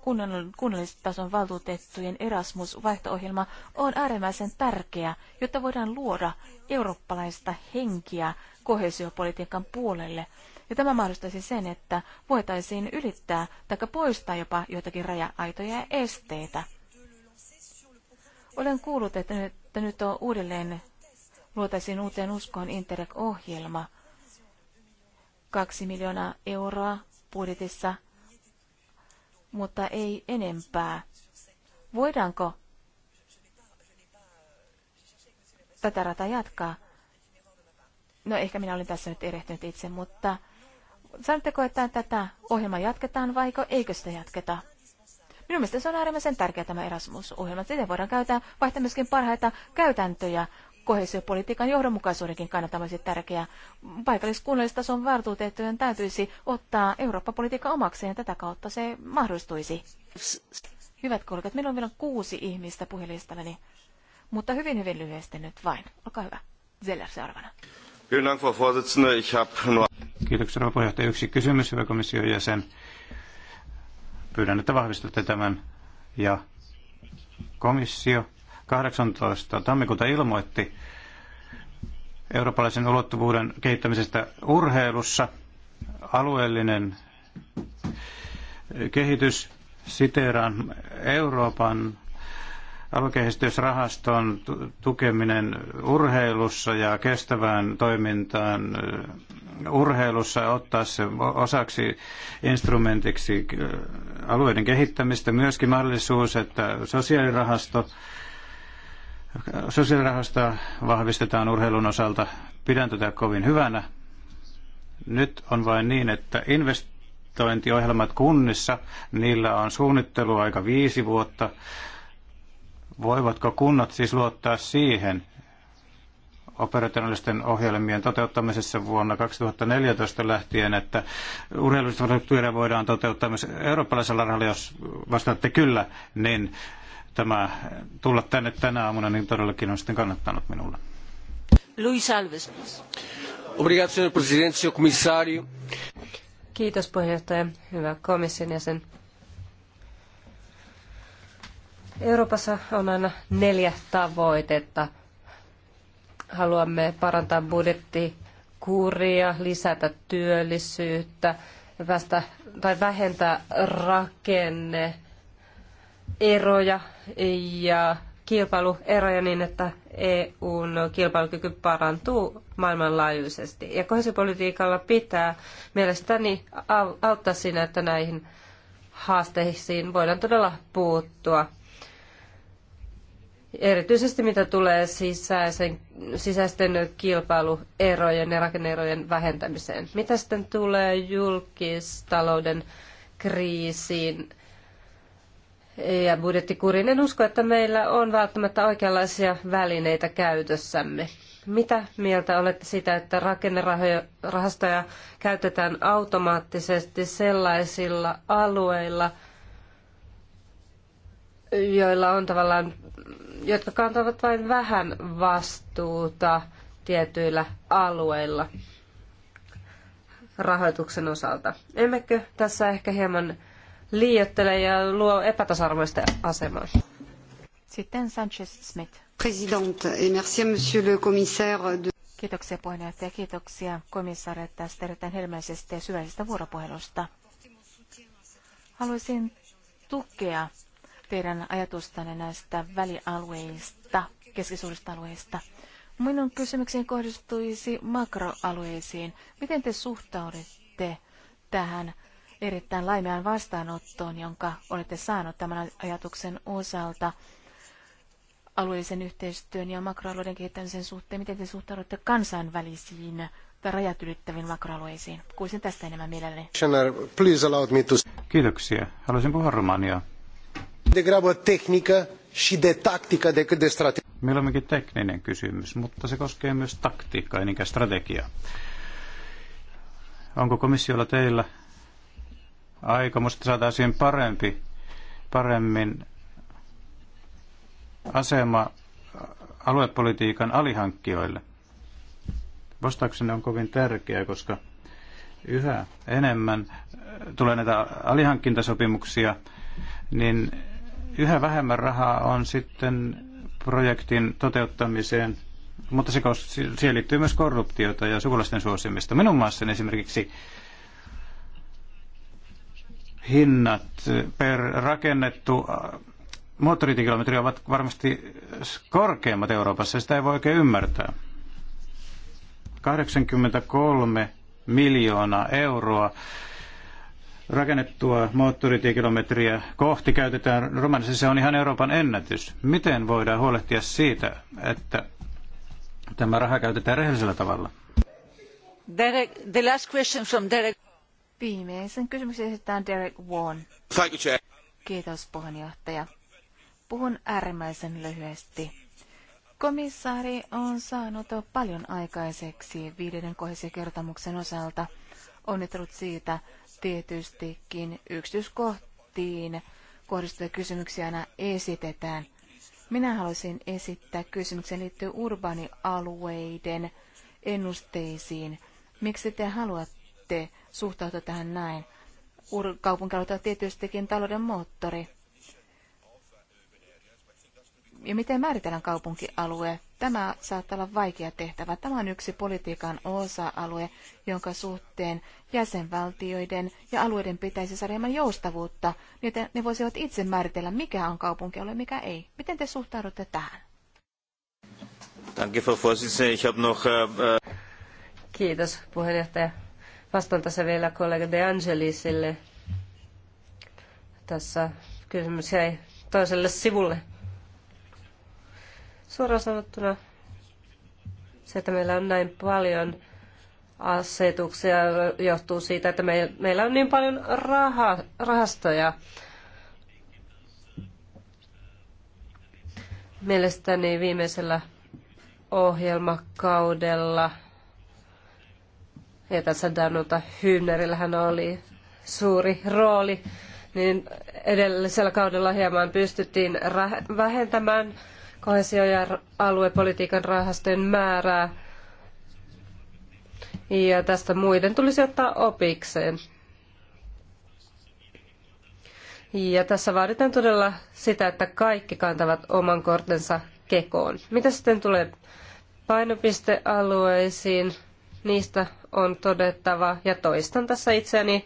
kunnallistason valtuutettujen Erasmus-vaihto-ohjelma on äärimmäisen tärkeä, jotta voidaan luoda eurooppalaista henkiä kohesiopolitiikan puolelle. Ja tämä mahdollistaisi sen, että voitaisiin ylittää tai poistaa jopa joitakin raja-aitoja ja esteitä. Olen kuullut, että nyt, että nyt on uudelleen luotaisiin uuteen uskoon Interreg-ohjelma. Kaksi miljoonaa euroa budjetissa, mutta ei enempää. Voidaanko tätä rataa jatkaa? No ehkä minä olin tässä nyt erehtynyt itse, mutta sanotteko, että tätä ohjelmaa jatketaan vaiko eikö sitä jatketa? Minun mielestä se on äärimmäisen tärkeä tämä Erasmus-ohjelma. Sitten voidaan käyttää, vaihtaa myöskin parhaita käytäntöjä kohesiopolitiikan johdonmukaisuudenkin kannalta olisi tärkeää. Paikalliskunnallistason valtuutettujen täytyisi ottaa Eurooppa-politiikka omakseen, tätä kautta se mahdollistuisi. Hyvät kollegat, meillä on vielä kuusi ihmistä puhelistallani, mutta hyvin hyvin lyhyesti nyt vain. Olkaa hyvä. Zeller seuraavana. Kiitoksia, rouva puheenjohtaja. Yksi kysymys, hyvä komission jäsen. Pyydän, että vahvistatte tämän. Ja komissio 18. tammikuuta ilmoitti eurooppalaisen ulottuvuuden kehittämisestä urheilussa. Alueellinen kehitys siteeraan Euroopan aluekehitysrahaston tukeminen urheilussa ja kestävään toimintaan äh, urheilussa ottaa se osaksi instrumentiksi äh, alueiden kehittämistä. Myöskin mahdollisuus, että sosiaalirahasto Sosiaalirahoista vahvistetaan urheilun osalta. Pidän tätä kovin hyvänä. Nyt on vain niin, että investointiohjelmat kunnissa, niillä on suunnitteluaika viisi vuotta. Voivatko kunnat siis luottaa siihen, operationaalisten ohjelmien toteuttamisessa vuonna 2014 lähtien, että urheilullista voidaan toteuttaa myös eurooppalaisella rahalla, jos vastaatte kyllä, niin tämä tulla tänne tänä aamuna, niin todellakin on sitten kannattanut minulle. Luis Alves. Obrigado, senhor presidente, senhor comissário. Kiitos puheenjohtaja, hyvä komission jäsen. Euroopassa on aina neljä tavoitetta. Haluamme parantaa budjettikuria, lisätä työllisyyttä, päästä, tai vähentää rakenne eroja ja kilpailueroja niin, että EUn kilpailukyky parantuu maailmanlaajuisesti. Ja kohesipolitiikalla pitää mielestäni auttaa siinä, että näihin haasteisiin voidaan todella puuttua. Erityisesti mitä tulee sisäisen, sisäisten kilpailuerojen ja rakenneerojen vähentämiseen. Mitä sitten tulee julkistalouden kriisiin, ja budjettikurin. En usko, että meillä on välttämättä oikeanlaisia välineitä käytössämme. Mitä mieltä olette siitä, että rakennerahastoja käytetään automaattisesti sellaisilla alueilla, joilla on tavallaan, jotka kantavat vain vähän vastuuta tietyillä alueilla rahoituksen osalta. Emmekö tässä ehkä hieman liioittelee ja luo epätasa-arvoista asemaa. Sitten Sanchez-Smith. Presidente, et merci monsieur le commissaire de... Kiitoksia puheenjohtaja, kiitoksia komissaari tästä erittäin helmeisestä ja syvällisestä vuoropuhelusta. Haluaisin tukea teidän ajatustanne näistä välialueista, keskisuurista alueista. Minun kysymykseni kohdistuisi makroalueisiin. Miten te suhtaudutte tähän erittäin laimean vastaanottoon, jonka olette saanut tämän ajatuksen osalta alueellisen yhteistyön ja makroalueiden kehittämisen suhteen. Miten te suhtaudutte kansainvälisiin tai rajat ylittäviin makroalueisiin? Kuulisin tästä enemmän mielelläni. Kiitoksia. Haluaisin puhua romaniaa. Degrabă de tactică de strategie. Meillä onkin tekninen kysymys, mutta se koskee myös taktiikkaa, eikä strategiaa. Onko komissiolla teillä aikomus, että saataisiin parempi, paremmin asema aluepolitiikan alihankkijoille? Vastauksenne on kovin tärkeä, koska yhä enemmän tulee näitä alihankintasopimuksia, niin yhä vähemmän rahaa on sitten projektin toteuttamiseen, mutta se, siihen liittyy myös korruptiota ja sukulaisten suosimista. Minun maassani esimerkiksi hinnat per rakennettu äh, moottoritikilometri ovat varmasti korkeimmat Euroopassa, sitä ei voi oikein ymmärtää. 83 miljoonaa euroa rakennettua moottoritiekilometriä kohti käytetään Romanissa. Se on ihan Euroopan ennätys. Miten voidaan huolehtia siitä, että tämä raha käytetään rehellisellä tavalla? Derek, the last question from Derek. Viimeisen kysymyksen esittää Derek Warn. Thank you, Chair. Kiitos puheenjohtaja. Puhun äärimmäisen lyhyesti. Komissaari on saanut paljon aikaiseksi viidennen kohesiokertomuksen osalta. Onnittelut siitä tietystikin yksityiskohtiin kohdistuvia kysymyksiä aina esitetään. Minä haluaisin esittää kysymyksen liittyen urbaanialueiden ennusteisiin. Miksi te haluatte suhtautua tähän näin. Kaupunkialueet ovat tietystikin talouden moottori. Ja miten määritellään kaupunkialue? Tämä saattaa olla vaikea tehtävä. Tämä on yksi politiikan osa-alue, jonka suhteen jäsenvaltioiden ja alueiden pitäisi saada hieman joustavuutta, niin ne voisivat itse määritellä, mikä on kaupunkialue, mikä ei. Miten te suhtaudutte tähän? Danke, Frau Vorsitzende. Ich habe noch... Äh, äh Kiitos, puheenjohtaja. Vastaan tässä vielä kollega De Angelisille. Tässä kysymys jäi toiselle sivulle. Suoraan sanottuna se, että meillä on näin paljon asetuksia, johtuu siitä, että me, meillä on niin paljon raha, rahastoja. Mielestäni viimeisellä ohjelmakaudella ja tässä Danuta Hymnerillähän oli suuri rooli, niin edellisellä kaudella hieman pystyttiin vähentämään kohesio- ja aluepolitiikan rahastojen määrää. Ja tästä muiden tulisi ottaa opikseen. Ja tässä vaaditaan todella sitä, että kaikki kantavat oman kortensa kekoon. Mitä sitten tulee painopistealueisiin, niistä on todettava, ja toistan tässä itseäni,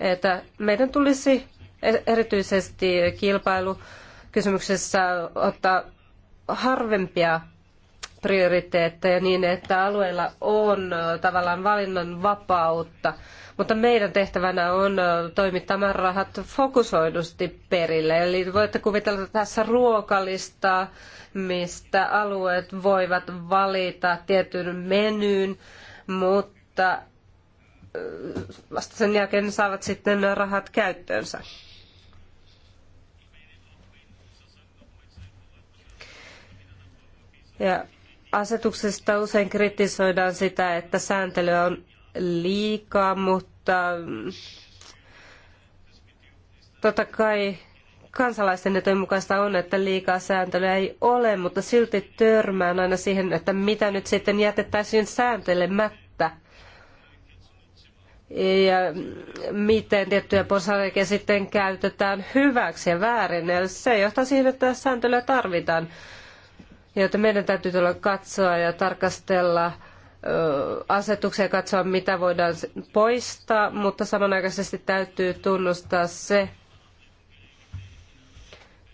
että meidän tulisi e- erityisesti kilpailukysymyksessä ottaa harvempia prioriteetteja niin, että alueilla on tavallaan valinnan vapautta, mutta meidän tehtävänä on toimittaa rahat fokusoidusti perille. Eli voitte kuvitella tässä ruokalistaa, mistä alueet voivat valita tietyn menyn mutta vasta sen jälkeen ne saavat sitten rahat käyttöönsä. Ja asetuksesta usein kritisoidaan sitä, että sääntely on liikaa, mutta mm, totta kai kansalaisten etujen mukaista on, että liikaa sääntelyä ei ole, mutta silti törmään aina siihen, että mitä nyt sitten jätettäisiin sääntelemättä. Ja miten tiettyjä porsaanreikiä sitten käytetään hyväksi ja väärin. Eli se johtaa siihen, että sääntelyä tarvitaan. Joten meidän täytyy tulla katsoa ja tarkastella asetuksia ja katsoa, mitä voidaan poistaa, mutta samanaikaisesti täytyy tunnustaa se,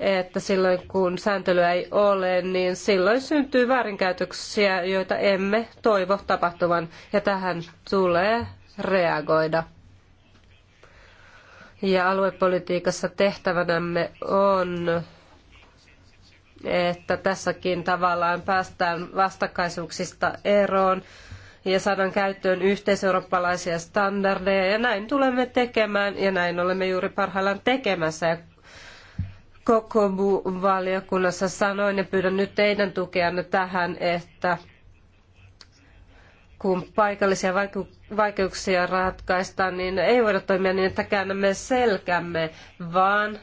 että silloin kun sääntelyä ei ole, niin silloin syntyy väärinkäytöksiä, joita emme toivo tapahtuvan, ja tähän tulee reagoida. Ja aluepolitiikassa tehtävänämme on, että tässäkin tavallaan päästään vastakkaisuuksista eroon ja saadaan käyttöön yhteiseurooppalaisia standardeja. Ja näin tulemme tekemään ja näin olemme juuri parhaillaan tekemässä. Ja Kokobu-valiokunnassa sanoin ja pyydän nyt teidän tukeanne tähän, että kun paikallisia vaikeuksia ratkaistaan, niin ei voida toimia niin, että käännämme selkämme, vaan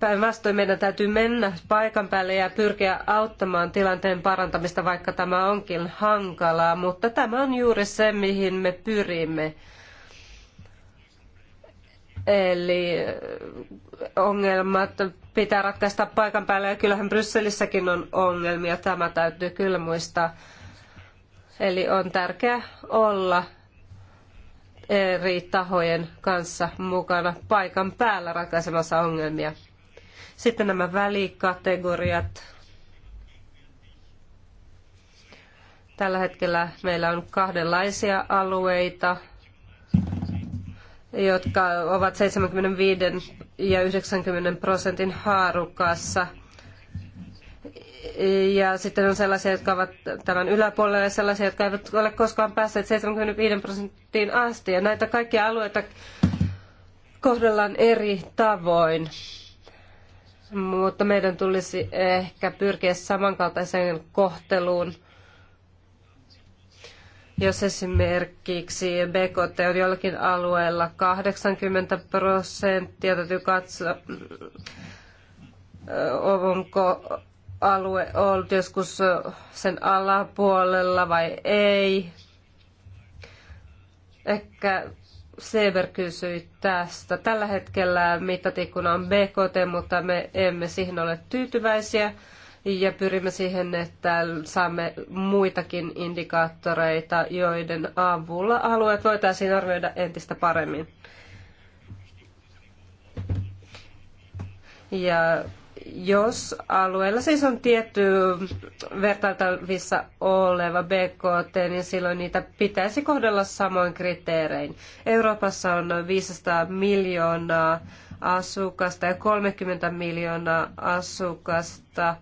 päinvastoin meidän täytyy mennä paikan päälle ja pyrkiä auttamaan tilanteen parantamista, vaikka tämä onkin hankalaa, mutta tämä on juuri se, mihin me pyrimme. Eli ongelmat pitää ratkaista paikan päällä ja kyllähän Brysselissäkin on ongelmia, tämä täytyy kyllä muistaa. Eli on tärkeää olla eri tahojen kanssa mukana paikan päällä ratkaisemassa ongelmia. Sitten nämä välikategoriat. Tällä hetkellä meillä on kahdenlaisia alueita, jotka ovat 75 ja 90 prosentin haarukassa. Ja sitten on sellaisia, jotka ovat tämän yläpuolella ja sellaisia, jotka eivät ole koskaan päässeet 75 prosenttiin asti. Ja näitä kaikkia alueita kohdellaan eri tavoin. Mutta meidän tulisi ehkä pyrkiä samankaltaiseen kohteluun jos esimerkiksi BKT on jollakin alueella 80 prosenttia, täytyy katsoa, onko alue ollut joskus sen alapuolella vai ei. Ehkä Seber kysyi tästä. Tällä hetkellä mittatikkuna on BKT, mutta me emme siihen ole tyytyväisiä ja pyrimme siihen, että saamme muitakin indikaattoreita, joiden avulla alueet voitaisiin arvioida entistä paremmin. Ja jos alueella siis on tietty vertailtavissa oleva BKT, niin silloin niitä pitäisi kohdella samoin kriteerein. Euroopassa on noin 500 miljoonaa asukasta ja 30 miljoonaa asukasta –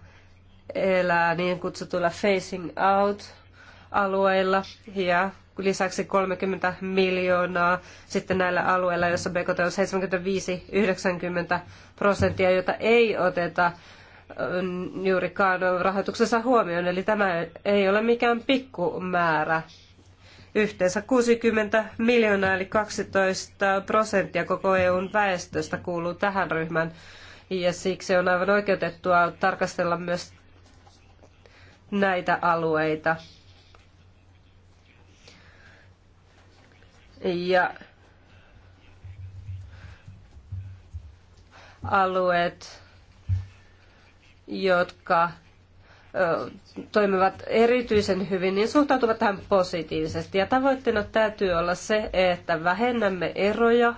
elää niin kutsutuilla facing out alueilla ja lisäksi 30 miljoonaa sitten näillä alueilla, joissa BKT on 75-90 prosenttia, jota ei oteta juurikaan rahoituksessa huomioon. Eli tämä ei ole mikään pikkumäärä. Yhteensä 60 miljoonaa eli 12 prosenttia koko EUn väestöstä kuuluu tähän ryhmään. Ja siksi on aivan oikeutettua tarkastella myös näitä alueita. Ja alueet, jotka toimivat erityisen hyvin, niin suhtautuvat tähän positiivisesti. Ja tavoitteena täytyy olla se, että vähennämme eroja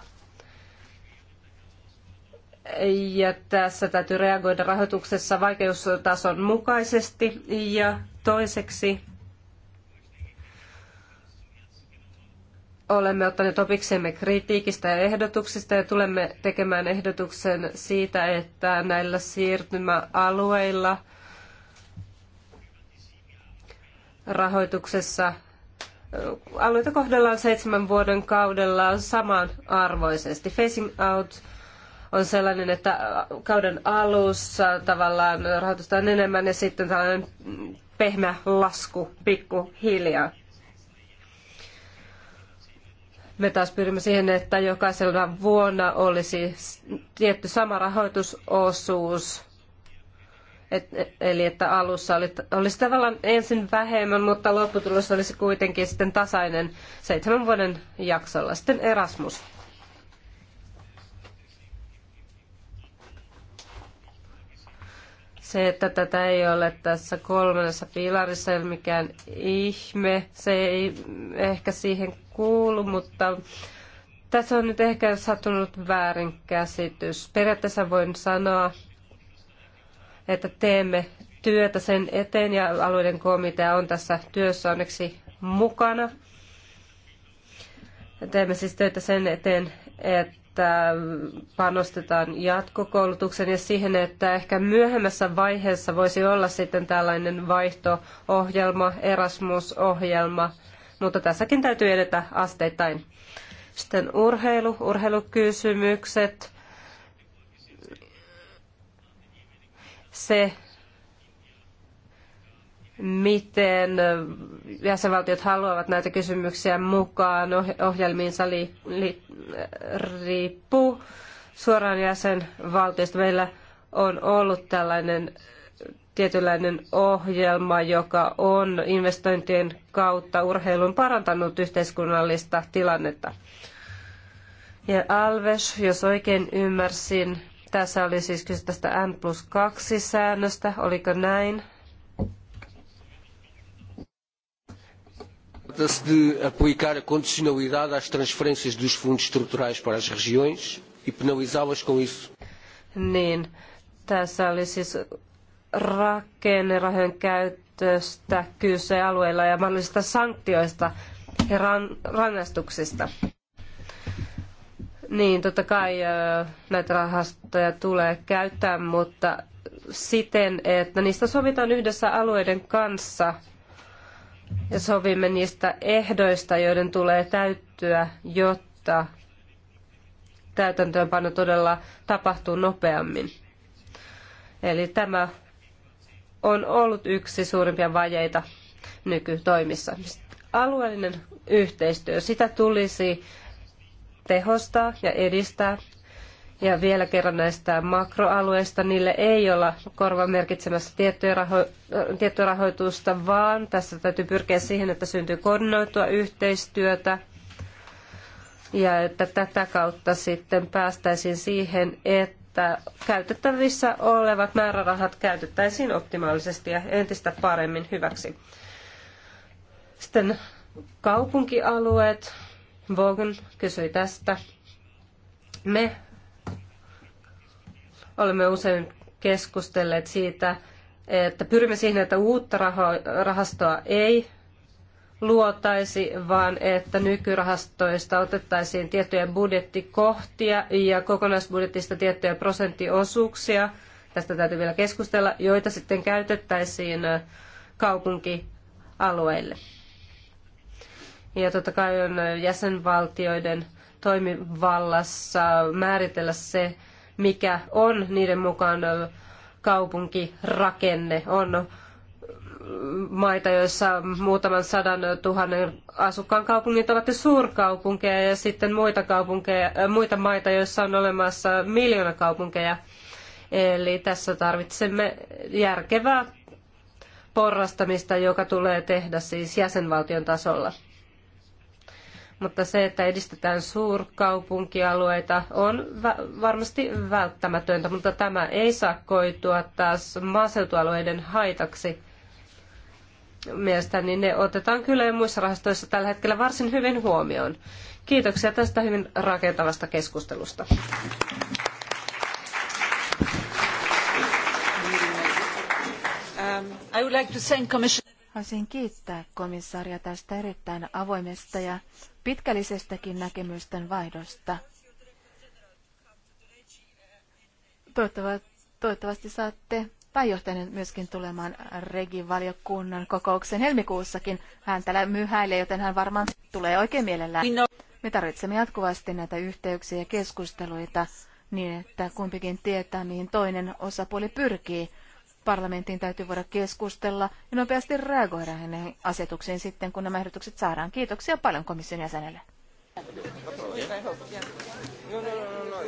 ja tässä täytyy reagoida rahoituksessa vaikeustason mukaisesti. Ja toiseksi olemme ottaneet opiksemme kritiikistä ja ehdotuksista ja tulemme tekemään ehdotuksen siitä, että näillä siirtymäalueilla rahoituksessa alueita kohdellaan seitsemän vuoden kaudella samanarvoisesti. Facing out on sellainen, että kauden alussa tavallaan rahoitusta on enemmän ja sitten tällainen pehmeä lasku pikkuhiljaa. Me taas pyrimme siihen, että jokaisella vuonna olisi tietty sama rahoitusosuus, et, e, eli että alussa oli, olisi tavallaan ensin vähemmän, mutta lopputulos olisi kuitenkin sitten tasainen seitsemän vuoden jaksolla. Sitten Erasmus. Se, että tätä ei ole tässä kolmannessa pilarissa, ei ole mikään ihme. Se ei ehkä siihen kuulu, mutta tässä on nyt ehkä sattunut väärinkäsitys. Periaatteessa voin sanoa, että teemme työtä sen eteen ja alueiden komitea on tässä työssä onneksi mukana. Teemme siis töitä sen eteen, että että panostetaan jatkokoulutuksen ja siihen, että ehkä myöhemmässä vaiheessa voisi olla sitten tällainen vaihto-ohjelma, Erasmus-ohjelma, mutta tässäkin täytyy edetä asteittain. Sitten urheilu, urheilukysymykset. Se, miten jäsenvaltiot haluavat näitä kysymyksiä mukaan ohjelmiinsa li, li, riippuu suoraan jäsenvaltiosta. Meillä on ollut tällainen tietynlainen ohjelma, joka on investointien kautta urheilun parantanut yhteiskunnallista tilannetta. Ja Alves, jos oikein ymmärsin, tässä oli siis kyse tästä N plus 2 säännöstä, oliko näin? Trata-se de aplicar a condicionalidade às transferências dos fundos estruturais para as regiões e penalizá-las com isso. Niin, tässä oli siis rakennerahojen käytöstä kyse alueilla ja mahdollisista sanktioista ja ran, rangaistuksista. Niin, totta kai näitä rahastoja tulee käyttää, mutta siten, että niistä sovitaan yhdessä alueiden kanssa – ja sovimme niistä ehdoista, joiden tulee täyttyä, jotta täytäntöönpano todella tapahtuu nopeammin. Eli tämä on ollut yksi suurimpia vajeita nykytoimissa. Alueellinen yhteistyö, sitä tulisi tehostaa ja edistää. Ja vielä kerran näistä makroalueista, niille ei olla korva merkitsemässä tiettyä, raho- äh, tiettyä rahoitusta, vaan tässä täytyy pyrkiä siihen, että syntyy koordinoitua yhteistyötä ja että tätä kautta sitten päästäisiin siihen, että käytettävissä olevat määrärahat käytettäisiin optimaalisesti ja entistä paremmin hyväksi. Sitten kaupunkialueet. Vogan kysyi tästä. Me Olemme usein keskustelleet siitä, että pyrimme siihen, että uutta rahastoa ei luotaisi, vaan että nykyrahastoista otettaisiin tiettyjä budjettikohtia ja kokonaisbudjetista tiettyjä prosenttiosuuksia, tästä täytyy vielä keskustella, joita sitten käytettäisiin kaupunkialueille. Ja totta kai on jäsenvaltioiden toimivallassa määritellä se, mikä on niiden mukaan kaupunkirakenne. On maita, joissa muutaman sadan tuhannen asukkaan kaupungit ovat jo suurkaupunkeja ja sitten muita, kaupunkeja, muita maita, joissa on olemassa miljoona kaupunkeja. Eli tässä tarvitsemme järkevää porrastamista, joka tulee tehdä siis jäsenvaltion tasolla mutta se, että edistetään suurkaupunkialueita, on varmasti välttämätöntä, mutta tämä ei saa koitua taas maaseutualueiden haitaksi. Mielestäni ne otetaan kyllä jo muissa rahastoissa tällä hetkellä varsin hyvin huomioon. Kiitoksia tästä hyvin rakentavasta keskustelusta. Um, I would like to thank Commissioner. Haluaisin kiittää komissaaria tästä erittäin avoimesta ja pitkällisestäkin näkemysten vaihdosta. Toivottavasti saatte pääjohtajan myöskin tulemaan Regi-valiokunnan kokoukseen helmikuussakin. Hän täällä myhäilee, joten hän varmaan tulee oikein mielellään. Me tarvitsemme jatkuvasti näitä yhteyksiä ja keskusteluita niin, että kumpikin tietää, mihin toinen osapuoli pyrkii parlamentin täytyy voida keskustella ja nopeasti reagoida näihin asetuksiin sitten, kun nämä ehdotukset saadaan. Kiitoksia paljon komission jäsenelle. No, no, no,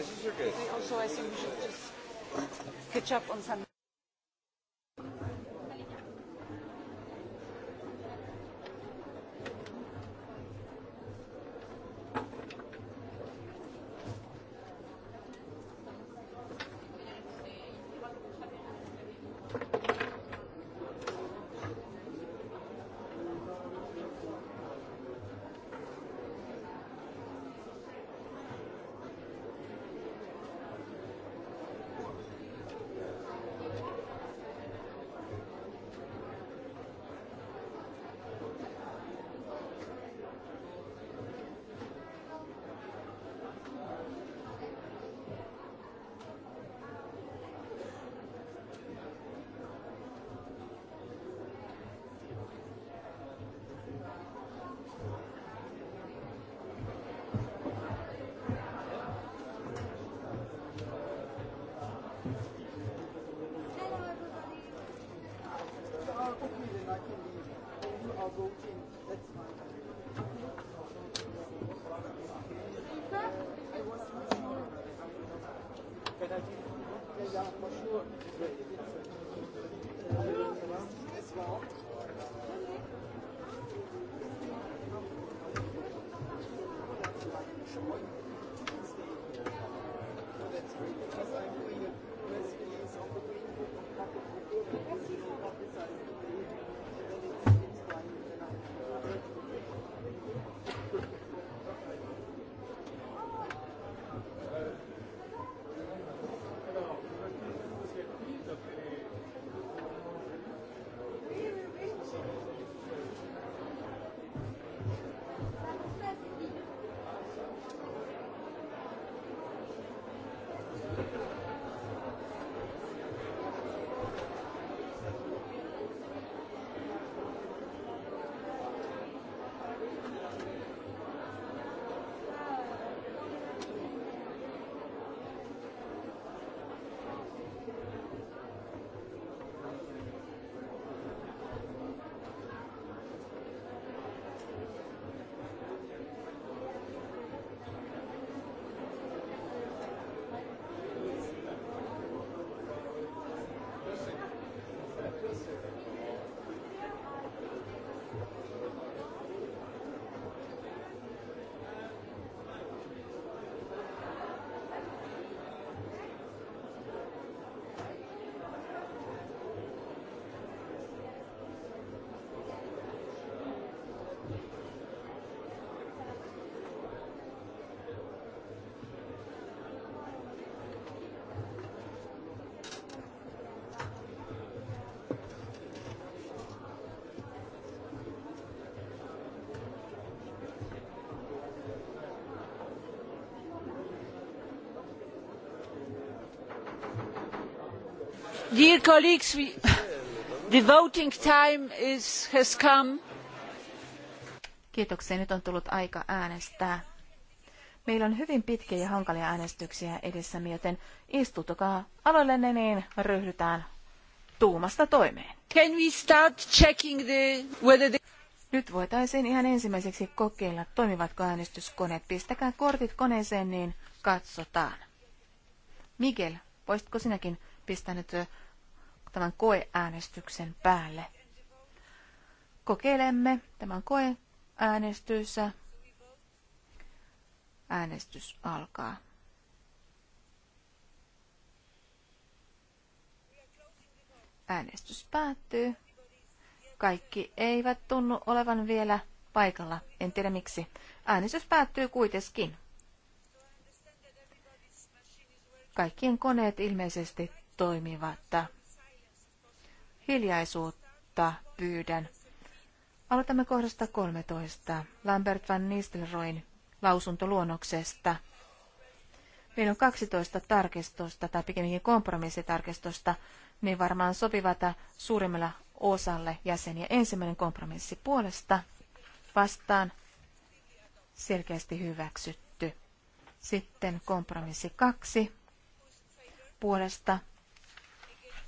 Dear colleagues, the voting time is, has come. Kiitoksia, nyt on tullut aika äänestää. Meillä on hyvin pitkiä ja hankalia äänestyksiä edessämme, joten istutukaa aloillenne niin ryhdytään tuumasta toimeen. Can we start checking the, whether the... Nyt voitaisiin ihan ensimmäiseksi kokeilla, toimivatko äänestyskoneet. Pistäkää kortit koneeseen, niin katsotaan. Miguel, voisitko sinäkin pistänyt tämän koeäänestyksen päälle. Kokeilemme tämän koeäänestyssä. Äänestys alkaa. Äänestys päättyy. Kaikki eivät tunnu olevan vielä paikalla. En tiedä miksi. Äänestys päättyy kuitenkin. Kaikkien koneet ilmeisesti toimivat. Hiljaisuutta pyydän. Aloitamme kohdasta 13. Lambert van Nistelroin lausuntoluonnoksesta. Meillä on 12 tarkistusta tai pikemminkin kompromissitarkistusta. Ne varmaan sopivat suurimmalla osalle jäseniä. Ensimmäinen kompromissi puolesta vastaan selkeästi hyväksytty. Sitten kompromissi kaksi puolesta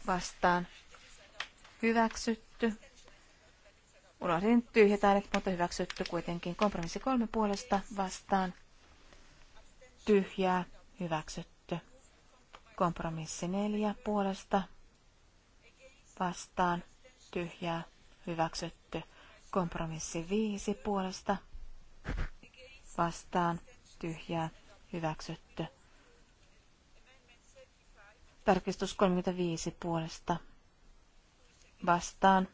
vastaan hyväksytty. Unohdin tyhjät äänet, mutta hyväksytty kuitenkin. Kompromissi kolme puolesta vastaan tyhjää hyväksytty. Kompromissi neljä puolesta vastaan tyhjää hyväksytty. Kompromissi viisi puolesta vastaan tyhjää hyväksytty. Tarkistus 35 puolesta. Vastaan.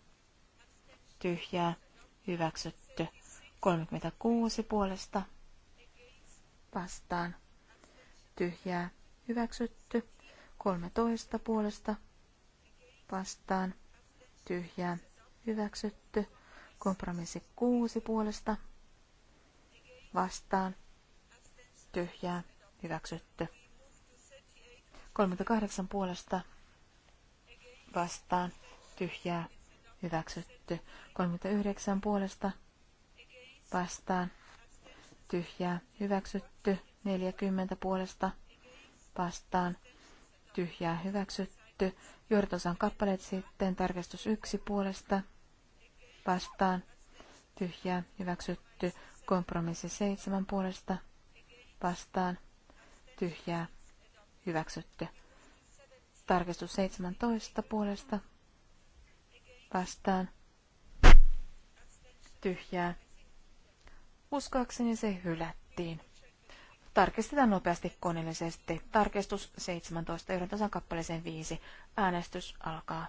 Tyhjää. Hyväksytty. 36 puolesta. Vastaan. Tyhjää. Hyväksytty. 13 puolesta. Vastaan. Tyhjää. Hyväksytty. Kompromissi 6 puolesta. Vastaan. Tyhjää. Hyväksytty. 38 puolesta vastaan tyhjää hyväksytty. 39 puolesta vastaan tyhjää hyväksytty. 40 puolesta vastaan tyhjää hyväksytty. Juurtosan kappaleet sitten tarkistus 1 puolesta vastaan tyhjää hyväksytty. Kompromissi 7 puolesta vastaan tyhjää hyväksytty. Tarkistus 17 puolesta vastaan tyhjää. Uskoakseni se hylättiin. Tarkistetaan nopeasti koneellisesti. Tarkistus 17, yhden kappaleeseen 5. Äänestys alkaa.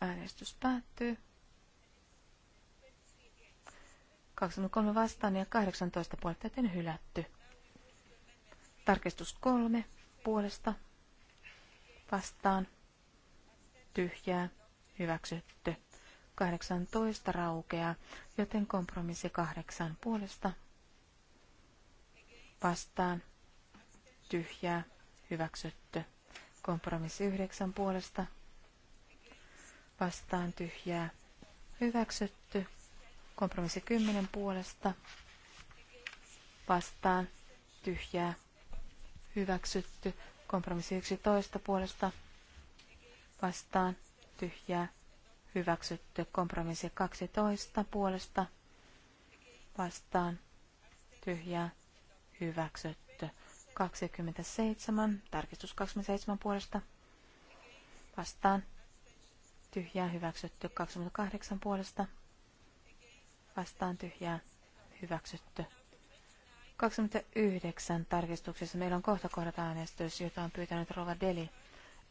Äänestys päättyy. 23 vastaan ja 18 puolta hylätty. Tarkistus kolme puolesta vastaan tyhjää hyväksytty. 18 raukeaa, joten kompromissi kahdeksan puolesta vastaan tyhjää hyväksytty. Kompromissi yhdeksän puolesta vastaan tyhjää hyväksytty. Kompromissi kymmenen puolesta vastaan tyhjää hyväksytty. Kompromissi 11 puolesta vastaan tyhjää hyväksytty. Kompromissi 12 puolesta vastaan tyhjää hyväksytty. 27, tarkistus 27 puolesta vastaan tyhjää hyväksytty. 28 puolesta vastaan tyhjää hyväksytty. 29 tarkistuksessa meillä on kohta kohdata äänestys, jota on pyytänyt Rova Deli.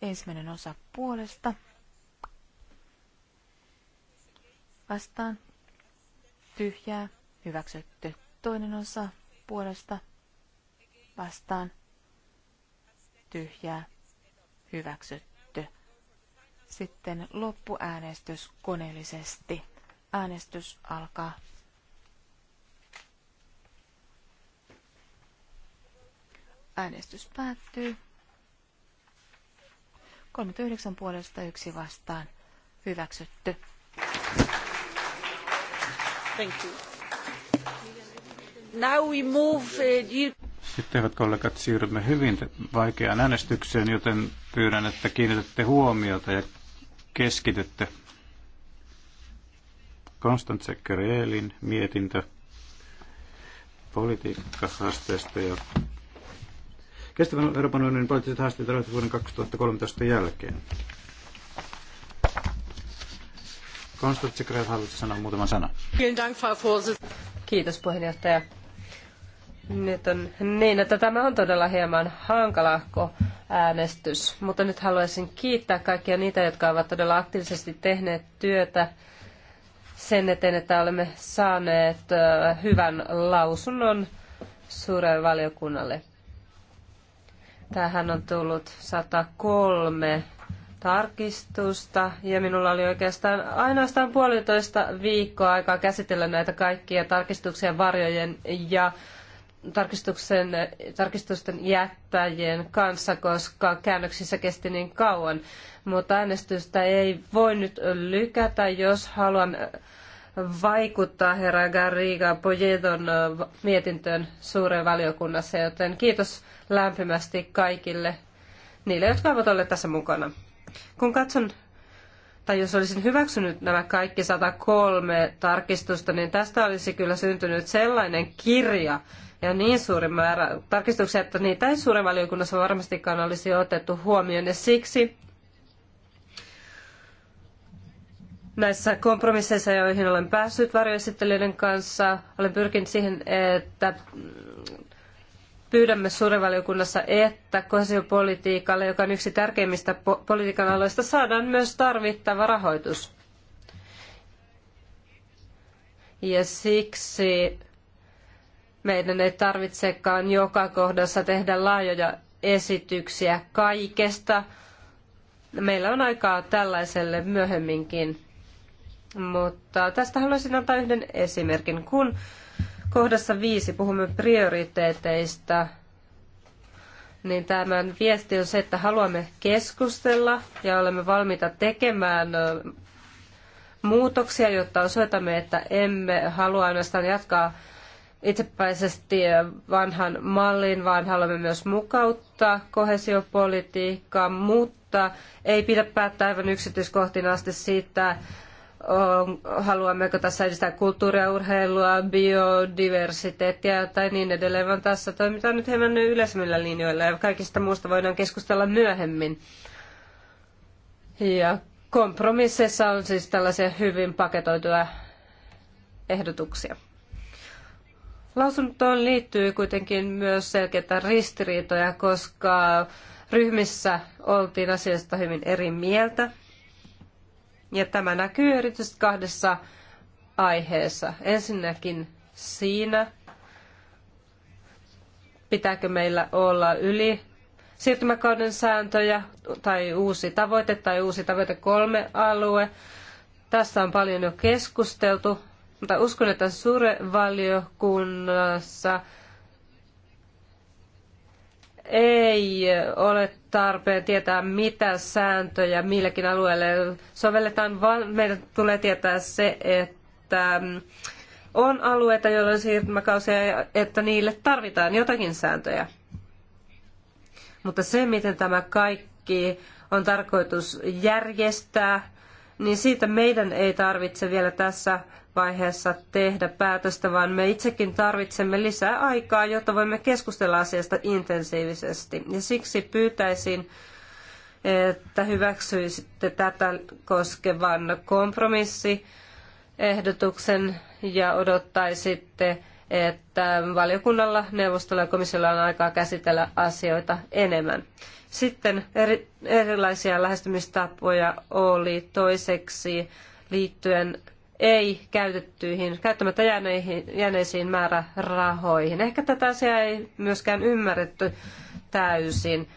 Ensimmäinen osa puolesta. Vastaan. Tyhjää. Hyväksytty. Toinen osa puolesta. Vastaan. Tyhjää. Hyväksytty. Sitten loppuäänestys koneellisesti. Äänestys alkaa. Äänestys päättyy. 39 puolesta yksi vastaan. Hyväksytty. Thank you. Now we move, uh, sitten, hyvät kollegat, siirrymme hyvin vaikeaan äänestykseen, joten pyydän, että kiinnitätte huomiota ja keskitytte. Konstant Sekkereelin mietintö politiikka ja Kestävän Euroopan unionin poliittiset haasteet ovat vuoden 2013 jälkeen. Konstantin Gref haluaisi sanoa muutaman sanan. Kiitos puheenjohtaja. Nyt on niin, että tämä on todella hieman hankalahko äänestys, mutta nyt haluaisin kiittää kaikkia niitä, jotka ovat todella aktiivisesti tehneet työtä sen eteen, että olemme saaneet hyvän lausunnon suurelle valiokunnalle. Tähän on tullut 103 tarkistusta ja minulla oli oikeastaan ainoastaan puolitoista viikkoa aikaa käsitellä näitä kaikkia tarkistuksia varjojen ja tarkistuksen, tarkistusten jättäjien kanssa, koska käännöksissä kesti niin kauan. Mutta äänestystä ei voi nyt lykätä, jos haluan vaikuttaa herra Garriga Pojedon mietintöön suureen valiokunnassa, joten kiitos lämpimästi kaikille niille, jotka ovat olleet tässä mukana. Kun katson, tai jos olisin hyväksynyt nämä kaikki 103 tarkistusta, niin tästä olisi kyllä syntynyt sellainen kirja ja niin suuri määrä tarkistuksia, että niitä ei suuren valiokunnassa varmastikaan olisi otettu huomioon. Ja siksi Näissä kompromisseissa, joihin olen päässyt varjoesittelijöiden kanssa, olen pyrkinyt siihen, että pyydämme suurivaliokunnassa, että kohesiopolitiikalle, joka on yksi tärkeimmistä politiikan aloista, saadaan myös tarvittava rahoitus. Ja siksi meidän ei tarvitsekaan joka kohdassa tehdä laajoja esityksiä kaikesta. Meillä on aikaa tällaiselle myöhemminkin. Mutta tästä haluaisin antaa yhden esimerkin. Kun kohdassa viisi puhumme prioriteeteista, niin tämän viesti on se, että haluamme keskustella ja olemme valmiita tekemään muutoksia, jotta osoitamme, että emme halua ainoastaan jatkaa itsepäisesti vanhan mallin, vaan haluamme myös mukauttaa kohesiopolitiikkaa, mutta ei pidä päättää aivan yksityiskohtiin asti siitä, haluammeko tässä edistää kulttuuria, urheilua, biodiversiteettiä tai niin edelleen, vaan tässä toimitaan nyt hieman yleisemmillä linjoilla ja kaikista muusta voidaan keskustella myöhemmin. Ja kompromisseissa on siis tällaisia hyvin paketoituja ehdotuksia. Lausuntoon liittyy kuitenkin myös selkeitä ristiriitoja, koska ryhmissä oltiin asiasta hyvin eri mieltä. Ja tämä näkyy erityisesti kahdessa aiheessa. Ensinnäkin siinä, pitääkö meillä olla yli siirtymäkauden sääntöjä tai uusi tavoite tai uusi tavoite kolme alue. Tässä on paljon jo keskusteltu, mutta uskon, että suure valiokunnassa ei ole tarpeen tietää, mitä sääntöjä millekin alueelle sovelletaan, vaan meidän tulee tietää se, että mm, on alueita, joilla on siirtymäkausia ja että niille tarvitaan jotakin sääntöjä. Mutta se, miten tämä kaikki on tarkoitus järjestää, niin siitä meidän ei tarvitse vielä tässä vaiheessa tehdä päätöstä, vaan me itsekin tarvitsemme lisää aikaa, jotta voimme keskustella asiasta intensiivisesti. Ja siksi pyytäisin, että hyväksyisitte tätä koskevan kompromissiehdotuksen ja odottaisitte, että valiokunnalla, neuvostolla ja komissiolla on aikaa käsitellä asioita enemmän. Sitten eri, erilaisia lähestymistapoja oli toiseksi liittyen ei käytettyihin, käyttämättä jääneihin, jääneisiin määrärahoihin. Ehkä tätä asiaa ei myöskään ymmärretty täysin.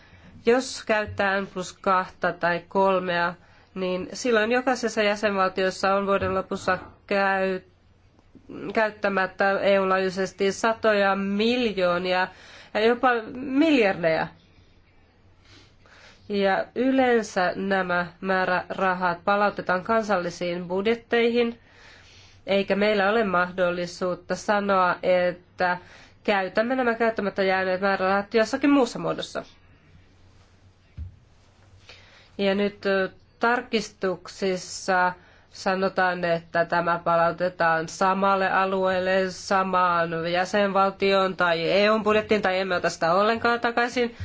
Jos käyttää N plus kahta tai kolmea, niin silloin jokaisessa jäsenvaltiossa on vuoden lopussa käy, käyttämättä EU-laajuisesti satoja miljoonia ja jopa miljardeja ja yleensä nämä määrärahat palautetaan kansallisiin budjetteihin, eikä meillä ole mahdollisuutta sanoa, että käytämme nämä käyttämättä jääneet määrärahat jossakin muussa muodossa. Ja nyt tarkistuksissa sanotaan, että tämä palautetaan samalle alueelle, samaan jäsenvaltioon tai EUn budjettiin, tai emme ota sitä ollenkaan takaisin.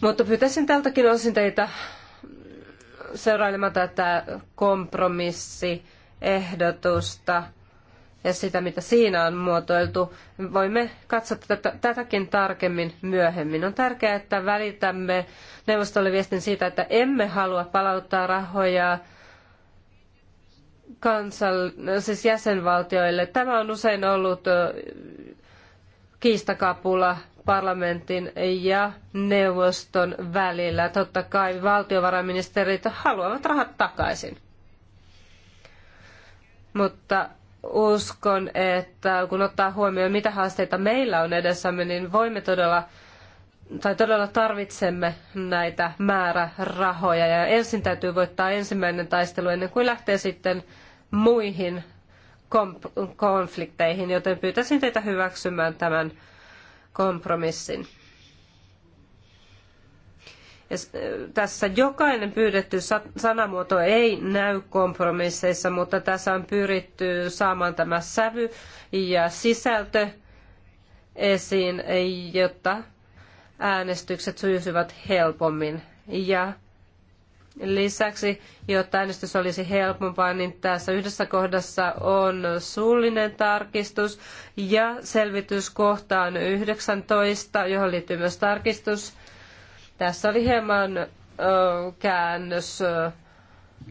Mutta pyytäisin tältäkin osin teitä seurailemaan tätä kompromissiehdotusta ja sitä, mitä siinä on muotoiltu. Voimme katsoa tätäkin tarkemmin myöhemmin. On tärkeää, että välitämme neuvostolle viestin siitä, että emme halua palauttaa rahoja kansal- siis jäsenvaltioille. Tämä on usein ollut kiistakapula parlamentin ja neuvoston välillä. Totta kai valtiovarainministerit haluavat rahat takaisin. Mutta uskon, että kun ottaa huomioon, mitä haasteita meillä on edessämme, niin voimme todella tai todella tarvitsemme näitä määrärahoja ja ensin täytyy voittaa ensimmäinen taistelu ennen kuin lähtee sitten muihin konflikteihin, joten pyytäisin teitä hyväksymään tämän kompromissin. Ja tässä jokainen pyydetty sanamuoto ei näy kompromisseissa, mutta tässä on pyritty saamaan tämä sävy ja sisältö esiin, jotta äänestykset sujuisivat helpommin. Ja Lisäksi, jotta äänestys olisi helpompaa, niin tässä yhdessä kohdassa on suullinen tarkistus ja selvitys kohtaan 19, johon liittyy myös tarkistus. Tässä oli hieman ö, käännös ö,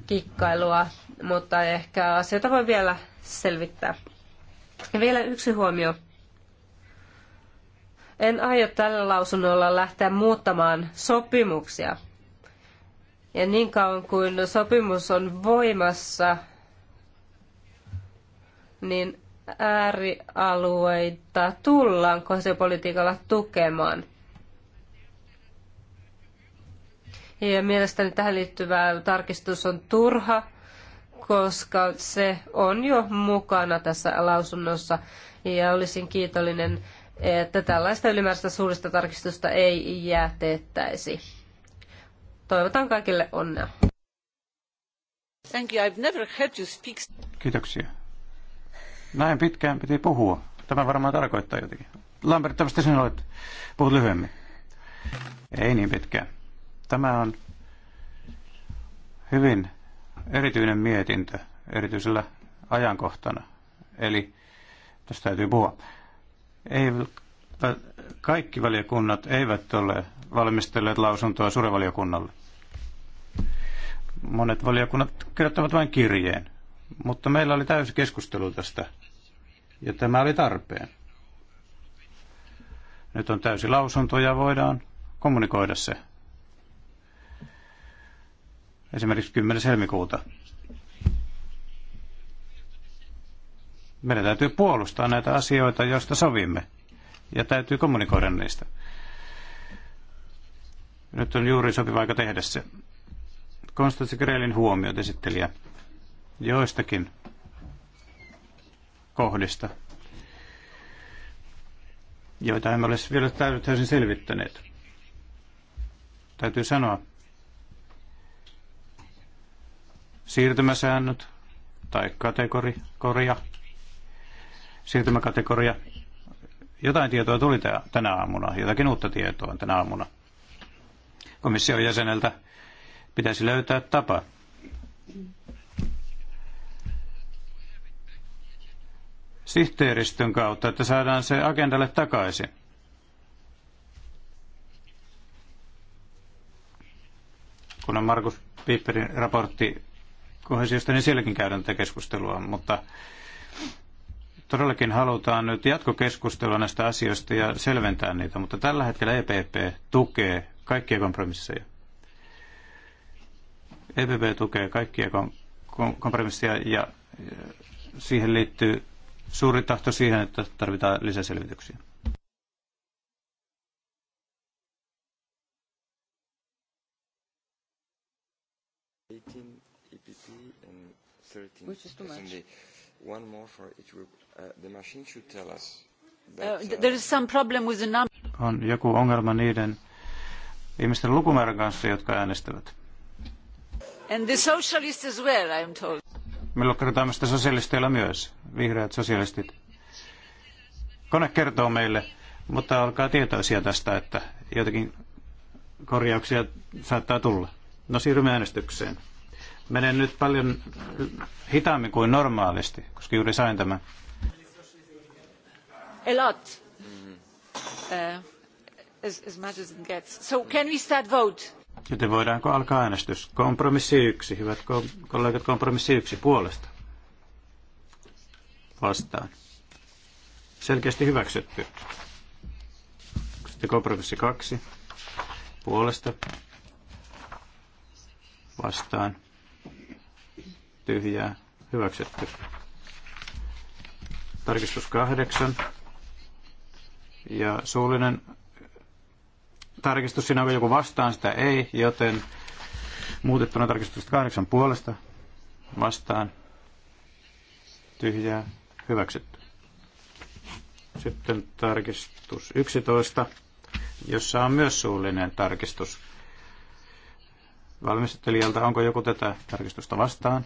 kikkailua, mutta ehkä asioita voi vielä selvittää. Ja vielä yksi huomio. En aio tällä lausunnolla lähteä muuttamaan sopimuksia – ja niin kauan kuin sopimus on voimassa, niin äärialueita tullaan kohesiopolitiikalla tukemaan. Ja mielestäni tähän liittyvä tarkistus on turha, koska se on jo mukana tässä lausunnossa. Ja olisin kiitollinen, että tällaista ylimääräistä suurista tarkistusta ei jätettäisi. Toivotan kaikille onnea. Thank you. I've never heard you speak. Kiitoksia. Näin pitkään piti puhua. Tämä varmaan tarkoittaa jotakin. Lambert, tämmöistä sinä olet. Puhut lyhyemmin. Ei niin pitkään. Tämä on hyvin erityinen mietintö erityisellä ajankohtana. Eli tästä täytyy puhua. Ei, kaikki valiokunnat eivät ole valmistelleet lausuntoa suurevaliokunnalle. Monet valiokunnat kirjoittavat vain kirjeen, mutta meillä oli täysi keskustelu tästä ja tämä oli tarpeen. Nyt on täysi lausunto ja voidaan kommunikoida se. Esimerkiksi 10. helmikuuta. Meidän täytyy puolustaa näitä asioita, joista sovimme, ja täytyy kommunikoida niistä. Nyt on juuri sopiva aika tehdä se. Konstantin Grelin huomiot esittelijä joistakin kohdista, joita emme ole vielä täysin selvittäneet. Täytyy sanoa, siirtymäsäännöt tai kategoria, siirtymäkategoria. Jotain tietoa tuli tänä aamuna, jotakin uutta tietoa tänä aamuna komission jäseneltä Pitäisi löytää tapa. sihteeristön kautta, että saadaan se agendalle takaisin. Kun on Markus Piperin raportti kohesiosta, niin sielläkin käydään tätä keskustelua, mutta todellakin halutaan nyt jatkokeskustella näistä asioista ja selventää niitä, mutta tällä hetkellä EPP tukee kaikkia kompromisseja. EPP tukee kaikkia kompromissia ja siihen liittyy suuri tahto siihen, että tarvitaan lisäselvityksiä. Which is too much. E One more for each group. Uh, the machine should tell us. That, uh, uh there is some problem with the number. On joku ongelma niiden ihmisten lukumäärän kanssa, jotka äänestävät. And the socialists as well, I'm told. Me lukertaamme sitä sosialisteilla myös, vihreät sosialistit. Kone kertoo meille, mutta olkaa tietoisia tästä, että jotakin korjauksia saattaa tulla. No siirrymme äänestykseen. Menen nyt paljon hitaammin kuin normaalisti, koska juuri sain tämän. A lot. Uh, as, as much as it gets. So can we start vote? Joten voidaanko alkaa äänestys? Kompromissi yksi. Hyvät kollegat, kompromissi yksi puolesta. Vastaan. Selkeästi hyväksytty. Sitten kompromissi kaksi. Puolesta. Vastaan. Tyhjää. Hyväksytty. Tarkistus kahdeksan. Ja suullinen tarkistus, siinä onko joku vastaan, sitä ei, joten muutettuna tarkistusta kahdeksan puolesta vastaan tyhjää hyväksytty. Sitten tarkistus 11, jossa on myös suullinen tarkistus. Valmistelijalta onko joku tätä tarkistusta vastaan?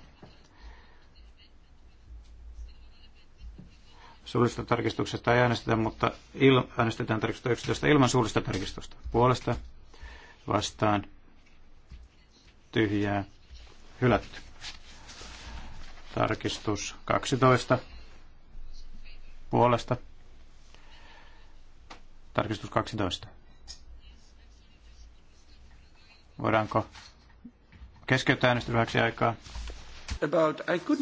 Suullisesta tarkistuksesta ei äänestetä, mutta il, äänestetään tarkistusta 11 ilman suullista tarkistusta. Puolesta vastaan tyhjää hylätty. Tarkistus 12 puolesta. Tarkistus 12. Voidaanko keskeyttää äänestys aikaa? About, I could...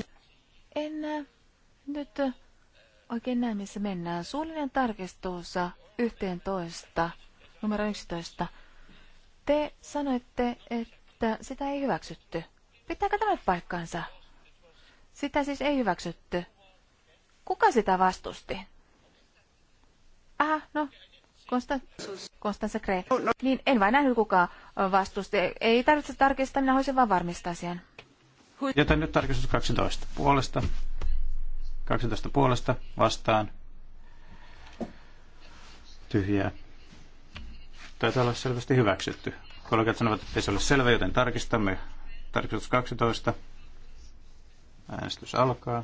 En äh, nyt oikein näe, missä mennään. Suullinen tarkistuussa 11, numero 11. Te sanoitte, että sitä ei hyväksytty. Pitääkö tämä paikkaansa? Sitä siis ei hyväksytty. Kuka sitä vastusti? Aha, no, Konstanza Gray. No, no. Niin, en vain nähnyt kukaan vastusti. Ei tarvitse tarkistaa, minä haluaisin vain varmistaa sen. Joten nyt tarkistus 12. Puolesta 12 puolesta vastaan. Tyhjää. Taitaa olla selvästi hyväksytty. Kollegat sanovat, että ei se ole selvä, joten tarkistamme. Tarkistus 12. Äänestys alkaa.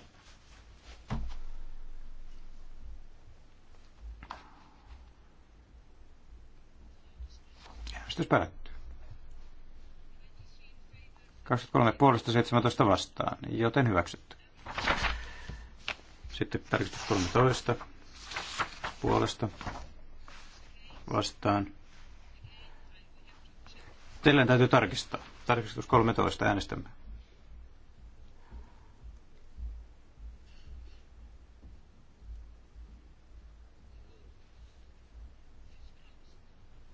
Äänestys päättyy. 23 puolesta 17 vastaan, joten hyväksytty. Sitten tarkistus 13 puolesta vastaan. Teillä täytyy tarkistaa. Tarkistus 13 äänestämme.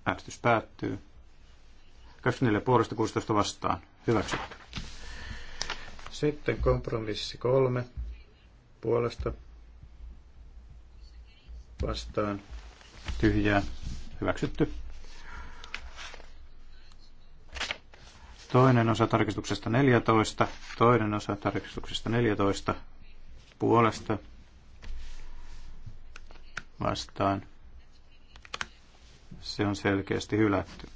Äänestys päättyy. 24 puolesta 16 vastaan. Hyväksytty. Sitten kompromissi kolme puolesta vastaan tyhjää hyväksytty. Toinen osa tarkistuksesta 14, toinen osa tarkistuksesta 14 puolesta vastaan. Se on selkeästi hylätty.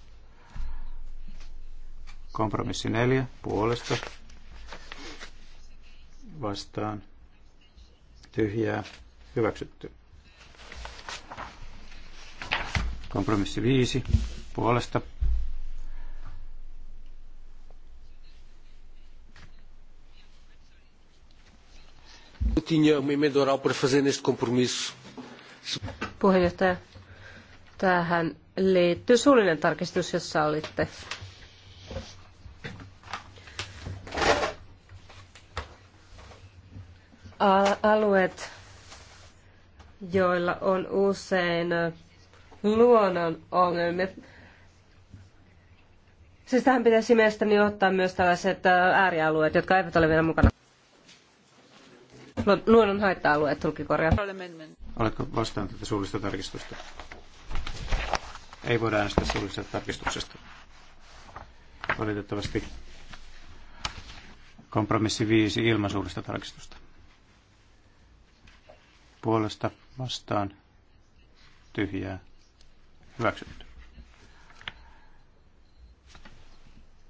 Kompromissi 4 puolesta vastaan tyhjää hyväksytty. Kompromissi 5 puolesta Puheenjohtaja, tähän liittyy suullinen tarkistus, jossa olitte alueet, joilla on usein luonnon ongelmia. Siis tähän pitäisi mielestäni ottaa myös tällaiset äärialueet, jotka eivät ole vielä mukana. Luonnon haitta-alueet, korjaa. Oletko vastaan tätä suullista tarkistusta? Ei voida äänestää suullisesta tarkistuksesta. Valitettavasti kompromissi viisi ilman suullista tarkistusta puolesta vastaan tyhjää hyväksytty.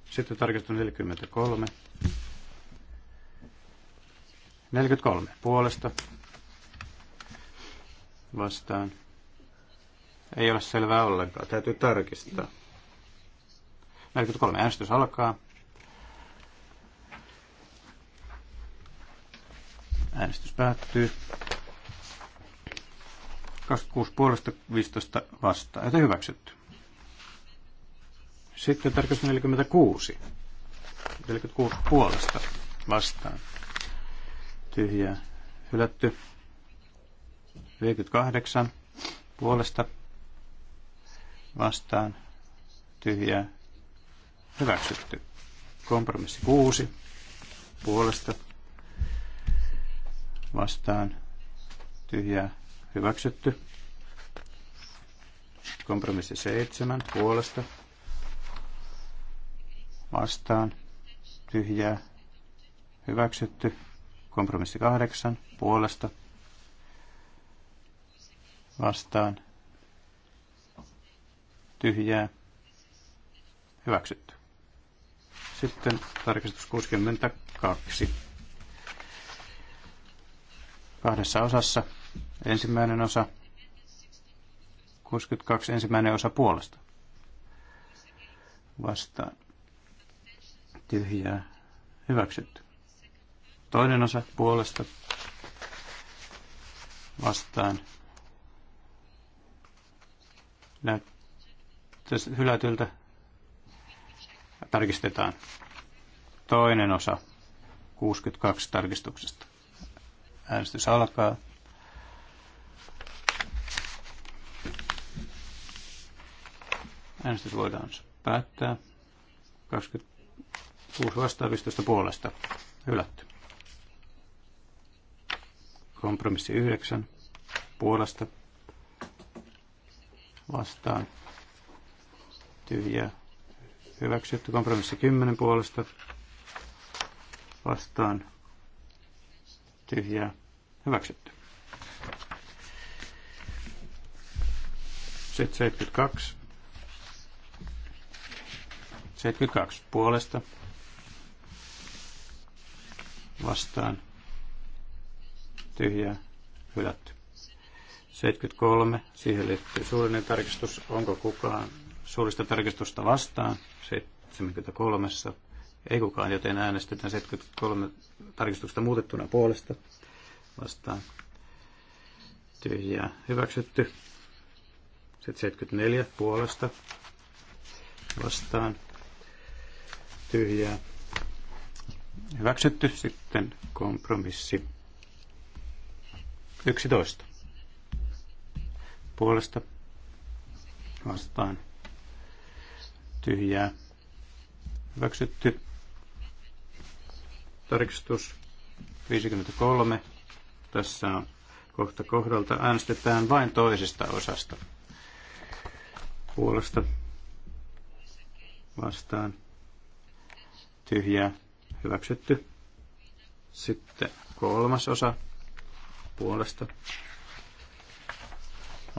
Sitten tarkistus 43. 43 puolesta vastaan. Ei ole selvää ollenkaan. Täytyy tarkistaa. 43 äänestys alkaa. Äänestys päättyy. 26 puolesta 15 vastaan, joten hyväksytty. Sitten tarkastus 46. 46 puolesta vastaan. Tyhjää hylätty. 58 puolesta vastaan. Tyhjää hyväksytty. Kompromissi 6 puolesta vastaan. Tyhjää Hyväksytty. Kompromissi 7 puolesta. Vastaan. Tyhjää. Hyväksytty. Kompromissi 8 puolesta. Vastaan. Tyhjää. Hyväksytty. Sitten tarkistus 62. Kahdessa osassa Ensimmäinen osa. 62. Ensimmäinen osa puolesta. Vastaan. Tyhjää. Hyväksytty. Toinen osa puolesta. Vastaan. Näyttää hylätyltä. Tarkistetaan. Toinen osa 62 tarkistuksesta. Äänestys alkaa. Äänestys voidaan päättää. 26 vastaan 15 puolesta. Hylätty. Kompromissi 9 puolesta vastaan. Tyhjä. Hyväksytty kompromissi 10 puolesta vastaan. Tyhjä. Hyväksytty. Sitten 72 72 puolesta vastaan tyhjää hylätty. 73, siihen liittyy suullinen tarkistus, onko kukaan suullista tarkistusta vastaan, 73, ei kukaan, joten äänestetään 73 tarkistuksesta muutettuna puolesta vastaan. Tyhjää hyväksytty. Sitten 74 puolesta vastaan tyhjää. Hyväksytty sitten kompromissi 11. Puolesta vastaan tyhjää. Hyväksytty tarkistus 53. Tässä on kohta kohdalta äänestetään vain toisesta osasta puolesta vastaan tyhjää hyväksytty. Sitten kolmas osa puolesta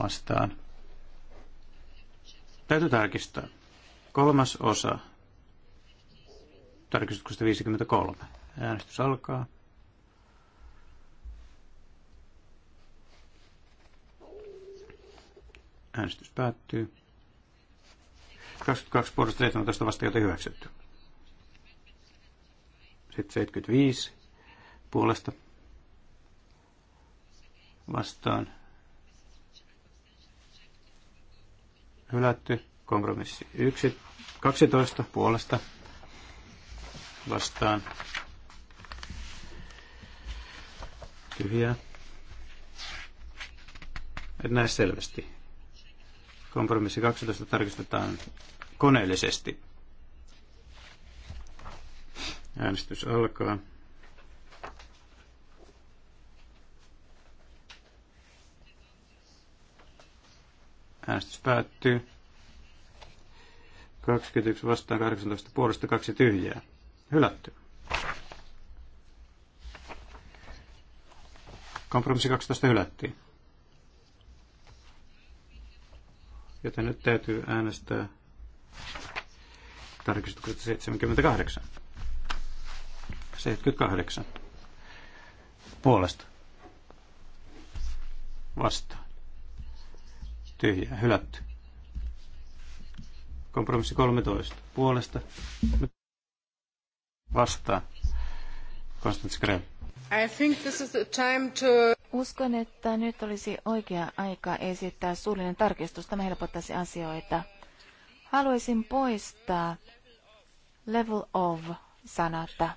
vastaan. Täytyy tarkistaa. Kolmas osa. Tarkistus 53. Äänestys alkaa. Äänestys päättyy. 22 puolesta 17 vasta, joten hyväksytty. Sitten 75 puolesta vastaan hylätty. Kompromissi 1, 12 puolesta vastaan tyhjää. Et näe selvästi. Kompromissi 12 tarkistetaan koneellisesti. Äänestys alkaa. Äänestys päättyy. 21 vastaan 18 puolesta kaksi tyhjää. Hylätty. Kompromissi 12 hylättiin. Joten nyt täytyy äänestää tarkistuksesta 78. 78 puolesta vastaan. Tyhjää, hylätty. Kompromissi 13 puolesta vastaan. Konstantin Skrell. I think this is the time to... Uskon, että nyt olisi oikea aika esittää suullinen tarkistus. Tämä helpottaisi asioita. Haluaisin poistaa level of sanata.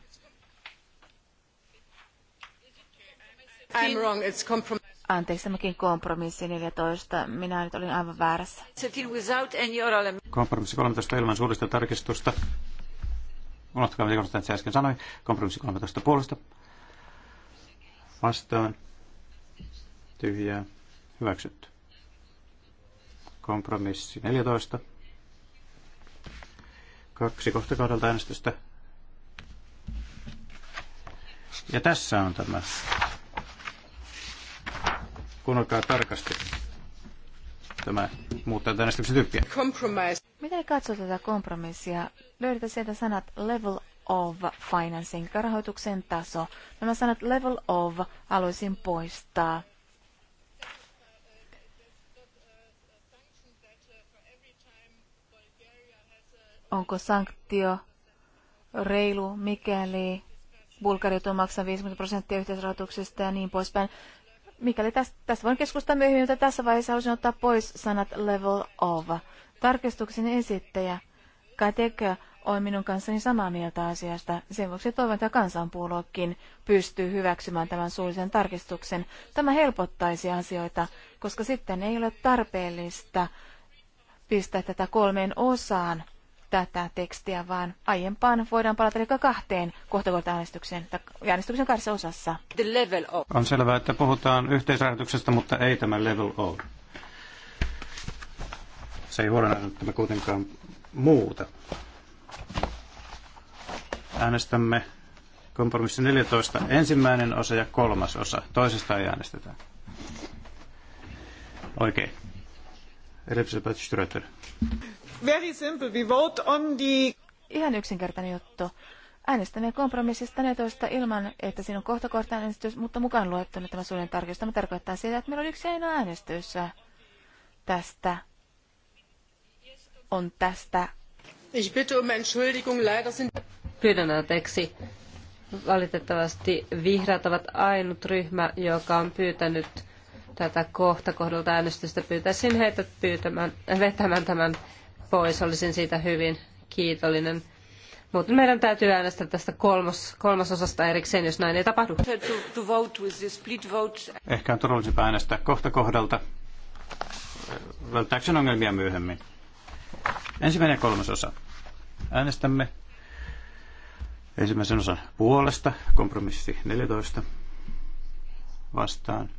I'm wrong, it's compromise. Anteeksi, tämäkin kompromissi 14. Minä nyt olin aivan väärässä. Kompromissi 13 ilman suurista tarkistusta. Unohtakaa, mitä Konstantsi äsken sanoi. Kompromissi 13 puolesta. Vastaan. Tyhjää. Hyväksytty. Kompromissi 14. Kaksi kohta kaudelta äänestystä. Ja tässä on tämä Kuunnelkaa tarkasti tämä muuttaa tänne sitten tyyppiä. Compromise. Miten katsoo tätä kompromissia? Löydätä sieltä sanat level of financing, rahoituksen taso. Nämä sanat level of haluaisin poistaa. Onko sanktio reilu, mikäli on maksanut 50 prosenttia yhteisrahoituksesta ja niin poispäin mikäli tästä, tästä voin keskustella myöhemmin, mutta tässä vaiheessa haluaisin ottaa pois sanat level of. Tarkistuksen esittäjä tekö on minun kanssani samaa mieltä asiasta. Sen vuoksi toivon, että kansanpuoluekin pystyy hyväksymään tämän suullisen tarkistuksen. Tämä helpottaisi asioita, koska sitten ei ole tarpeellista pistää tätä kolmeen osaan tätä tekstiä, vaan aiempaan voidaan palata eli kahteen kohtakohta äänestykseen, äänestyksen kahdessa osassa. The level of. On selvää, että puhutaan yhteisrahoituksesta, mutta ei tämä level O. Se ei me kuitenkaan muuta. Äänestämme kompromissi 14, ensimmäinen osa ja kolmas osa. Toisesta ei äänestetä. Oikein. Okay. Very simple. We vote on the... Ihan yksinkertainen juttu. Äänestämme kompromissista 14 ilman, että siinä on kohtakohtainen äänestys, mutta mukaan luettuna tämä suullinen tarkistus. Tämä tarkoittaa sitä, että meillä on yksi ainoa äänestys tästä. On tästä. Ich bitte um Entschuldigung, leider sind... Pyydän anteeksi. Valitettavasti vihreät ovat ainut ryhmä, joka on pyytänyt tätä kohta kohdalta äänestystä. Pyytäisin heitä pyytämään, vetämään tämän pois. Olisin siitä hyvin kiitollinen. Mutta meidän täytyy äänestää tästä kolmasosasta erikseen, jos näin ei tapahdu. Ehkä on turvallisempaa äänestää kohta kohdalta. Välttääkseni ongelmia myöhemmin. Ensimmäinen kolmasosa. Äänestämme ensimmäisen osan puolesta, kompromissi 14, vastaan,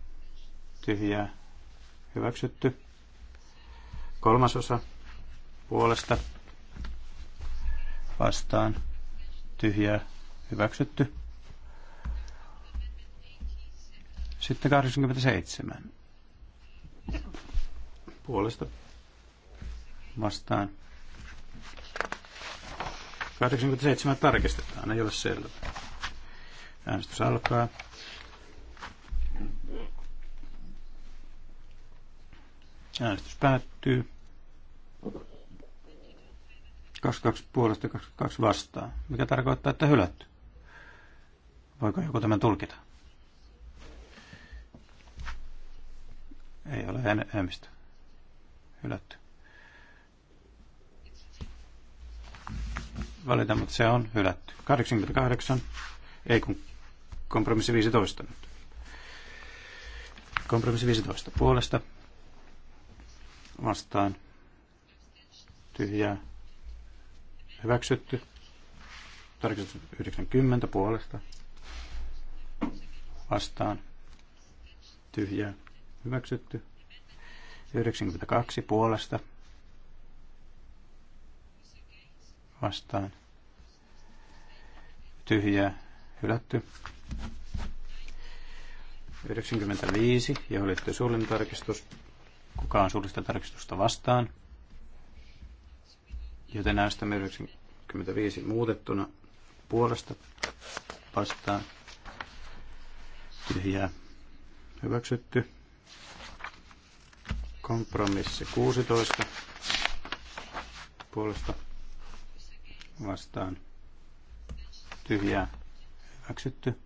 tyhjää, hyväksytty. Kolmasosa. osa puolesta vastaan tyhjää hyväksytty. Sitten 87 puolesta vastaan 87 tarkistetaan, ei ole selvä. Äänestys alkaa. Äänestys päättyy. 22 puolesta 22 vastaan, mikä tarkoittaa, että hylätty. Voiko joku tämän tulkita? Ei ole enemmistö. Hylätty. Valita, mutta se on hylätty. 88, ei kun kompromissi 15 nyt. Kompromissi 15 puolesta vastaan tyhjää hyväksytty. Tarkistus 90 puolesta vastaan tyhjää hyväksytty. 92 puolesta vastaan tyhjää hylätty. 95, ja olitte suullinen tarkistus. Kuka on suullista tarkistusta vastaan? Joten äänestämme 95 muutettuna puolesta vastaan. Tyhjää hyväksytty. Kompromissi 16 puolesta vastaan. Tyhjää hyväksytty.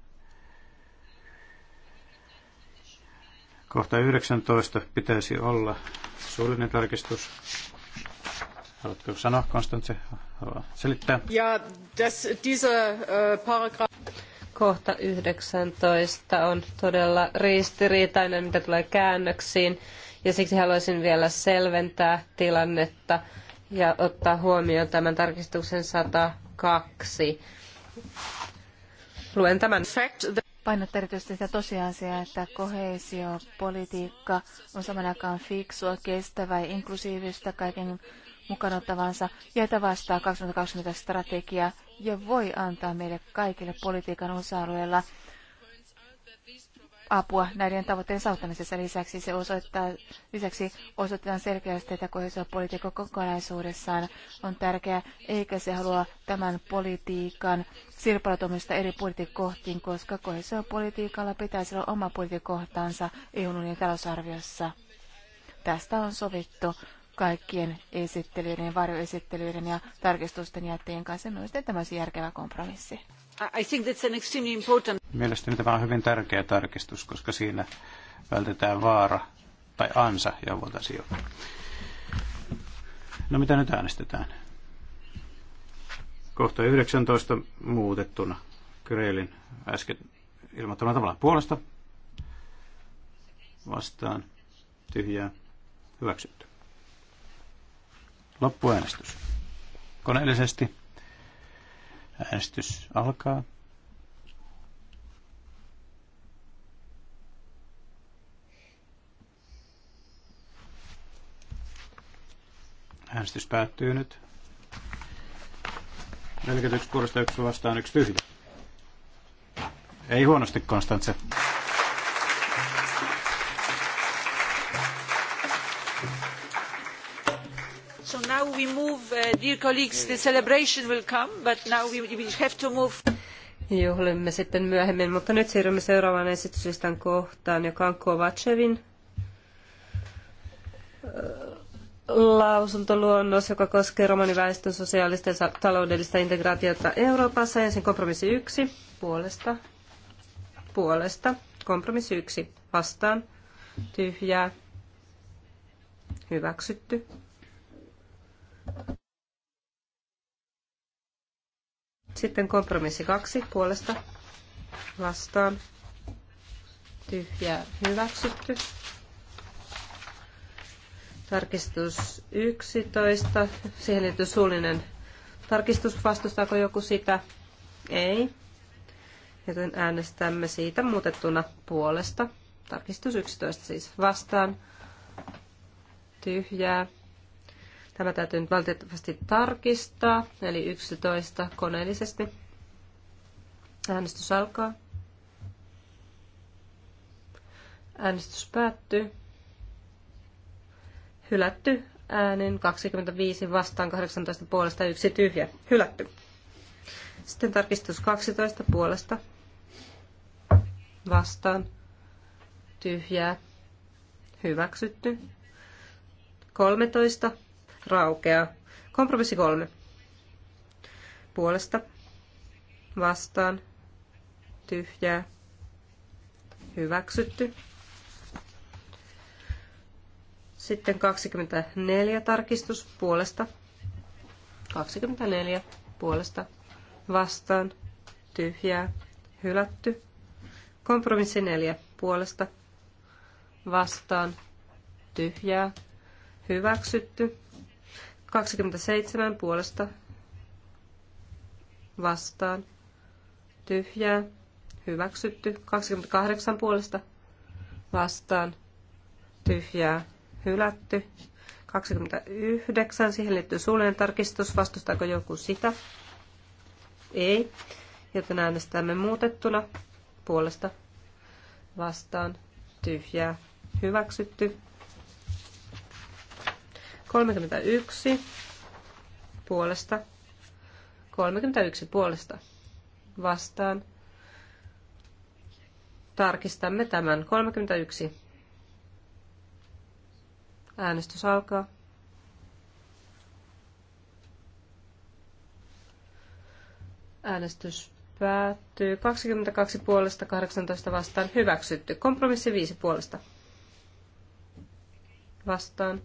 Kohta 19 pitäisi olla suullinen tarkistus Haluatko sanoa, Konstantse? Selittää. Ja tässä äh, paragraf... Kohta 19 on todella ristiriitainen, mitä tulee käännöksiin, ja siksi haluaisin vielä selventää tilannetta ja ottaa huomioon tämän tarkistuksen 102. Luen tämän. Painot erityisesti sitä tosiasiaa, että kohesiopolitiikka on saman aikaan fiksua, kestävää ja inklusiivista kaiken mukaan ottavansa ja että vastaa 2020 strategiaa ja voi antaa meille kaikille politiikan osa-alueilla apua näiden tavoitteiden saavuttamisessa. Lisäksi se osoittaa, lisäksi osoittaa selkeästi, että kohesiopolitiikka kokonaisuudessaan on tärkeä, eikä se halua tämän politiikan sirpaloitumista eri politiikkohtiin, koska kohesiopolitiikalla pitäisi olla oma politiikkohtaansa EUn unionin talousarviossa. Tästä on sovittu kaikkien esittelyiden, varjoesittelyiden ja tarkistusten jättäjien kanssa. Mielestäni tämä olisi järkevä kompromissi. I think that's an extremely important... Mielestäni tämä on hyvin tärkeä tarkistus, koska siinä vältetään vaara tai ansa voitaisiin sijoilta. No mitä nyt äänestetään? Kohta 19 muutettuna Kyreilin äsken ilmoittamalla tavalla puolesta vastaan tyhjää hyväksytty. Loppuäänestys. Koneellisesti äänestys alkaa. Äänestys päättyy nyt. 41 puolesta 1 vastaan 1 tyhjä. Ei huonosti, Konstantse. move, uh, dear colleagues, the celebration will come, but now we, we have to move. Juhlimme sitten myöhemmin, mutta nyt siirrymme seuraavaan esityslistan kohtaan, joka on Kovacevin äh, lausuntoluonnos, joka koskee romaniväestön sosiaalista ja taloudellista integraatiota Euroopassa. Ensin kompromissi yksi puolesta, puolesta, kompromissi yksi vastaan, tyhjää, hyväksytty. Sitten kompromissi kaksi puolesta vastaan. Tyhjää hyväksytty. Tarkistus 11. Siihen liittyy suullinen tarkistus. Vastustaako joku sitä? Ei. Joten äänestämme siitä muutettuna puolesta. Tarkistus 11 siis vastaan. Tyhjää. Tämä täytyy nyt valitettavasti tarkistaa, eli 11 koneellisesti. Äänestys alkaa. Äänestys päättyy. Hylätty äänen 25 vastaan 18 puolesta yksi tyhjä. Hylätty. Sitten tarkistus 12 puolesta vastaan tyhjää hyväksytty. 13 raukeaa. Kompromissi kolme. Puolesta. Vastaan. Tyhjää. Hyväksytty. Sitten 24 tarkistus puolesta. 24 puolesta. Vastaan. Tyhjää. Hylätty. Kompromissi 4 puolesta. Vastaan. Tyhjää. Hyväksytty. 27 puolesta vastaan tyhjää hyväksytty. 28 puolesta vastaan tyhjää hylätty. 29. Siihen liittyy suullinen tarkistus. Vastustaako joku sitä? Ei. Joten äänestämme muutettuna puolesta vastaan tyhjää hyväksytty. 31 puolesta. 31 puolesta vastaan. Tarkistamme tämän. 31. Äänestys alkaa. Äänestys päättyy. 22 puolesta, 18 vastaan. Hyväksytty. Kompromissi 5 puolesta. Vastaan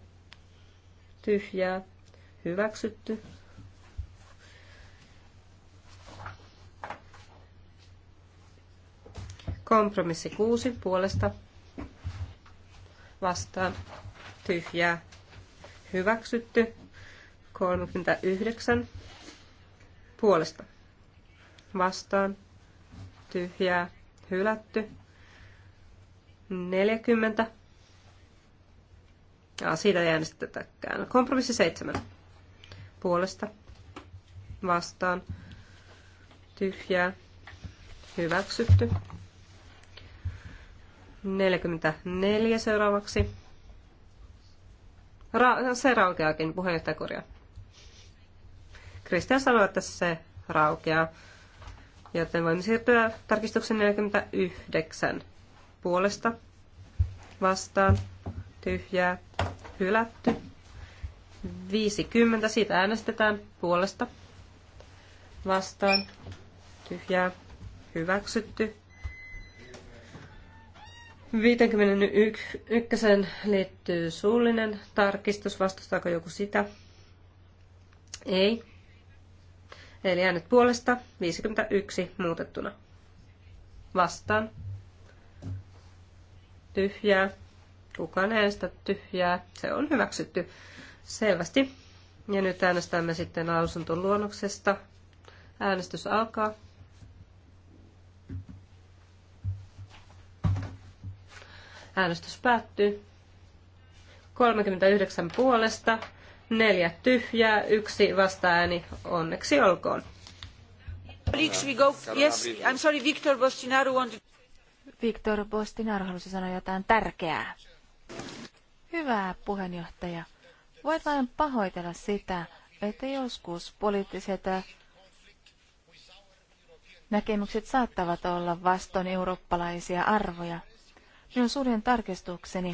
tyhjää, hyväksytty. Kompromissi 6 puolesta vastaan tyhjää, hyväksytty. 39 puolesta vastaan tyhjää, hylätty. 40 Aa, siitä ei äänestetäkään. Kompromissi seitsemän. Puolesta. Vastaan. Tyhjää. Hyväksytty. 44 seuraavaksi. Ra- se raukeakin, puheenjohtaja korjaa. Kristian sanoi, että se raukeaa. Joten voimme siirtyä tarkistuksen 49 puolesta vastaan tyhjää, hylätty. 50, siitä äänestetään puolesta, vastaan, tyhjää, hyväksytty. 51 liittyy suullinen tarkistus. Vastustaako joku sitä? Ei. Eli äänet puolesta 51 muutettuna. Vastaan. Tyhjää. Kukaan äänestä tyhjää. Se on hyväksytty selvästi. Ja nyt äänestämme sitten lausuntoluonnoksesta. Äänestys alkaa. Äänestys päättyy. 39 puolesta, neljä tyhjää, yksi vastaääni. Onneksi olkoon. I'm sorry, Bostinaru Victor Bostinaru halusi sanoa jotain tärkeää. Hyvä puheenjohtaja. Voit vain pahoitella sitä, että joskus poliittiset äh, näkemykset saattavat olla vastoin eurooppalaisia arvoja. Minun suurin tarkistukseni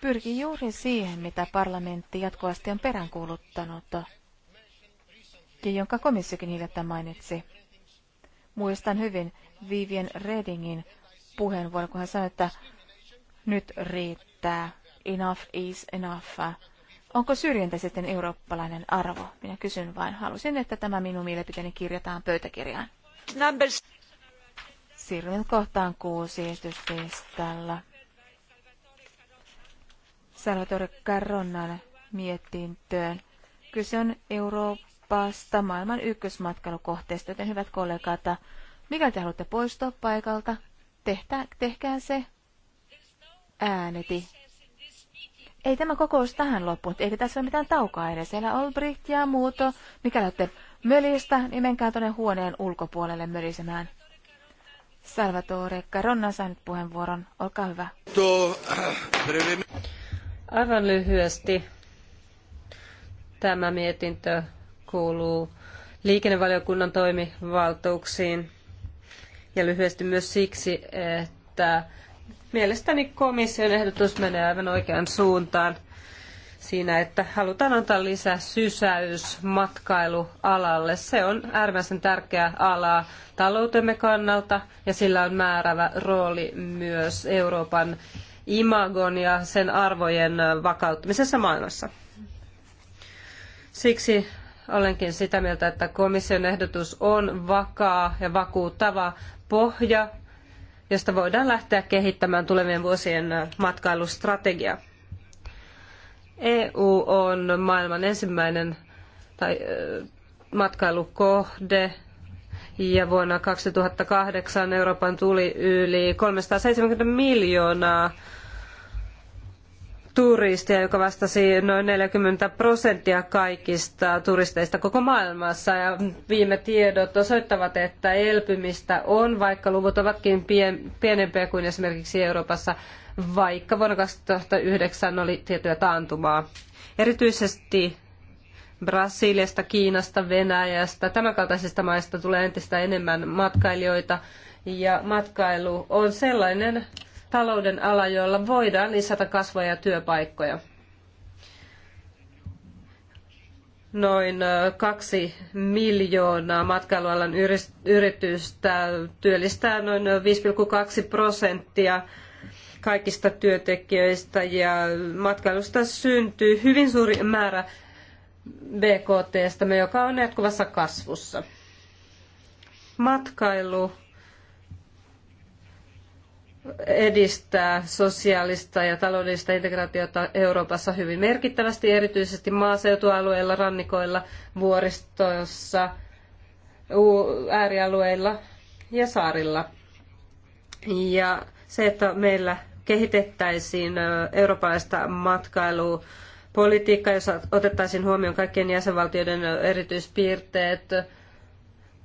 pyrki juuri siihen, mitä parlamentti jatkuvasti on peräänkuuluttanut ja jonka komissiokin hiljattain mainitsi. Muistan hyvin Vivien Redingin puheenvuoron, kun hän sanoi, että nyt riittää että enough is enough. Onko syrjintä sitten eurooppalainen arvo? Minä kysyn vain. Halusin, että tämä minun mielipiteeni kirjataan pöytäkirjaan. Numbers. Siirrymme kohtaan kuusi esityslistalla. Salvatore Carronan mietintöön. Kyse on Euroopasta maailman ykkösmatkailukohteesta, joten hyvät kollegat, mikä te haluatte poistua paikalta, tehtä, tehkää se ääneti. Ei tämä kokous tähän loppu, eikä tässä ole mitään taukoa edes. Siellä Albrecht ja muuto, mikä olette mölistä, niin menkää tuonne huoneen ulkopuolelle mölisemään. Salvatore Caronna on nyt puheenvuoron. Olkaa hyvä. Aivan lyhyesti. Tämä mietintö kuuluu liikennevaliokunnan toimivaltuuksiin ja lyhyesti myös siksi, että Mielestäni komission ehdotus menee aivan oikeaan suuntaan siinä, että halutaan antaa lisää sysäys matkailualalle. Se on äärimmäisen tärkeä ala taloutemme kannalta ja sillä on määrävä rooli myös Euroopan imagon ja sen arvojen vakauttamisessa maailmassa. Siksi olenkin sitä mieltä, että komission ehdotus on vakaa ja vakuuttava pohja josta voidaan lähteä kehittämään tulevien vuosien matkailustrategiaa. EU on maailman ensimmäinen tai, matkailukohde ja vuonna 2008 Euroopan tuli yli 370 miljoonaa turisteja, joka vastasi noin 40 prosenttia kaikista turisteista koko maailmassa. Ja viime tiedot osoittavat, että elpymistä on, vaikka luvut ovatkin pienempiä kuin esimerkiksi Euroopassa, vaikka vuonna 2009 oli tiettyä taantumaa. Erityisesti Brasiliasta, Kiinasta, Venäjästä, tämänkaltaisista maista tulee entistä enemmän matkailijoita. Ja matkailu on sellainen talouden ala, jolla voidaan lisätä kasvoja ja työpaikkoja. Noin kaksi miljoonaa matkailualan yritystä työllistää noin 5,2 prosenttia kaikista työntekijöistä ja matkailusta syntyy hyvin suuri määrä BKTstä, joka on jatkuvassa kasvussa. Matkailu edistää sosiaalista ja taloudellista integraatiota Euroopassa hyvin merkittävästi, erityisesti maaseutualueilla, rannikoilla, vuoristoissa, äärialueilla ja saarilla. Ja se, että meillä kehitettäisiin eurooppalaista matkailupolitiikkaa, jossa otettaisiin huomioon kaikkien jäsenvaltioiden erityispiirteet,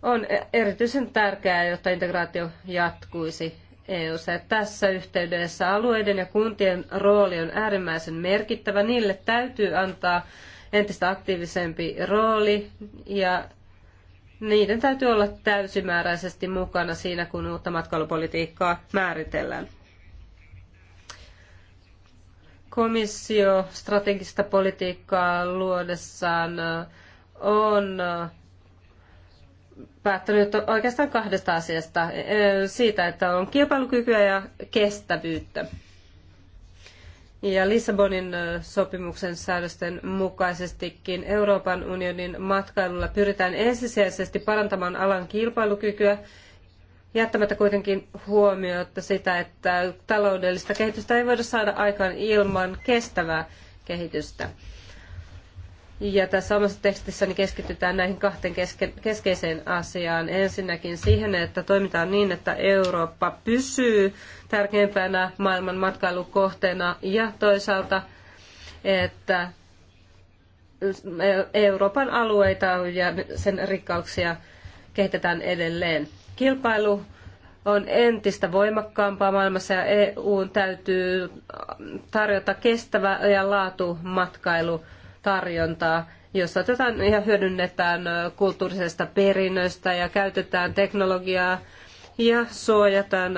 on e- erityisen tärkeää, jotta integraatio jatkuisi EU-ssa. Ja tässä yhteydessä alueiden ja kuntien rooli on äärimmäisen merkittävä. Niille täytyy antaa entistä aktiivisempi rooli ja niiden täytyy olla täysimääräisesti mukana siinä, kun uutta matkailupolitiikkaa määritellään. Komissio strategista politiikkaa luodessaan on päättänyt oikeastaan kahdesta asiasta. Siitä, että on kilpailukykyä ja kestävyyttä. Ja Lissabonin sopimuksen säädösten mukaisestikin Euroopan unionin matkailulla pyritään ensisijaisesti parantamaan alan kilpailukykyä, jättämättä kuitenkin huomiota sitä, että taloudellista kehitystä ei voida saada aikaan ilman kestävää kehitystä. Ja tässä omassa tekstissäni keskitytään näihin kahteen keske- keskeiseen asiaan. Ensinnäkin siihen, että toimitaan niin, että Eurooppa pysyy tärkeimpänä maailman matkailukohteena ja toisaalta, että Euroopan alueita ja sen rikkauksia kehitetään edelleen. Kilpailu on entistä voimakkaampaa maailmassa ja EU täytyy tarjota kestävä ja laatu matkailu tarjontaa, jossa tätä ja hyödynnetään kulttuurisesta perinnöstä ja käytetään teknologiaa ja suojataan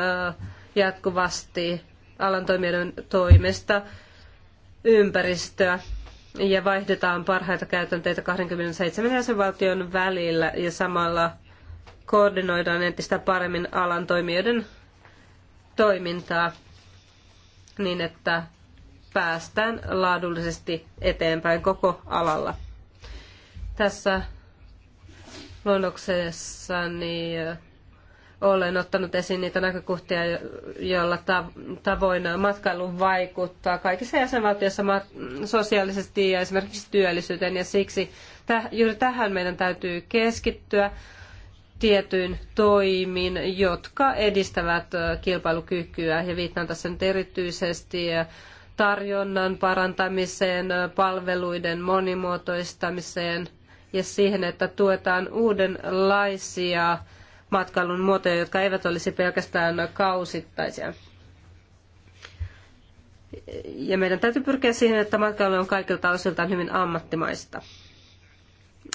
jatkuvasti alan toimijoiden toimesta ympäristöä ja vaihdetaan parhaita käytänteitä 27 jäsenvaltion välillä ja samalla koordinoidaan entistä paremmin alan toimijoiden toimintaa niin, että päästään laadullisesti eteenpäin koko alalla. Tässä luonnoksessani olen ottanut esiin niitä näkökohtia, joilla tavoin matkailu vaikuttaa kaikissa jäsenvaltioissa sosiaalisesti ja esimerkiksi työllisyyteen. Ja siksi juuri tähän meidän täytyy keskittyä tietyin toimin, jotka edistävät kilpailukykyä. Ja viittaan tässä nyt erityisesti tarjonnan parantamiseen, palveluiden monimuotoistamiseen ja siihen, että tuetaan uudenlaisia matkailun muotoja, jotka eivät olisi pelkästään kausittaisia. Ja meidän täytyy pyrkiä siihen, että matkailu on kaikilta osiltaan hyvin ammattimaista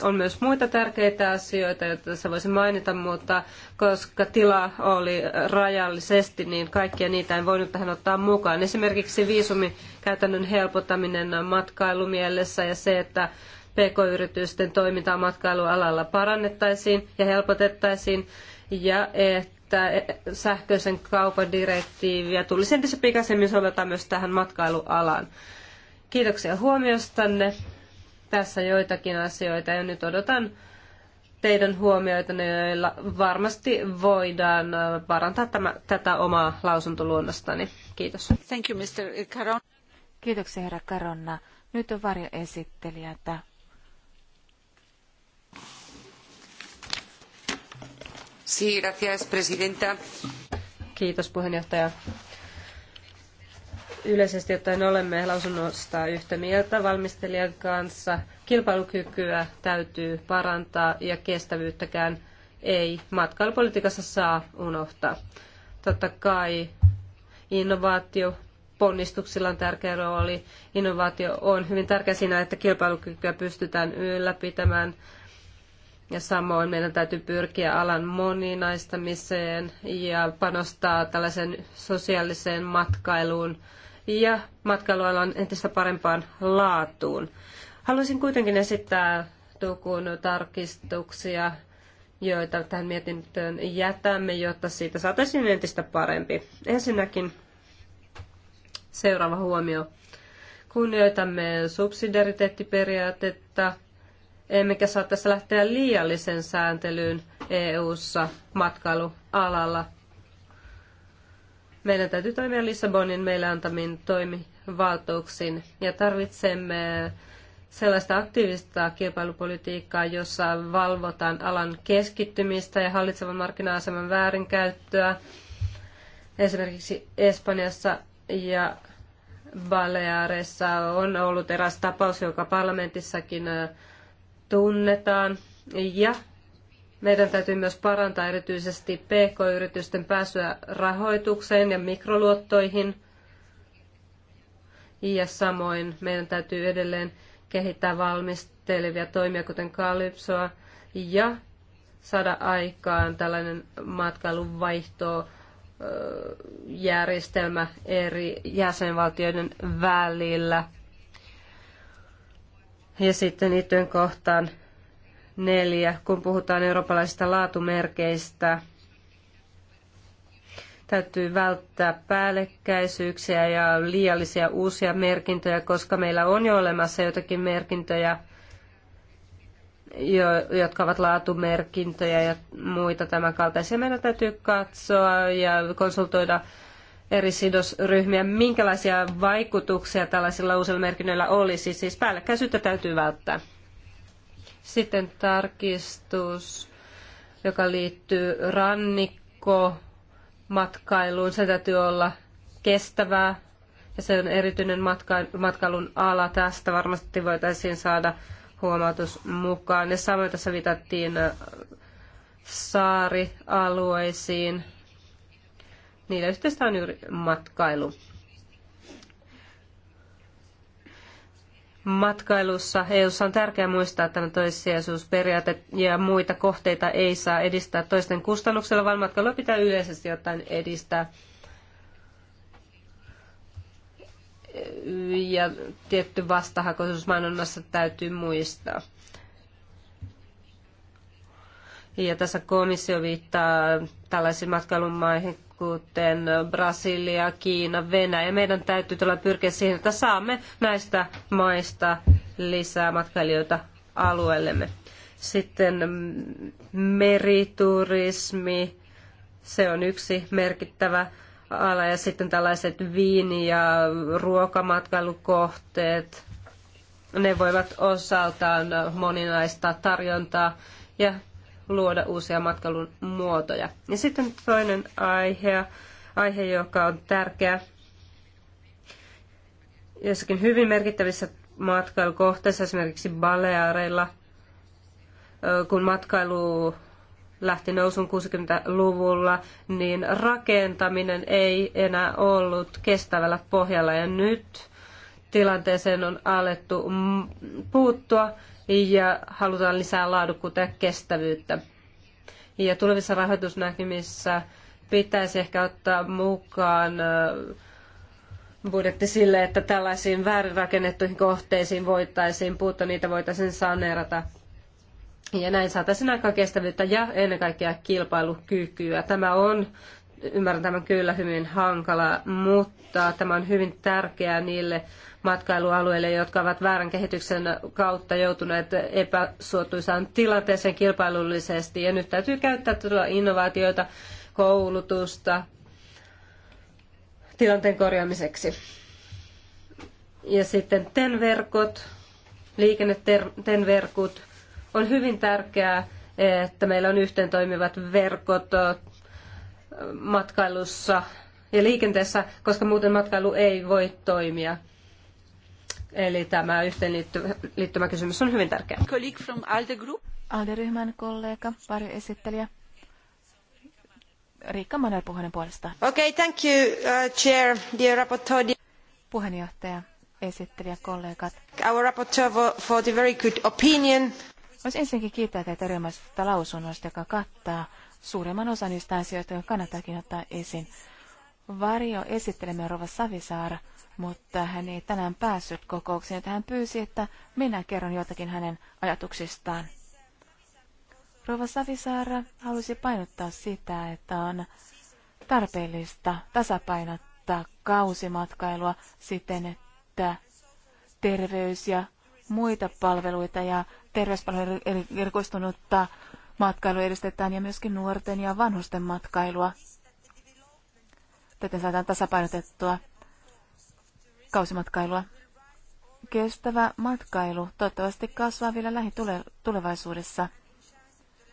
on myös muita tärkeitä asioita, joita tässä voisin mainita, mutta koska tila oli rajallisesti, niin kaikkia niitä en voinut tähän ottaa mukaan. Esimerkiksi viisumikäytännön helpottaminen matkailumielessä ja se, että PK-yritysten toimintaa matkailualalla parannettaisiin ja helpotettaisiin ja että sähköisen kaupan direktiiviä tulisi entistä pikaisemmin soveltaa myös tähän matkailualaan. Kiitoksia huomiostanne tässä joitakin asioita ja nyt odotan teidän huomioita, joilla varmasti voidaan äh, parantaa tämä, tätä omaa lausuntoluonnostani. Kiitos. Thank you, Mr. Caron. Kiitoksia, herra Karonna. Nyt on varjoesittelijätä. Sí, gracias, presidenta. Kiitos, puheenjohtaja. Yleisesti ottaen olemme lausunnosta yhtä mieltä valmistelijan kanssa. Kilpailukykyä täytyy parantaa ja kestävyyttäkään ei matkailupolitiikassa saa unohtaa. Totta kai innovaatio ponnistuksilla on tärkeä rooli. Innovaatio on hyvin tärkeä siinä, että kilpailukykyä pystytään ylläpitämään. Ja samoin meidän täytyy pyrkiä alan moninaistamiseen ja panostaa tällaisen sosiaaliseen matkailuun, ja matkailualan entistä parempaan laatuun. Haluaisin kuitenkin esittää tukun tarkistuksia, joita tähän mietintöön jätämme, jotta siitä saataisiin entistä parempi. Ensinnäkin seuraava huomio. Kunnioitamme subsidiariteettiperiaatetta, emmekä saa tässä lähteä liiallisen sääntelyyn EU-ssa matkailualalla. Meidän täytyy toimia Lissabonin meille antamin toimivaltuuksin ja tarvitsemme sellaista aktiivista kilpailupolitiikkaa, jossa valvotaan alan keskittymistä ja hallitsevan markkina-aseman väärinkäyttöä. Esimerkiksi Espanjassa ja Baleareissa on ollut eräs tapaus, joka parlamentissakin äh, tunnetaan. Ja meidän täytyy myös parantaa erityisesti PK-yritysten pääsyä rahoitukseen ja mikroluottoihin. Ja samoin meidän täytyy edelleen kehittää valmistelevia toimia, kuten kalypsoa, ja saada aikaan tällainen matkailun eri jäsenvaltioiden välillä. Ja sitten liittyen kohtaan neljä, kun puhutaan eurooppalaisista laatumerkeistä. Täytyy välttää päällekkäisyyksiä ja liiallisia uusia merkintöjä, koska meillä on jo olemassa jotakin merkintöjä, jo, jotka ovat laatumerkintöjä ja muita tämän kaltaisia. Meidän täytyy katsoa ja konsultoida eri sidosryhmiä, minkälaisia vaikutuksia tällaisilla uusilla merkinnöillä olisi. Siis päällekkäisyyttä täytyy välttää. Sitten tarkistus, joka liittyy rannikkomatkailuun. Se täytyy olla kestävää ja se on erityinen matkailun ala. Tästä varmasti voitaisiin saada huomautus mukaan. Ja samoin tässä viitattiin äh, saarialueisiin. Niillä yhteistä on matkailu. matkailussa EU:ssa on tärkeää muistaa tämä toissijaisuusperiaate ja muita kohteita ei saa edistää toisten kustannuksella, vaan matkailua pitää yleisesti ottaen edistää. Ja tietty vastahakoisuus mainonnassa täytyy muistaa. Ja tässä komissio viittaa tällaisiin matkailumaihin kuten Brasilia, Kiina, Venäjä. Meidän täytyy todella pyrkiä siihen, että saamme näistä maista lisää matkailijoita alueellemme. Sitten meriturismi, se on yksi merkittävä ala ja sitten tällaiset viini- ja ruokamatkailukohteet, ne voivat osaltaan moninaista tarjontaa ja luoda uusia matkailun muotoja. Ja sitten toinen aihe, aihe joka on tärkeä jossakin hyvin merkittävissä matkailukohteissa, esimerkiksi Baleareilla, kun matkailu lähti nousun 60-luvulla, niin rakentaminen ei enää ollut kestävällä pohjalla. Ja nyt tilanteeseen on alettu puuttua ja halutaan lisää laadukkuutta ja kestävyyttä. Ja tulevissa rahoitusnäkymissä pitäisi ehkä ottaa mukaan budjetti sille, että tällaisiin väärin rakennettuihin kohteisiin voitaisiin puuttua, niitä voitaisiin saneerata. Ja näin saataisiin aikaa kestävyyttä ja ennen kaikkea kilpailukykyä. Tämä on Ymmärrän tämän kyllä hyvin hankala, mutta tämä on hyvin tärkeää niille matkailualueille, jotka ovat väärän kehityksen kautta joutuneet epäsuotuisaan tilanteeseen kilpailullisesti. Ja nyt täytyy käyttää todella innovaatioita, koulutusta tilanteen korjaamiseksi. Ja sitten TEN-verkot, liikenne-TEN-verkot. On hyvin tärkeää, että meillä on yhteen toimivat verkot matkailussa ja liikenteessä, koska muuten matkailu ei voi toimia. Eli tämä yhteenliittymäkysymys on hyvin tärkeä. Colleague from ALDE Group. ryhmän kollega, pari esittelijä. Riikka Manuel puheen puolestaan. Okay, thank you, uh, chair, dear rapporteur. Puheenjohtaja, esittelijä, kollegat. Our rapporteur for the very good opinion. Olisi ensinnäkin kiittää teitä erilaisesta lausunnosta, joka kattaa suuremman osan niistä asioista, jotka kannattaakin ottaa esiin. Varjo esittelemme Rova Savisaara, mutta hän ei tänään päässyt kokoukseen, että hän pyysi, että minä kerron jotakin hänen ajatuksistaan. Rova Savisaara halusi painottaa sitä, että on tarpeellista tasapainottaa kausimatkailua siten, että terveys ja muita palveluita ja terveyspalveluiden er- erikoistunutta matkailu edistetään ja myöskin nuorten ja vanhusten matkailua. Täten saadaan tasapainotettua kausimatkailua. Kestävä matkailu toivottavasti kasvaa vielä lähitulevaisuudessa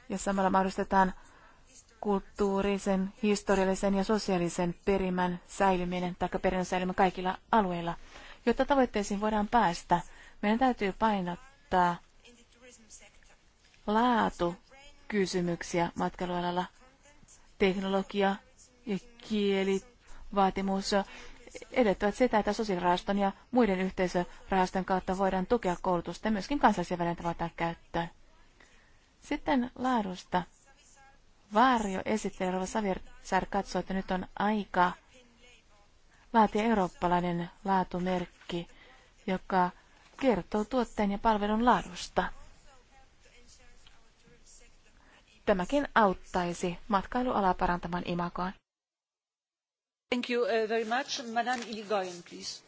ja samalla mahdollistetaan kulttuurisen, historiallisen ja sosiaalisen perimän säilyminen tai perinnön säilyminen kaikilla alueilla. Jotta tavoitteisiin voidaan päästä, meidän täytyy painottaa laatu kysymyksiä matkailualalla. Teknologia ja kielivaatimus edellyttävät sitä, että sosiaalirahaston ja muiden yhteisörahaston kautta voidaan tukea koulutusta ja myöskin kansallisia välineitä voidaan käyttää. Sitten laadusta. Vaario esittelevä Rova Savirsar katsoo, että nyt on aika laatia eurooppalainen laatumerkki, joka kertoo tuotteen ja palvelun laadusta. Tämäkin auttaisi matkailualaa parantamaan imagoa. Thank you uh, very much. Madame Iligoyen, please.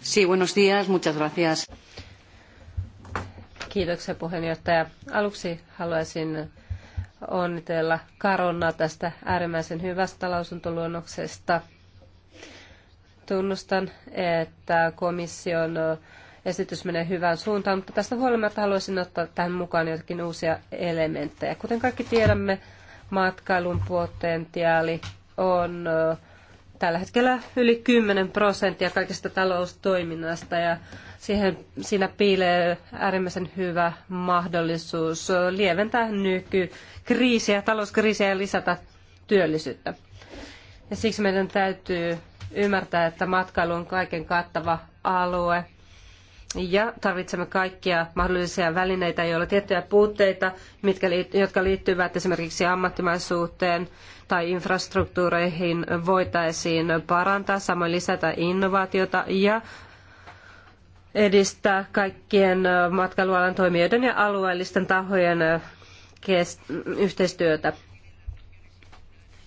Sí, buenos días, muchas gracias. Kiitoksia puheenjohtaja. Aluksi haluaisin onnitella Karona tästä äärimmäisen hyvästä lausuntoluonnoksesta. Tunnustan, että komission esitys menee hyvään suuntaan, mutta tästä huolimatta haluaisin ottaa tähän mukaan jotakin uusia elementtejä. Kuten kaikki tiedämme, matkailun potentiaali on tällä hetkellä yli 10 prosenttia kaikesta taloustoiminnasta ja siihen, siinä piilee äärimmäisen hyvä mahdollisuus lieventää nykykriisiä, talouskriisiä ja lisätä työllisyyttä. Ja siksi meidän täytyy ymmärtää, että matkailu on kaiken kattava alue – ja tarvitsemme kaikkia mahdollisia välineitä, joilla tiettyjä puutteita, mitkä, jotka liittyvät esimerkiksi ammattimaisuuteen tai infrastruktuureihin, voitaisiin parantaa, samoin lisätä innovaatiota ja edistää kaikkien matkailualan toimijoiden ja alueellisten tahojen yhteistyötä.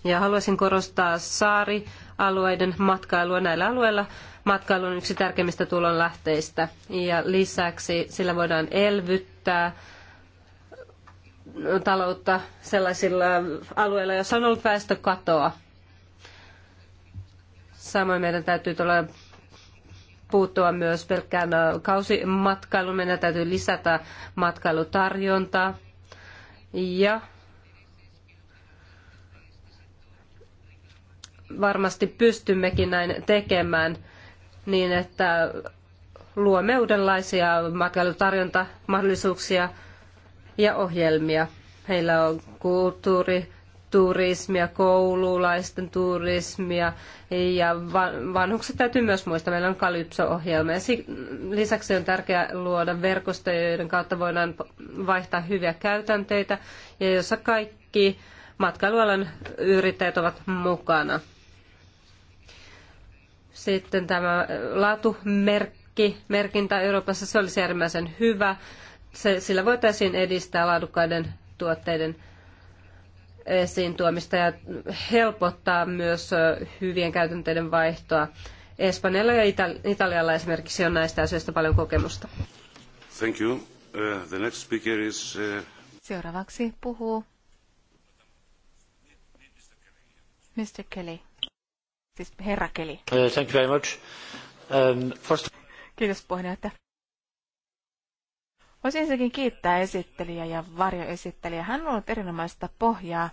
Ja haluaisin korostaa saarialueiden matkailua näillä alueilla Matkailu on yksi tärkeimmistä tulonlähteistä ja lisäksi sillä voidaan elvyttää taloutta sellaisilla alueilla, joissa on ollut väestökatoa. Samoin meidän täytyy tulla puuttua myös pelkkään kausimatkailuun. Meidän täytyy lisätä matkailutarjontaa ja varmasti pystymmekin näin tekemään niin, että luomme uudenlaisia matkailutarjontamahdollisuuksia ja ohjelmia. Heillä on kulttuuri, turismia, koululaisten turismia ja vanhukset täytyy myös muistaa. Meillä on Kalypso-ohjelma ja lisäksi on tärkeää luoda verkostoja, joiden kautta voidaan vaihtaa hyviä käytänteitä ja jossa kaikki matkailualan yrittäjät ovat mukana. Sitten tämä äh, laatumerkki, merkintä Euroopassa, se olisi äärimmäisen hyvä. Se, sillä voitaisiin edistää laadukkaiden tuotteiden esiin tuomista ja helpottaa myös äh, hyvien käytänteiden vaihtoa. Espanjalla ja Italialla esimerkiksi on näistä asioista paljon kokemusta. Thank you. Uh, the next speaker is, uh... Seuraavaksi puhuu Mr. Kelly. Siis herra Keli. Uh, thank you very much. Um, first... Kiitos puheenjohtaja. Voisin ensinnäkin kiittää esittelijä ja varjoesittelijä. Hän on ollut erinomaista pohjaa,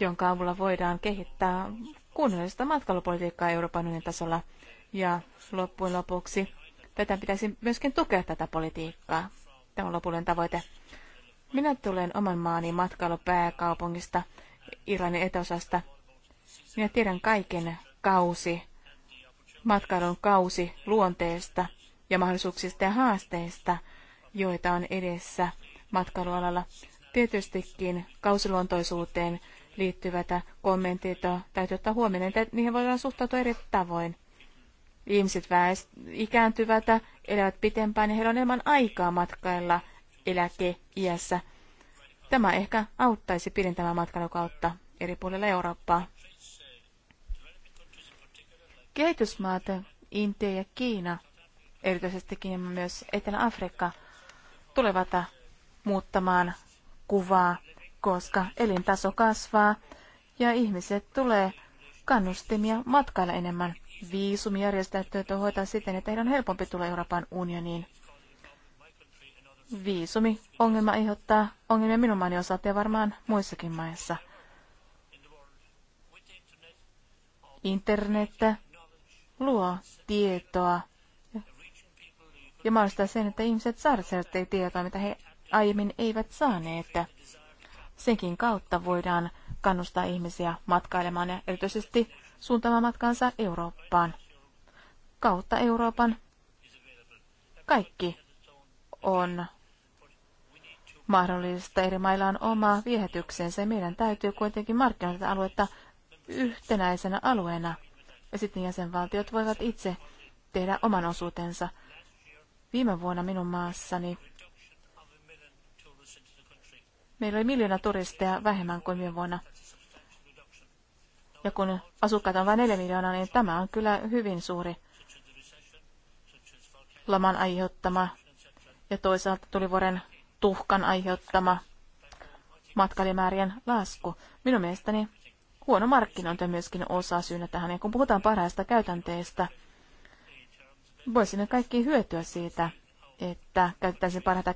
jonka avulla voidaan kehittää kunnollista matkailupolitiikkaa Euroopan unionin tasolla. Ja loppujen lopuksi tätä pitäisi myöskin tukea tätä politiikkaa. Tämä on lopullinen tavoite. Minä tulen oman maani matkailupääkaupungista, Irlannin etäosasta, minä tiedän kaiken kausi, matkailun kausi luonteesta ja mahdollisuuksista ja haasteista, joita on edessä matkailualalla. Tietystikin kausiluontoisuuteen liittyvät kommentit täytyy ottaa huomioon, että niihin voidaan suhtautua eri tavoin. Ihmiset väest- ikääntyvät, elävät pitempään ja heillä on enemmän aikaa matkailla eläkeiässä. Tämä ehkä auttaisi pidentämään matkailukautta eri puolilla Eurooppaa. Kehitysmaat, Intia ja Kiina, erityisestikin myös Etelä-Afrikka, tulevat muuttamaan kuvaa, koska elintaso kasvaa ja ihmiset tulee kannustimia matkailla enemmän. Viisumijärjestelmät hoitaa siten, että heidän on helpompi tulla Euroopan unioniin. Viisumi-ongelma aiheuttaa ongelmia minun maani osalta ja varmaan muissakin maissa. Internet luo tietoa ja mahdollistaa sen, että ihmiset saavat tietoa, mitä he aiemmin eivät saaneet. Senkin kautta voidaan kannustaa ihmisiä matkailemaan ja erityisesti suuntaamaan matkansa Eurooppaan. Kautta Euroopan kaikki on mahdollista. Eri mailla on oma viehätyksensä ja meidän täytyy kuitenkin markkinoida aluetta yhtenäisenä alueena – ja sitten jäsenvaltiot voivat itse tehdä oman osuutensa. Viime vuonna minun maassani meillä oli miljoona turisteja vähemmän kuin viime vuonna. Ja kun asukkaita on vain neljä miljoonaa, niin tämä on kyllä hyvin suuri laman aiheuttama ja toisaalta tulivuoren tuhkan aiheuttama matkalimäärien lasku. Minun mielestäni Huono markkinointi on myöskin osa syynä tähän. Ja kun puhutaan parhaista käytänteistä, ne kaikki hyötyä siitä, että käytettäisiin parhaita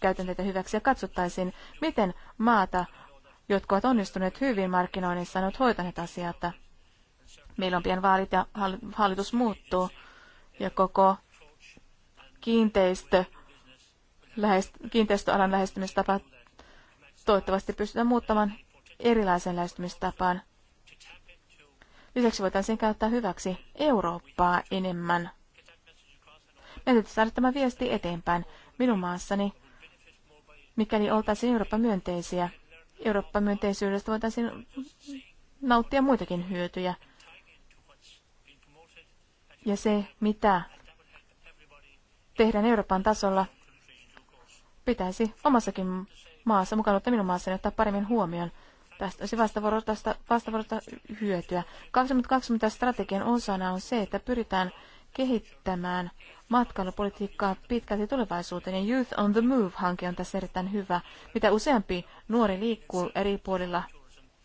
käytänteitä hyväksi ja katsottaisiin, miten maata, jotka ovat onnistuneet hyvin markkinoinnissa, ovat hoitaneet asiat. Meillä on pian vaalit ja hallitus muuttuu ja koko kiinteistö, lähest, kiinteistöalan lähestymistapa toivottavasti pystytään muuttamaan erilaisen lähestymistapaan. Lisäksi voitaisiin käyttää hyväksi Eurooppaa enemmän. Meidän täytyy saada tämä viesti eteenpäin. Minun maassani, mikäli oltaisiin Eurooppa-myönteisiä, Eurooppa-myönteisyydestä voitaisiin nauttia muitakin hyötyjä. Ja se, mitä tehdään Euroopan tasolla, pitäisi omassakin maassa, mukaan ottaa minun maassani, ottaa paremmin huomioon tästä, se vastavuoro, tästä vastavuorosta hyötyä. 2020 strategian osana on se, että pyritään kehittämään matkailupolitiikkaa pitkälti tulevaisuuteen ja Youth on the Move-hanke on tässä erittäin hyvä. Mitä useampi nuori liikkuu eri puolilla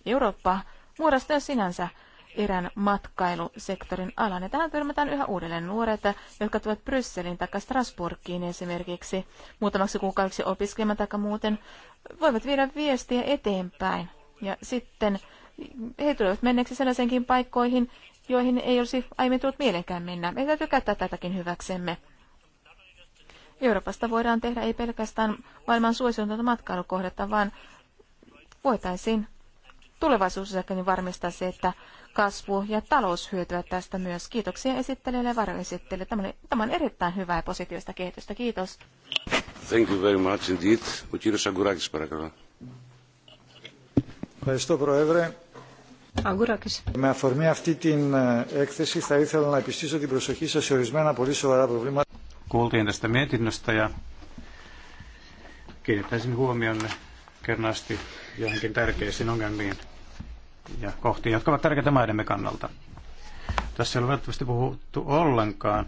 Eurooppaa, muodostaa sinänsä erään matkailusektorin alan. Ja tähän törmätään yhä uudelleen nuoret, jotka tulevat Brysselin tai Strasbourgiin esimerkiksi muutamaksi kuukaudeksi opiskelemaan tai muuten, voivat viedä viestiä eteenpäin ja sitten he tulevat menneeksi sellaisenkin paikkoihin, joihin ei olisi aiemmin tullut mielenkään mennä. Meidän täytyy käyttää tätäkin hyväksemme. Euroopasta voidaan tehdä ei pelkästään maailman suosionta matkailukohdetta, vaan voitaisiin tulevaisuudessakin varmistaa se, että kasvu ja talous hyötyvät tästä myös. Kiitoksia esittelijälle ja varoesittelijälle. Tämä, tämä on erittäin hyvää ja positiivista kehitystä. Kiitos. Thank you very much indeed. Kiitos parakalla. Ευχαριστώ, Πρόεδρε. Αγκουράκης. Με αφορμή αυτή την έκθεση θα ήθελα να επιστήσω την προσοχή σας σε ορισμένα πολύ σοβαρά προβλήματα. Kuultiin tästä mietinnöstä ja kiinnittäisin huomionne kernaasti johonkin tärkeisiin ongelmiin ja kohtiin, jotka ovat tärkeitä maidemme kannalta. Tässä ei ole välttämättä puhuttu ollenkaan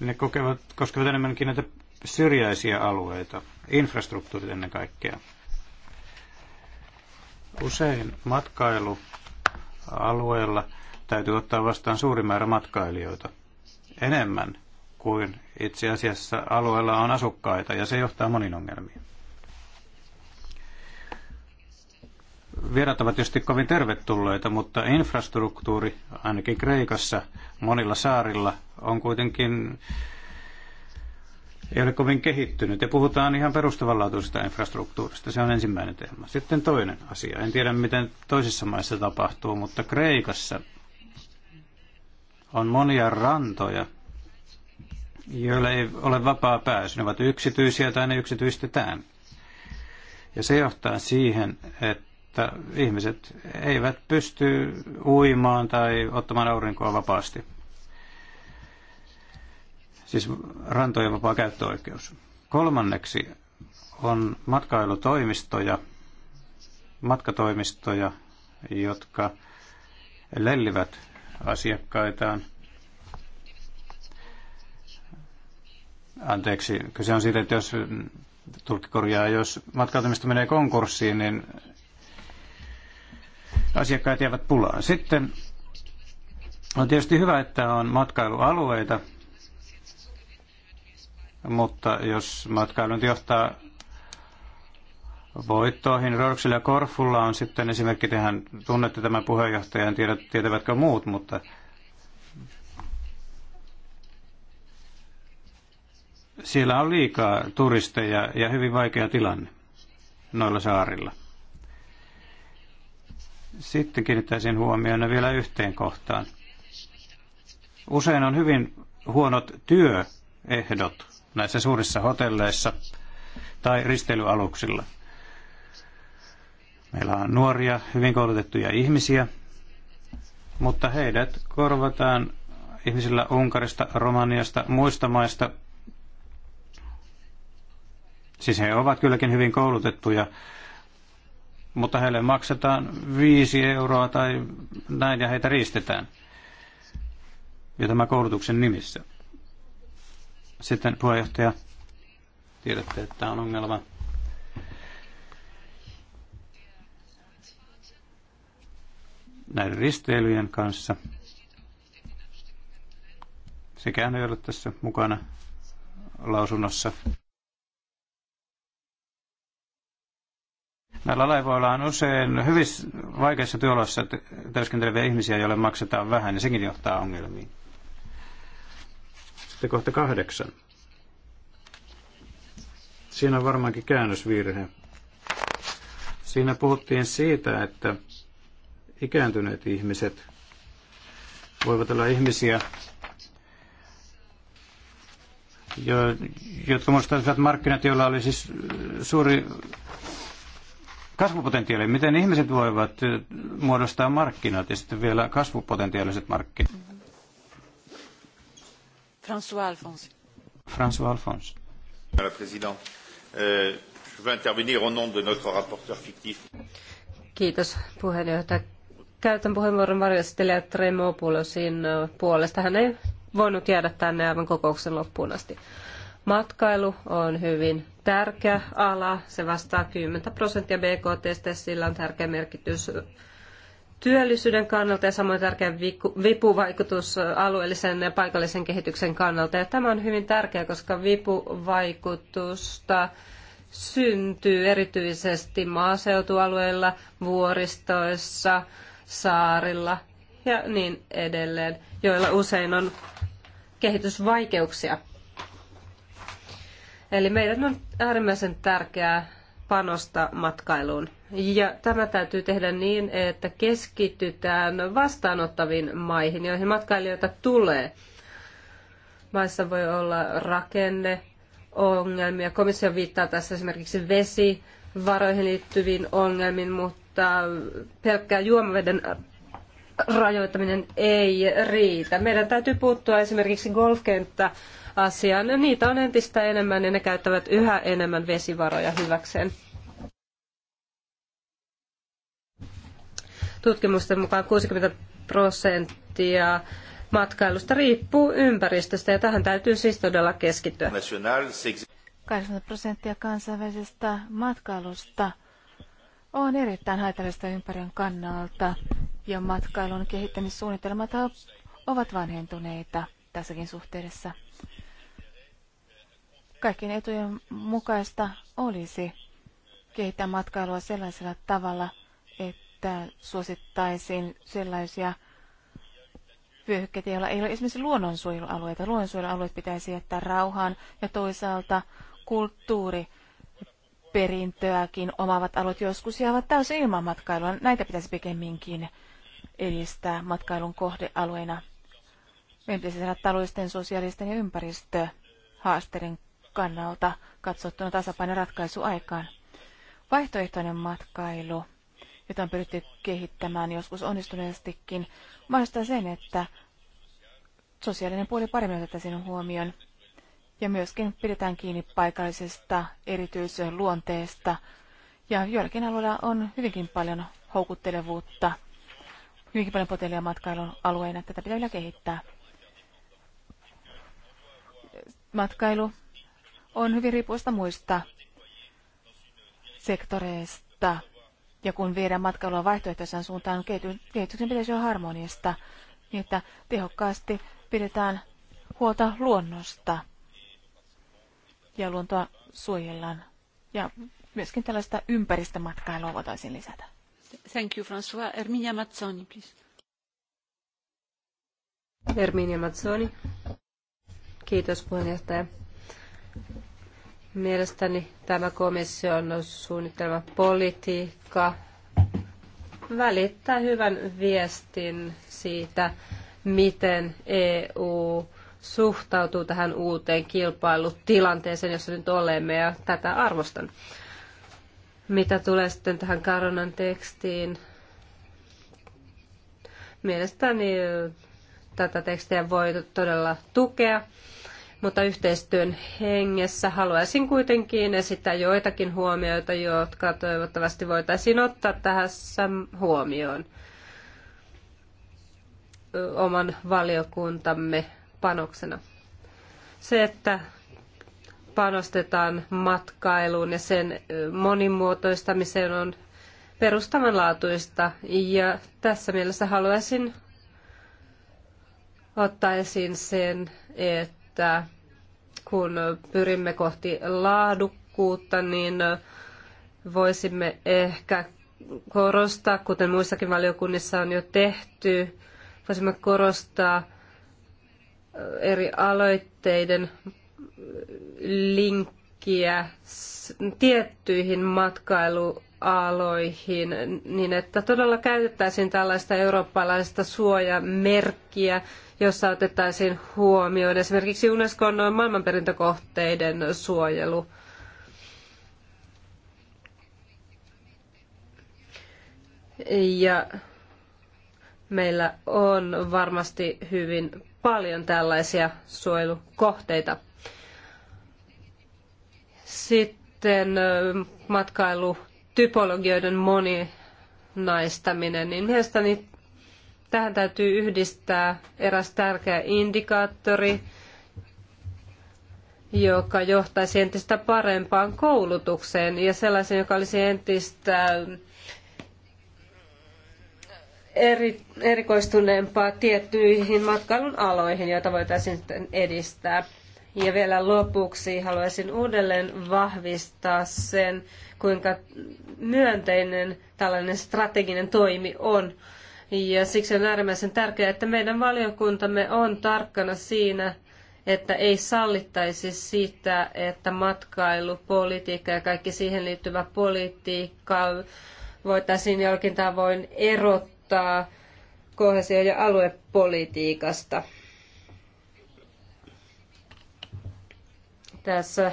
ne kokevat, koskevat enemmänkin näitä syrjäisiä alueita, infrastruktuurit ennen kaikkea. Usein matkailualueella täytyy ottaa vastaan suuri määrä matkailijoita, enemmän kuin itse asiassa alueella on asukkaita, ja se johtaa monin ongelmiin. Vierat ovat tietysti kovin tervetulleita, mutta infrastruktuuri, ainakin Kreikassa, monilla saarilla, on kuitenkin ei ole kovin kehittynyt. Ja puhutaan ihan perustavanlaatuisesta infrastruktuurista. Se on ensimmäinen teema. Sitten toinen asia. En tiedä, miten toisissa maissa tapahtuu, mutta Kreikassa on monia rantoja, joilla ei ole vapaa pääsy. Ne ovat yksityisiä tai ne yksityistetään. Ja se johtaa siihen, että ihmiset eivät pysty uimaan tai ottamaan aurinkoa vapaasti siis rantojen vapaa käyttöoikeus. Kolmanneksi on matkailutoimistoja, matkatoimistoja, jotka lellivät asiakkaitaan. Anteeksi, kyse on siitä, että jos tulkkikorjaa, jos matkautumista menee konkurssiin, niin asiakkaat jäävät pulaan. Sitten on tietysti hyvä, että on matkailualueita, mutta jos matkailu johtaa voittoihin, Rorksilla ja Korfulla on sitten esimerkki, tehän tunnette tämän puheenjohtajan, tiedät, tietävätkö muut, mutta siellä on liikaa turisteja ja hyvin vaikea tilanne noilla saarilla. Sitten kiinnittäisin huomioon vielä yhteen kohtaan. Usein on hyvin huonot työehdot näissä suurissa hotelleissa tai risteilyaluksilla. Meillä on nuoria, hyvin koulutettuja ihmisiä, mutta heidät korvataan ihmisillä Unkarista, Romaniasta, muista maista. Siis he ovat kylläkin hyvin koulutettuja, mutta heille maksetaan viisi euroa tai näin ja heitä riistetään. Ja tämä koulutuksen nimissä. Sitten puheenjohtaja, tiedätte, että tämä on ongelma. näiden risteilyjen kanssa. Sekään ei ole tässä mukana lausunnossa. Näillä laivoilla on usein hyvin vaikeissa työoloissa työskenteleviä ihmisiä, joille maksetaan vähän, ja sekin johtaa ongelmiin. Sitten kohta kahdeksan. Siinä on varmaankin käännösvirhe. Siinä puhuttiin siitä, että ikääntyneet ihmiset voivat olla ihmisiä, jo, jotka muistavat markkinat, joilla oli siis äh, suuri kasvupotentiaali. Miten ihmiset voivat äh, muodostaa markkinat ja sitten vielä kasvupotentiaaliset markkinat? François Alphonse. François Alphonse. Madame la Présidente, euh, je veux intervenir au nom de notre rapporteur fictif. Kiitos puheenjohtaja. Käytän puheenvuoron varjostelija Tremopulosin puolesta. Hän ei voinut jäädä tänne aivan kokouksen loppuun asti. Matkailu on hyvin tärkeä ala. Se vastaa 10 prosenttia BKTstä. Sillä on tärkeä merkitys työllisyyden kannalta ja samoin tärkeä vipuvaikutus alueellisen ja paikallisen kehityksen kannalta. Ja tämä on hyvin tärkeää, koska vipuvaikutusta syntyy erityisesti maaseutualueilla, vuoristoissa, saarilla ja niin edelleen, joilla usein on kehitysvaikeuksia. Eli meidän on äärimmäisen tärkeää panosta matkailuun. Ja tämä täytyy tehdä niin, että keskitytään vastaanottaviin maihin, joihin matkailijoita tulee. Maissa voi olla rakenne, ongelmia. Komissio viittaa tässä esimerkiksi vesivaroihin liittyviin ongelmiin, mutta pelkkää juomaveden rajoittaminen ei riitä. Meidän täytyy puuttua esimerkiksi golfkenttä asiaan. Niitä on entistä enemmän ja ne käyttävät yhä enemmän vesivaroja hyväkseen. Tutkimusten mukaan 60 prosenttia matkailusta riippuu ympäristöstä ja tähän täytyy siis todella keskittyä. 80 prosenttia kansainvälisestä matkailusta on erittäin haitallista ympäristön kannalta ja matkailun kehittämissuunnitelmat ovat vanhentuneita tässäkin suhteessa. Kaikkien etujen mukaista olisi kehittää matkailua sellaisella tavalla, että että suosittaisiin sellaisia vyöhykkeitä, joilla ei ole esimerkiksi luonnonsuojelualueita. Luonnonsuojelualueet pitäisi jättää rauhaan ja toisaalta kulttuuri perintöäkin omaavat alueet joskus jäävät täysin ilman matkailua. Näitä pitäisi pikemminkin edistää matkailun kohdealueina. Meidän pitäisi saada taloudellisten, sosiaalisten ja ympäristöhaasteiden kannalta katsottuna tasapainoratkaisu aikaan. Vaihtoehtoinen matkailu jota on pyritty kehittämään joskus onnistuneestikin, mahdollistaa sen, että sosiaalinen puoli paremmin otettaisiin huomioon. Ja myöskin pidetään kiinni paikallisesta luonteesta, Ja joillakin alueilla on hyvinkin paljon houkuttelevuutta, hyvinkin paljon potentiaalia matkailun alueena. Tätä pitää vielä kehittää. Matkailu on hyvin riippuista muista sektoreista. Ja kun viedään matkailua vaihtoehtoisen suuntaan, niin kehityksen pitäisi olla harmonista, niin että tehokkaasti pidetään huolta luonnosta ja luontoa suojellaan. Ja myöskin tällaista ympäristömatkailua voitaisiin lisätä. Thank you, François. Erminia Mazzoni, please. Erminia Mazzoni. Kiitos puheenjohtaja. Mielestäni tämä komission suunnittelema politiikka välittää hyvän viestin siitä, miten EU suhtautuu tähän uuteen kilpailutilanteeseen, jossa nyt olemme, ja tätä arvostan. Mitä tulee sitten tähän Karonan tekstiin, mielestäni tätä tekstiä voi todella tukea mutta yhteistyön hengessä haluaisin kuitenkin esittää joitakin huomioita, jotka toivottavasti voitaisiin ottaa tässä huomioon oman valiokuntamme panoksena. Se, että panostetaan matkailuun ja sen monimuotoistamiseen on perustavanlaatuista ja tässä mielessä haluaisin ottaa esiin sen, että että kun pyrimme kohti laadukkuutta, niin voisimme ehkä korostaa, kuten muissakin valiokunnissa on jo tehty, voisimme korostaa eri aloitteiden linkkiä tiettyihin matkailualoihin, niin että todella käytettäisiin tällaista eurooppalaista suojamerkkiä, jossa otettaisiin huomioon esimerkiksi Unescon maailmanperintökohteiden suojelu. Ja meillä on varmasti hyvin paljon tällaisia suojelukohteita. Sitten matkailutypologioiden moninaistaminen, niin mielestäni Tähän täytyy yhdistää eräs tärkeä indikaattori, joka johtaisi entistä parempaan koulutukseen ja sellaisen, joka olisi entistä eri, erikoistuneempaa tiettyihin matkailun aloihin, joita voitaisiin sitten edistää. Ja vielä lopuksi haluaisin uudelleen vahvistaa sen, kuinka myönteinen tällainen strateginen toimi on ja siksi on äärimmäisen tärkeää, että meidän valiokuntamme on tarkkana siinä, että ei sallittaisi sitä, että matkailupolitiikka ja kaikki siihen liittyvä politiikka voitaisiin jollakin tavoin erottaa kohesio- ja aluepolitiikasta. Tässä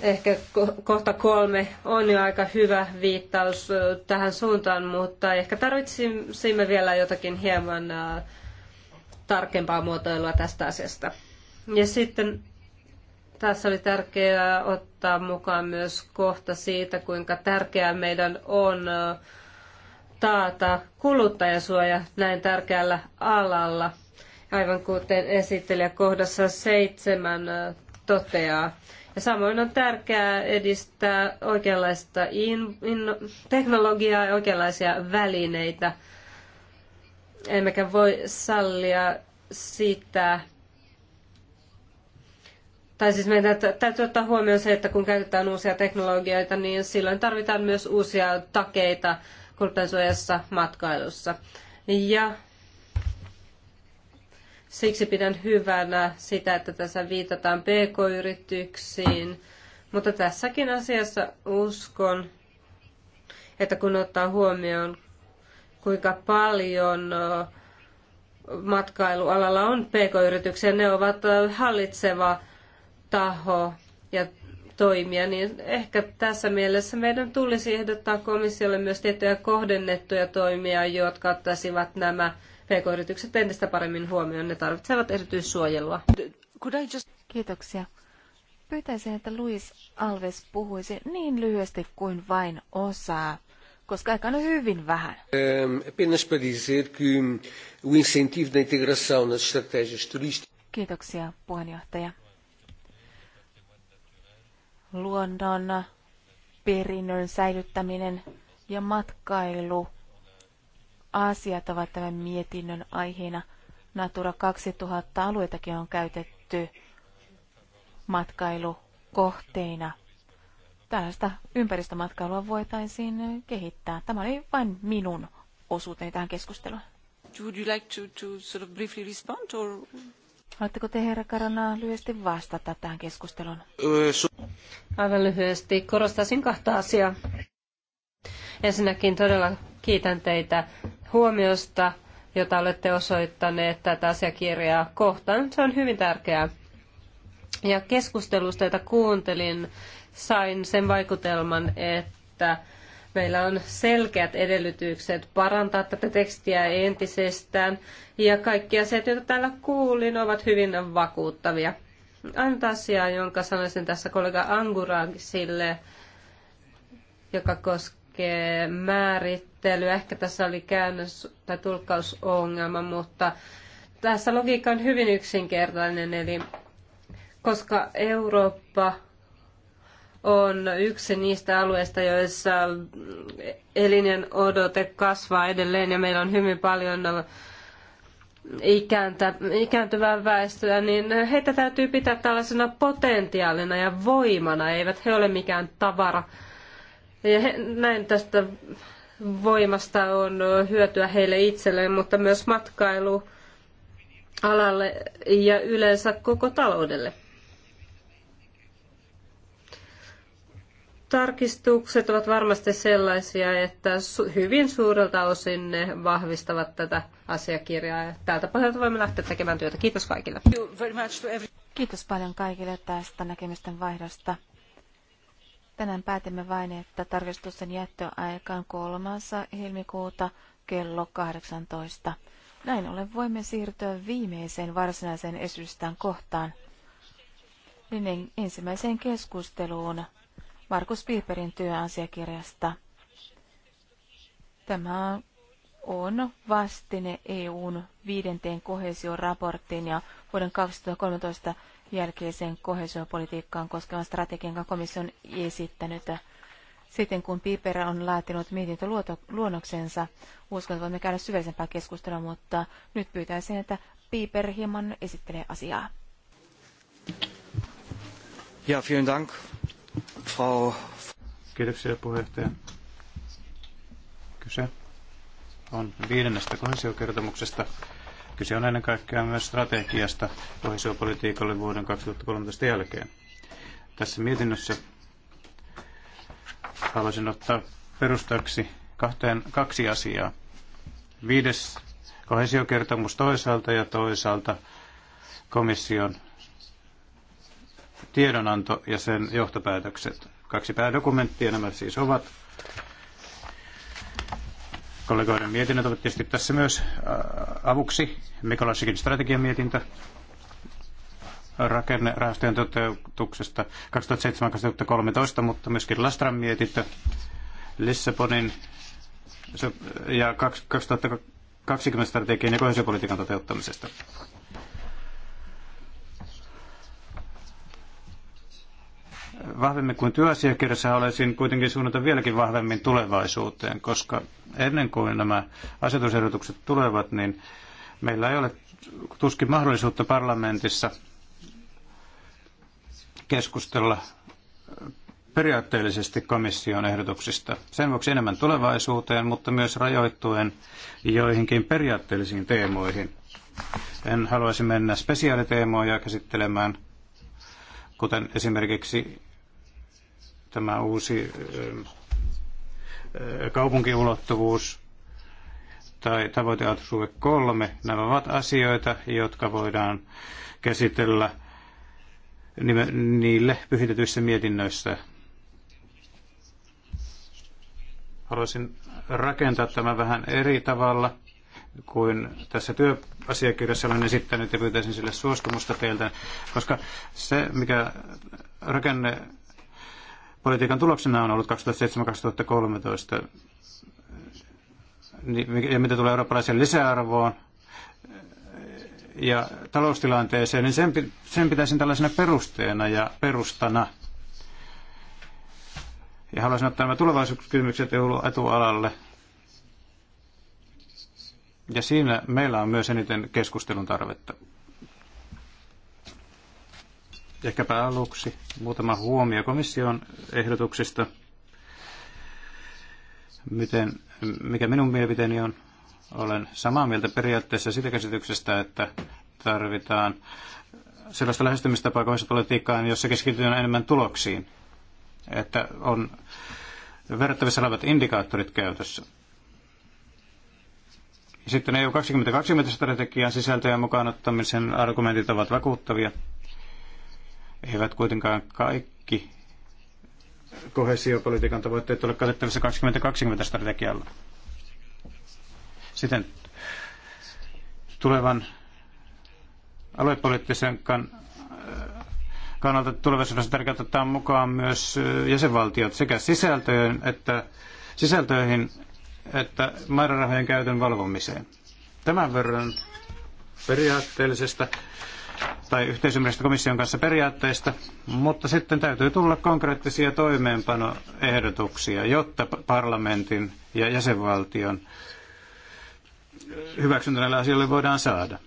Ehkä kohta kolme on jo aika hyvä viittaus tähän suuntaan, mutta ehkä tarvitsisimme vielä jotakin hieman tarkempaa muotoilua tästä asiasta. Ja sitten tässä oli tärkeää ottaa mukaan myös kohta siitä, kuinka tärkeää meidän on taata kuluttajasuoja näin tärkeällä alalla. Aivan kuten esittelijä kohdassa seitsemän toteaa. Ja samoin on tärkeää edistää oikeanlaista in, teknologiaa ja oikeanlaisia välineitä. Emmekä voi sallia sitä, tai siis meidän täytyy ottaa huomioon se, että kun käytetään uusia teknologioita, niin silloin tarvitaan myös uusia takeita kuluttajansuojassa matkailussa. Ja Siksi pidän hyvänä sitä, että tässä viitataan pk-yrityksiin, mutta tässäkin asiassa uskon, että kun ottaa huomioon, kuinka paljon matkailualalla on pk-yrityksiä, ne ovat hallitseva taho ja toimia, niin ehkä tässä mielessä meidän tulisi ehdottaa komissiolle myös tiettyjä kohdennettuja toimia, jotka ottaisivat nämä PK-yritykset entistä paremmin huomioon. Ne tarvitsevat erityissuojelua. Kiitoksia. Pyytäisin, että Luis Alves puhuisi niin lyhyesti kuin vain osaa, koska aika on hyvin vähän. Ehm, apenas para dizer que o incentivo da integração nas estratégias turísticas. Kiitoksia, puheenjohtaja. Luonnon perinnön säilyttäminen ja matkailu asiat ovat tämän mietinnön aiheena. Natura 2000 alueitakin on käytetty matkailukohteina. Tällaista ympäristömatkailua voitaisiin kehittää. Tämä oli vain minun osuuteni tähän keskusteluun. Would you like to, to sort of briefly respond or... Haluatteko te, herra Karana, lyhyesti vastata tähän keskusteluun? Aivan lyhyesti. Korostaisin kahta asiaa. Ensinnäkin todella kiitän teitä huomiosta, jota olette osoittaneet tätä asiakirjaa kohtaan. Se on hyvin tärkeää. Ja keskustelusta, jota kuuntelin, sain sen vaikutelman, että meillä on selkeät edellytykset parantaa tätä tekstiä entisestään. Ja kaikki asiat, joita täällä kuulin, ovat hyvin vakuuttavia. Ainut asia, jonka sanoisin tässä kollega Anguragisille, joka koskee koskee määrittely. Ehkä tässä oli käännös- tai tulkkausongelma, mutta tässä logiikka on hyvin yksinkertainen. Eli koska Eurooppa on yksi niistä alueista, joissa elinen odote kasvaa edelleen ja meillä on hyvin paljon ikääntä, ikääntyvää väestöä, niin heitä täytyy pitää tällaisena potentiaalina ja voimana. Eivät he ole mikään tavara, ja he, näin tästä voimasta on hyötyä heille itselleen, mutta myös matkailualalle ja yleensä koko taloudelle. Tarkistukset ovat varmasti sellaisia, että hyvin suurelta osin ne vahvistavat tätä asiakirjaa. Ja tältä pohjalta voimme lähteä tekemään työtä. Kiitos kaikille. Kiitos paljon kaikille tästä näkemysten vaihdosta. Tänään päätimme vain, että tarkistusten jättöaika on 3. helmikuuta kello 18. Näin ollen voimme siirtyä viimeiseen varsinaiseen esitystään kohtaan. Niin ensimmäiseen keskusteluun Markus Piiperin työasiakirjasta. Tämä on vastine EUn viidenteen kohesioraporttiin ja vuoden 2013 jälkeiseen kohesiopolitiikkaan koskevan strategian, jonka komissio on esittänyt. Sitten kun Piper on laatinut mietintöluonnoksensa, uskon, että voimme käydä syvällisempää keskustelua, mutta nyt pyytäisin, että Piper hieman esittelee asiaa. Ja, vielen dank, Frau... Kiitoksia puheenjohtaja. Kyse on viidennestä kohesiokertomuksesta. Kyse on ennen kaikkea myös strategiasta kohesiopolitiikalle vuoden 2013 jälkeen. Tässä mietinnössä haluaisin ottaa perustaksi kahteen, kaksi asiaa. Viides kohesiokertomus toisaalta ja toisaalta komission tiedonanto ja sen johtopäätökset. Kaksi päädokumenttia nämä siis ovat. Kollegoiden mietinnöt ovat tietysti tässä myös äh, avuksi. strategian mietintö rakennerahastojen toteutuksesta 2007-2013, mutta myöskin Lastran mietintö Lissabonin ja 2020 strategian ja kohesiopolitiikan toteuttamisesta. vahvemmin kuin työasiakirjassa haluaisin kuitenkin suunnata vieläkin vahvemmin tulevaisuuteen, koska ennen kuin nämä asetusehdotukset tulevat, niin meillä ei ole tuskin mahdollisuutta parlamentissa keskustella periaatteellisesti komission ehdotuksista. Sen vuoksi enemmän tulevaisuuteen, mutta myös rajoittuen joihinkin periaatteellisiin teemoihin. En haluaisi mennä spesiaaliteemoja käsittelemään, kuten esimerkiksi tämä uusi kaupunkiulottuvuus tai tavoiteasuke kolme, nämä ovat asioita, jotka voidaan käsitellä niille pyhitetyissä mietinnöissä. Haluaisin rakentaa tämän vähän eri tavalla kuin tässä työasiakirjassa olen esittänyt ja pyytäisin sille suostumusta teiltä, koska se, mikä rakenne politiikan tuloksena on ollut 2007-2013. Niin, ja mitä tulee eurooppalaisen lisäarvoon ja taloustilanteeseen, niin sen, sen pitäisin tällaisena perusteena ja perustana. Ja haluaisin ottaa nämä tulevaisuuskysymykset etualalle. Ja siinä meillä on myös eniten keskustelun tarvetta. Ehkäpä aluksi muutama huomio komission ehdotuksista. Miten, mikä minun mielipiteeni on, olen samaa mieltä periaatteessa sitä käsityksestä, että tarvitaan sellaista lähestymistapaa kohdistuspolitiikkaan, jossa keskitytään enemmän tuloksiin, että on verrattavissa olevat indikaattorit käytössä. Sitten EU 2020-strategian sisältöjen mukaan ottamisen argumentit ovat vakuuttavia eivät kuitenkaan kaikki kohesiopolitiikan tavoitteet ole katettavissa 2020-strategialla. Siten tulevan aluepoliittisen kan, äh, kannalta tulevaisuudessa tärkeää ottaa mukaan myös äh, jäsenvaltiot sekä sisältöön että, sisältöihin että määrärahojen käytön valvomiseen. Tämän verran periaatteellisesta tai yhteisymmärrystä komission kanssa periaatteista, mutta sitten täytyy tulla konkreettisia toimeenpanoehdotuksia, jotta parlamentin ja jäsenvaltion hyväksyntä näille asioille voidaan saada.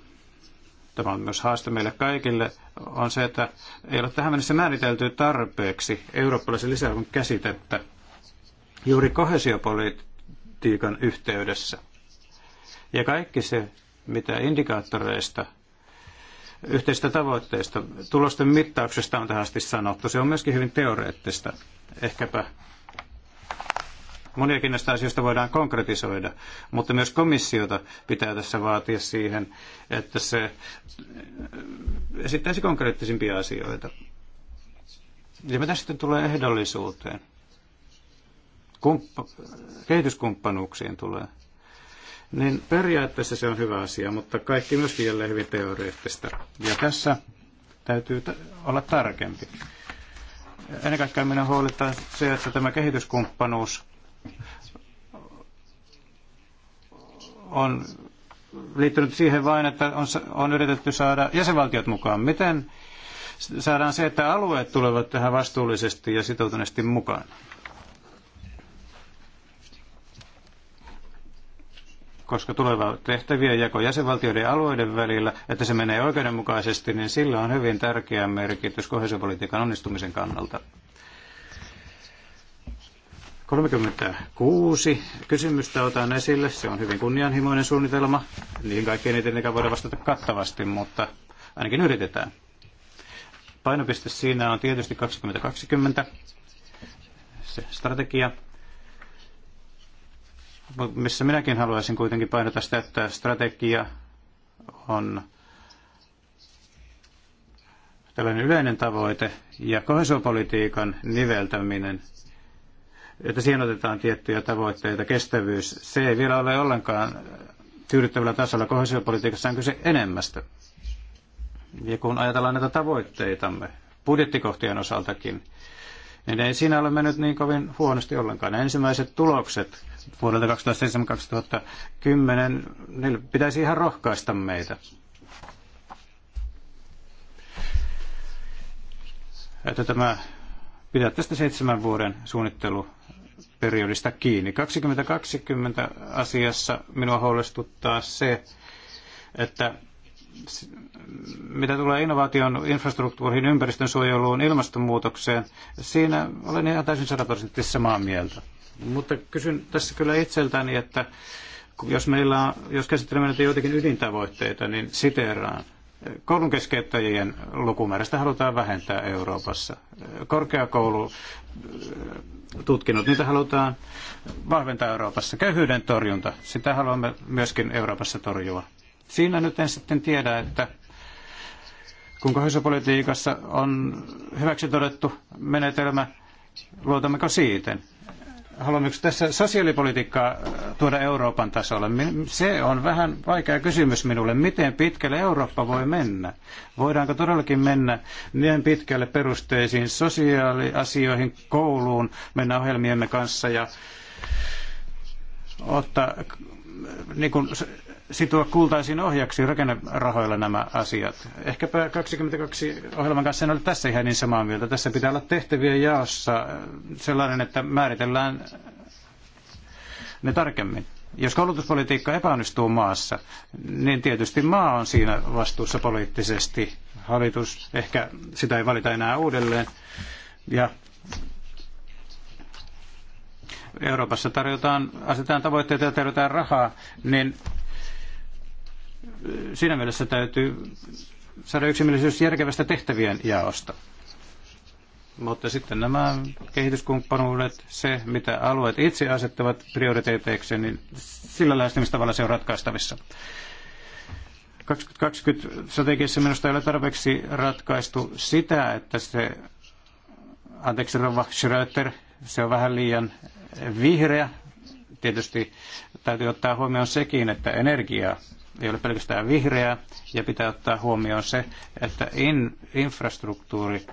Tämä on myös haaste meille kaikille, on se, että ei ole tähän mennessä määritelty tarpeeksi eurooppalaisen lisäarvon käsitettä juuri kohesiopolitiikan yhteydessä. Ja kaikki se, mitä indikaattoreista – yhteistä tavoitteista. Tulosten mittauksesta on tähän asti sanottu. Se on myöskin hyvin teoreettista. Ehkäpä moniakin näistä asioista voidaan konkretisoida, mutta myös komissiota pitää tässä vaatia siihen, että se äh, esittäisi konkreettisimpia asioita. Ja mitä sitten tulee ehdollisuuteen? Kumppa- kehityskumppanuuksiin tulee niin periaatteessa se on hyvä asia, mutta kaikki myöskin jälleen hyvin teoreettista. Ja tässä täytyy olla tarkempi. Ennen kaikkea minä huoletaan se, että tämä kehityskumppanuus on liittynyt siihen vain, että on, on yritetty saada jäsenvaltiot mukaan. Miten saadaan se, että alueet tulevat tähän vastuullisesti ja sitoutuneesti mukaan? koska tuleva tehtävien jako jäsenvaltioiden ja alueiden välillä, että se menee oikeudenmukaisesti, niin sillä on hyvin tärkeä merkitys kohesiopolitiikan onnistumisen kannalta. 36 kysymystä otan esille. Se on hyvin kunnianhimoinen suunnitelma. Niihin kaikkeen ei tietenkään voida vastata kattavasti, mutta ainakin yritetään. Painopiste siinä on tietysti 2020, se strategia, missä minäkin haluaisin kuitenkin painottaa sitä, että strategia on tällainen yleinen tavoite ja kohesiopolitiikan niveltäminen, että siihen otetaan tiettyjä tavoitteita, kestävyys, se ei vielä ole ollenkaan tyydyttävällä tasolla. Kohesiopolitiikassa on kyse enemmästä. Ja kun ajatellaan näitä tavoitteitamme budjettikohtien osaltakin, niin ei siinä ole mennyt niin kovin huonosti ollenkaan. Ensimmäiset tulokset vuodelta 2007-2010, niillä pitäisi ihan rohkaista meitä. Että tämä pitää tästä seitsemän vuoden suunnitteluperiodista kiinni. 2020 asiassa minua huolestuttaa se, että mitä tulee innovaation infrastruktuuriin, ympäristönsuojeluun, ilmastonmuutokseen, siinä olen ihan täysin sataprosenttisesti samaa mieltä. Mutta kysyn tässä kyllä itseltäni, että jos, meillä on, jos käsittelemme näitä joitakin ydintavoitteita, niin siteeraan. Koulun keskeyttäjien lukumäärästä halutaan vähentää Euroopassa. Äh, tutkinut, niitä halutaan vahventaa Euroopassa. Köyhyyden torjunta, sitä haluamme myöskin Euroopassa torjua. Siinä nyt en sitten tiedä, että kun kohdassa on hyväksi todettu menetelmä, luotammeko siitä? haluammeko tässä sosiaalipolitiikkaa tuoda Euroopan tasolle? Se on vähän vaikea kysymys minulle. Miten pitkälle Eurooppa voi mennä? Voidaanko todellakin mennä niin pitkälle perusteisiin sosiaaliasioihin, kouluun, mennä ohjelmiemme kanssa ja ottaa niin kuin, sitoa kultaisiin ohjaksi rakennerahoilla nämä asiat. Ehkäpä 22 ohjelman kanssa en ole tässä ihan niin samaa mieltä. Tässä pitää olla tehtäviä jaossa äh, sellainen, että määritellään ne tarkemmin. Jos koulutuspolitiikka epäonnistuu maassa, niin tietysti maa on siinä vastuussa poliittisesti. Hallitus ehkä sitä ei valita enää uudelleen. Ja Euroopassa tarjotaan, asetetaan tavoitteita ja tarjotaan rahaa, niin siinä mielessä täytyy saada yksimielisyys järkevästä tehtävien jaosta. Mutta sitten nämä kehityskumppanuudet, se mitä alueet itse asettavat prioriteeteiksi, niin sillä lähestymistavalla se on ratkaistavissa. 2020 strategiassa minusta ei ole tarpeeksi ratkaistu sitä, että se, anteeksi Rova Schröter, se on vähän liian vihreä. Tietysti täytyy ottaa huomioon sekin, että energia ei ole pelkästään vihreää, ja pitää ottaa huomioon se, että in, infrastruktuurit,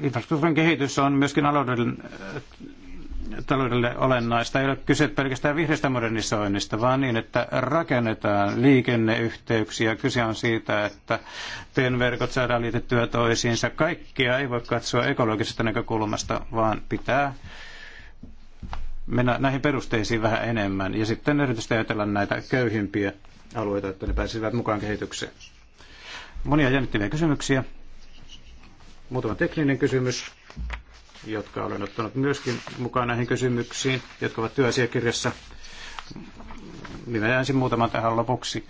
infrastruktuurin kehitys on myöskin alueiden taloudelle olennaista. Ei ole kyse pelkästään vihreästä modernisoinnista, vaan niin, että rakennetaan liikenneyhteyksiä. Kyse on siitä, että TEN-verkot saadaan liitettyä toisiinsa. Kaikkia ei voi katsoa ekologisesta näkökulmasta, vaan pitää mennä näihin perusteisiin vähän enemmän ja sitten erityisesti ajatella näitä köyhimpiä alueita, että ne pääsisivät mukaan kehitykseen. Monia jännittäviä kysymyksiä. Muutama tekninen kysymys, jotka olen ottanut myöskin mukaan näihin kysymyksiin, jotka ovat työasiakirjassa. Nimeän ensin muutaman tähän lopuksi.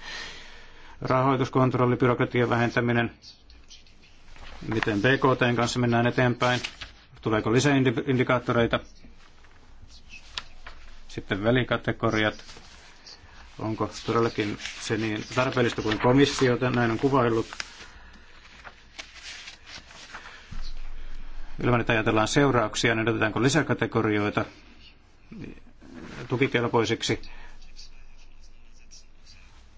Rahoituskontrolli, byrokratian vähentäminen, miten BKTn kanssa mennään eteenpäin, tuleeko lisää indikaattoreita sitten välikategoriat. Onko todellakin se niin tarpeellista kuin komissio näin on kuvaillut? Ilman, että ajatellaan seurauksia, niin otetaanko lisäkategorioita tukikelpoisiksi.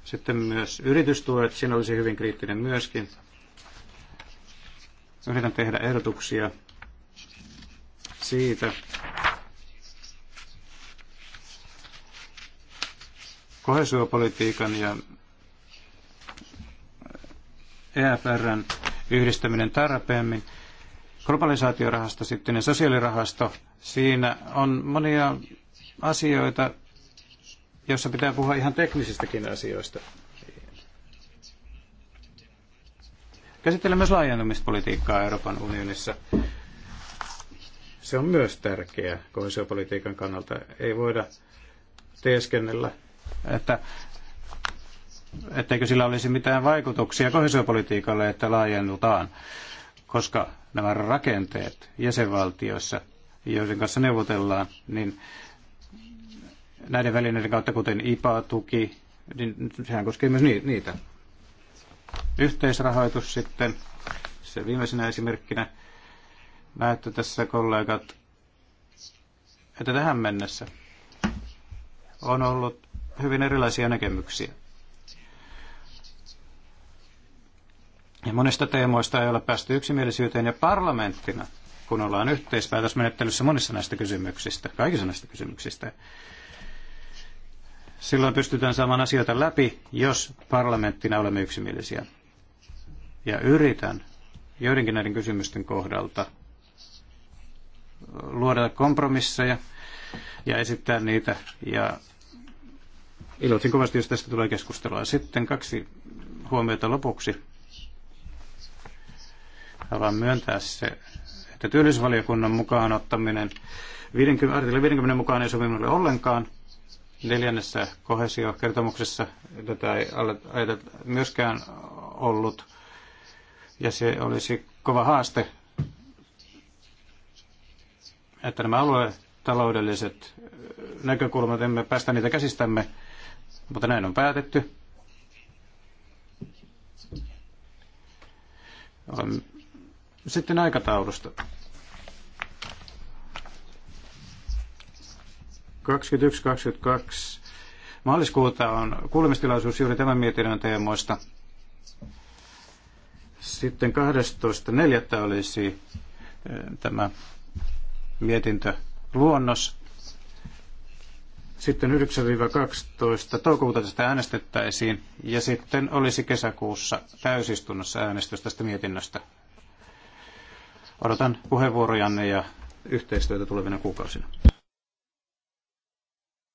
Sitten myös yritystuet, siinä olisi hyvin kriittinen myöskin. Yritän tehdä ehdotuksia siitä, kohesiopolitiikan ja EFRn yhdistäminen tarpeemmin. Globalisaatiorahasto sitten ja sosiaalirahasto. Siinä on monia asioita, jossa pitää puhua ihan teknisistäkin asioista. Käsittelemme myös laajentumispolitiikkaa Euroopan unionissa. Se on myös tärkeää kohesiopolitiikan kannalta. Ei voida teeskennellä että etteikö sillä olisi mitään vaikutuksia kohesiopolitiikalle, että laajennutaan, koska nämä rakenteet jäsenvaltioissa, joiden kanssa neuvotellaan, niin näiden välineiden kautta, kuten IPA-tuki, niin sehän koskee myös niitä. Yhteisrahoitus sitten, se viimeisenä esimerkkinä näyttää tässä kollegat, että tähän mennessä on ollut hyvin erilaisia näkemyksiä. Ja monista teemoista ei ole päästy yksimielisyyteen ja parlamenttina, kun ollaan yhteispäätösmenettelyssä monissa näistä kysymyksistä, kaikissa näistä kysymyksistä, silloin pystytään saamaan asioita läpi, jos parlamenttina olemme yksimielisiä. Ja yritän joidenkin näiden kysymysten kohdalta luoda kompromisseja ja esittää niitä ja Iloitsin kovasti, jos tästä tulee keskustelua. Sitten kaksi huomiota lopuksi. Haluan myöntää se, että työllisyysvaliokunnan mukaan ottaminen 50, artikla 50 mukaan ei sovimulle ollenkaan. Neljännessä kohesiokertomuksessa tätä ei ole myöskään ollut. Ja se olisi kova haaste, että nämä aluetaloudelliset näkökulmat, emme päästä niitä käsistämme mutta näin on päätetty. Sitten aikataulusta. 21.22. Maaliskuuta on kuulemistilaisuus juuri tämän mietinnön teemoista. Sitten 12.4. olisi eh, tämä mietintö. mietintöluonnos. Sitten 9-12 toukokuuta tästä äänestettäisiin ja sitten olisi kesäkuussa täysistunnossa äänestys tästä mietinnöstä. Odotan puheenvuorojanne ja yhteistyötä tulevina kuukausina.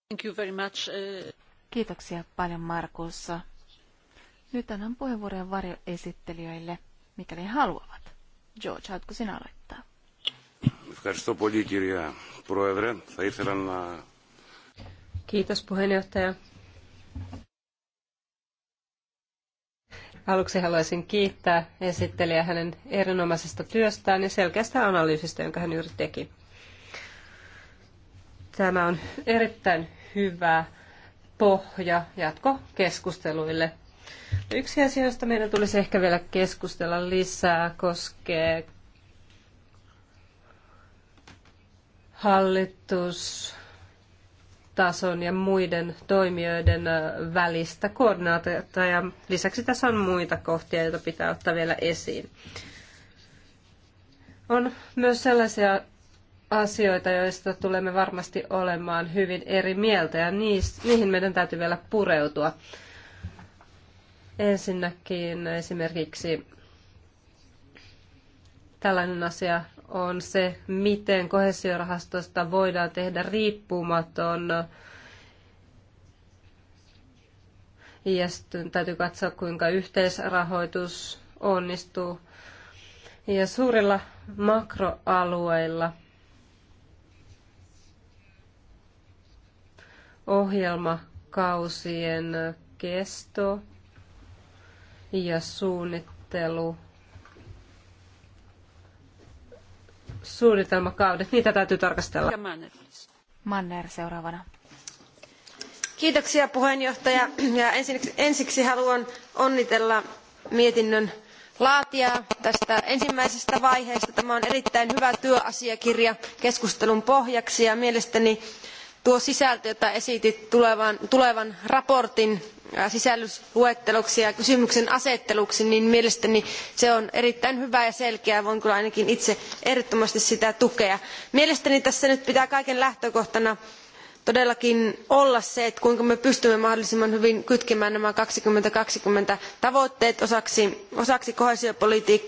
Thank you very much. Uh, Kiitoksia paljon Markus. Nyt annan puheenvuoron varjoesittelijöille, mikäli he haluavat. George, haluatko sinä aloittaa? Kiitos πολύ κυρία Πρόεδρε. Kiitos puheenjohtaja. Aluksi haluaisin kiittää esittelijää hänen erinomaisesta työstään ja selkeästä analyysistä, jonka hän juuri teki. Tämä on erittäin hyvä pohja jatkokeskusteluille. Yksi asia, josta meidän tulisi ehkä vielä keskustella lisää, koskee hallitus tason ja muiden toimijoiden välistä koordinaatiota ja lisäksi tässä on muita kohtia, joita pitää ottaa vielä esiin. On myös sellaisia asioita, joista tulemme varmasti olemaan hyvin eri mieltä ja niihin meidän täytyy vielä pureutua. Ensinnäkin esimerkiksi tällainen asia on se, miten kohesiorahastosta voidaan tehdä riippumaton. Ja sitten täytyy katsoa, kuinka yhteisrahoitus onnistuu. Ja suurilla makroalueilla ohjelmakausien kesto ja suunnittelu suunnitelmakaudet, niitä täytyy tarkastella. Manner seuraavana. Kiitoksia puheenjohtaja. Ja ensiksi, ensiksi haluan onnitella mietinnön laatijaa tästä ensimmäisestä vaiheesta. Tämä on erittäin hyvä työasiakirja keskustelun pohjaksi ja mielestäni tuo sisältö, jota esitit tulevan, tulevan raportin sisällysluetteloksi ja kysymyksenasetteluksi niin mielestäni se on erittäin hyvä ja selkeä. Voin kyllä ainakin itse ehdottomasti sitä tukea. Mielestäni tässä nyt pitää kaiken lähtökohtana todellakin olla se, kuinka me pystymme mahdollisimman hyvin kytkemään nämä kaksikymmentä tavoitteet osaksi, osaksi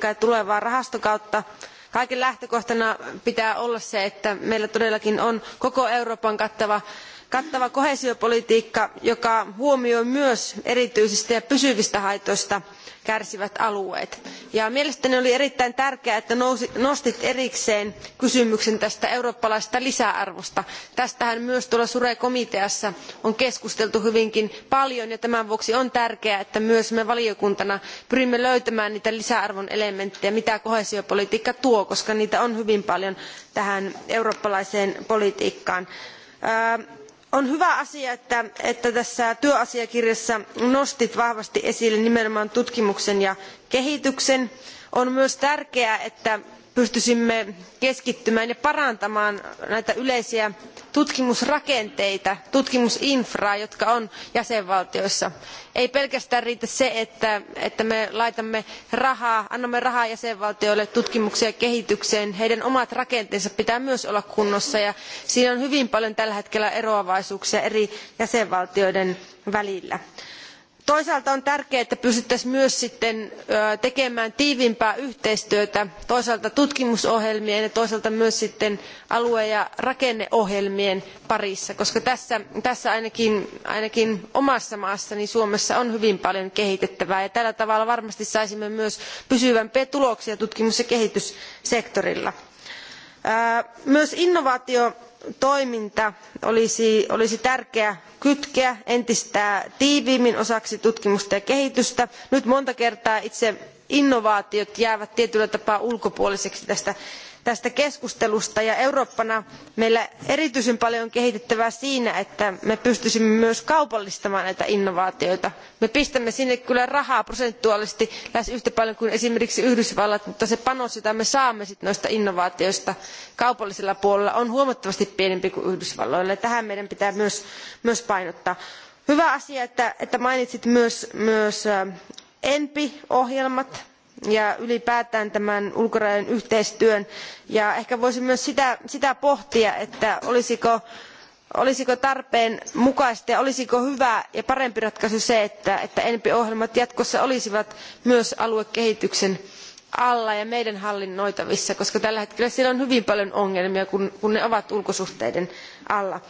ja tulevaa rahastokautta. Kaiken lähtökohtana pitää olla se, että meillä todellakin on koko Euroopan kattava kattava koheesiopolitiikka joka huomioi myös erityisistä ja pysyvistä haitoista kärsivät alueet. Ja mielestäni oli erittäin tärkeää että nostit erikseen kysymyksen tästä eurooppalaisesta lisäarvosta. tästähän myös tuolla sure komiteassa on keskusteltu hyvinkin paljon ja tämän vuoksi on tärkeää että myös me valiokuntana pyrimme löytämään niitä lisäarvon elementtejä mitä koheesiopolitiikka tuo koska niitä on hyvin paljon tähän eurooppalaiseen politiikkaan on hyvä asia että, tässä työasiakirjassa nostit vahvasti esille nimenomaan tutkimuksen ja kehityksen. on myös tärkeää että pystyisimme keskittymään ja parantamaan näitä yleisiä tutkimusrakenteita tutkimusinfraa joka on jäsenvaltioissa. ei pelkästään riitä se että, me laitamme rahaa annamme rahaa jäsenvaltioille tutkimukseen ja kehitykseen heidän omien rakenteensa pitää myös olla kunnossa ja siinä on hyvin paljon tällä hetkellä eroavaisuuksia eri jäsenvaltioiden välillä toisaalta on tärkeää että pystyttäisiin myös sitten tekemään tiiviimpää yhteistyötä toisaalta tutkimusohjelmien ja toisaalta myös sitten alue ja rakenneohjelmien parissa koska tässä, ainakin, omassa maassani suomessa on hyvin paljon kehitettävää ja tällä tavalla varmasti saisimme myös pysyvämpiä tuloksia tutkimus ja kehityssektorilla. myös innovaatio toiminta olisi, olisi tärkeää kytkeä entistä tiiviimmin osaksi tutkimusta ja kehitystä. nyt monta kertaa itse innovaatiot jäävät tietyllä tapaa ulkopuoliseksi tästä tästä keskustelusta ja eurooppana meillä on erityisen paljon kehitettävää siinä että me pystyisimme myös kaupallistamaan näitä innovaatioita. me pistämme sinne kyllä rahaa prosentuaalisesti lähes yhtä paljon kuin esimerkiksi yhdysvallat mutta se panos jota me saamme noista innovaatioista kaupallisella puolella on huomattavasti pienempi kuin yhdysvalloilla ja tähän meidän pitää myös, myös painottaa. hyvä asia että, että mainitsit myös, myös enpi ohjelmat ja ylipäätään tämän ulkorajojen yhteistyön ja ehkä voisi myös sitä, pohtia että olisiko, tarpeen mukaista ja olisiko hyvä ja parempi ratkaisu se että, että enpi ohjelmat jatkossa olisivat myös aluekehityksen alla ja meidän hallinnoitavissamme koska tällä hetkellä siellä on hyvin paljon ongelmia kun, kun ne ovat ulkosuhteiden alla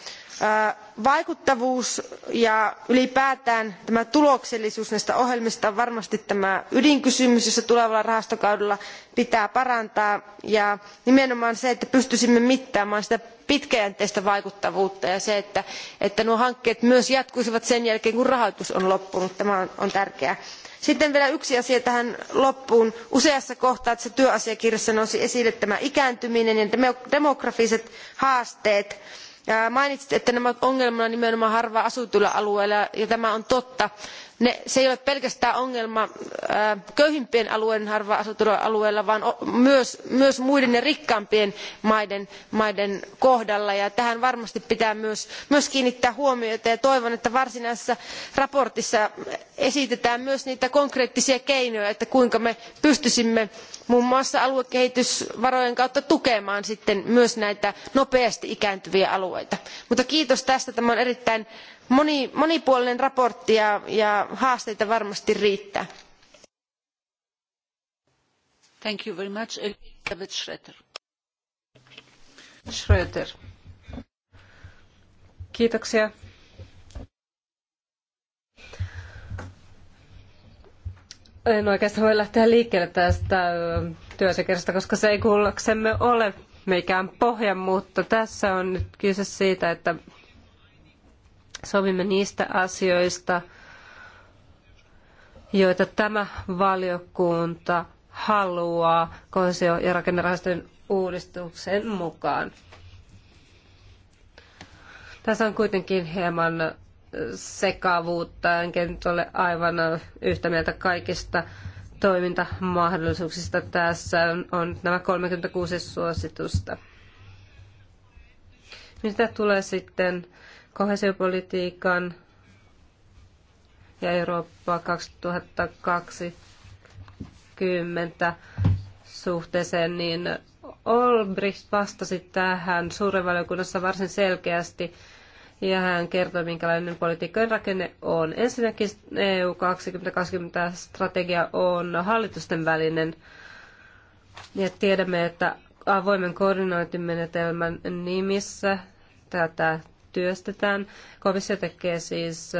vaikuttavuus ja ylipäätään tämä tuloksellisuus näistä ohjelmista on varmasti tämä ydinkysymys jota tulevalla rahastokaudella pitää parantaa ja nimenomaan se että pystyisimme mittaamaan sitä pitkäjänteistä vaikuttavuutta ja se että, että nuo hankkeet myös jatkuisivat sen jälkeen kun rahoitus on loppunut tämä on, on tärkeää. sitten vielä yksi asia tähän loppuun useassa kohtaa tässä työasiakirjassa nousi esille tämä ikääntyminen ja demografiset haasteet mainitsitte että nämä ongelmat ovat nimenomaan harvaan asutuilla alueilla ja tämä on totta se ei ole pelkästään ongelma äh, köyhimpien alueiden harvaan asutuilla alueilla vaan myös, muiden ja rikkaampien maiden, kohdalla ja tähän varmasti pitää myös, myös kiinnittää huomiota ja toivon että varsinaisessa mietinnössä esitetään myös niitä konkreettisia keinoja että kuinka me pystyisimme muun muassa aluekehitysvarojen kautta tukemaan sitten myös näitä nopeasti ikääntyviä alueita. mutta kiitos tästä tämä on erittäin monipuolinen mietintö ja, haasteita varmasti riittää. Thank you very much. Schröter. Kiitoksia. En oikeastaan voi lähteä liikkeelle tästä työsekirjasta, koska se ei kuullaksemme ole mikään pohja, mutta tässä on nyt kyse siitä, että Sovimme niistä asioista, joita tämä valiokunta haluaa kohesio- ja rakennerahastojen uudistuksen mukaan. Tässä on kuitenkin hieman sekavuutta, enkä nyt ole aivan yhtä mieltä kaikista toimintamahdollisuuksista. Tässä on, nämä 36 suositusta. Mitä tulee sitten kohesiopolitiikan ja Eurooppa 2020 suhteeseen, niin Olbricht vastasi tähän suuren valiokunnassa varsin selkeästi ja hän kertoi, minkälainen politiikkojen rakenne on. Ensinnäkin EU 2020 strategia on hallitusten välinen ja tiedämme, että avoimen koordinointimenetelmän nimissä tätä työstetään. Komissio tekee siis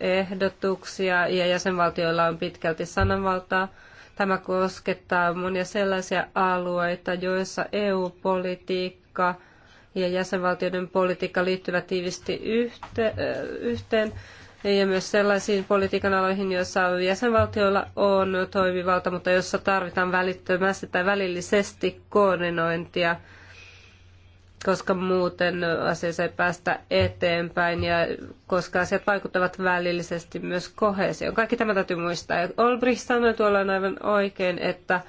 ehdotuksia ja jäsenvaltioilla on pitkälti sananvaltaa. Tämä koskettaa monia sellaisia alueita, joissa EU-politiikka ja jäsenvaltioiden politiikka liittyvät tiivisti yhteen ja myös sellaisiin politiikan aloihin, joissa jäsenvaltioilla on toimivalta, mutta jossa tarvitaan välittömästi tai välillisesti koordinointia koska muuten asiassa ei päästä eteenpäin ja koska asiat vaikuttavat välillisesti myös kohesioon. Kaikki tämä täytyy muistaa. Ja Olbrich sanoi tuolla aivan oikein, että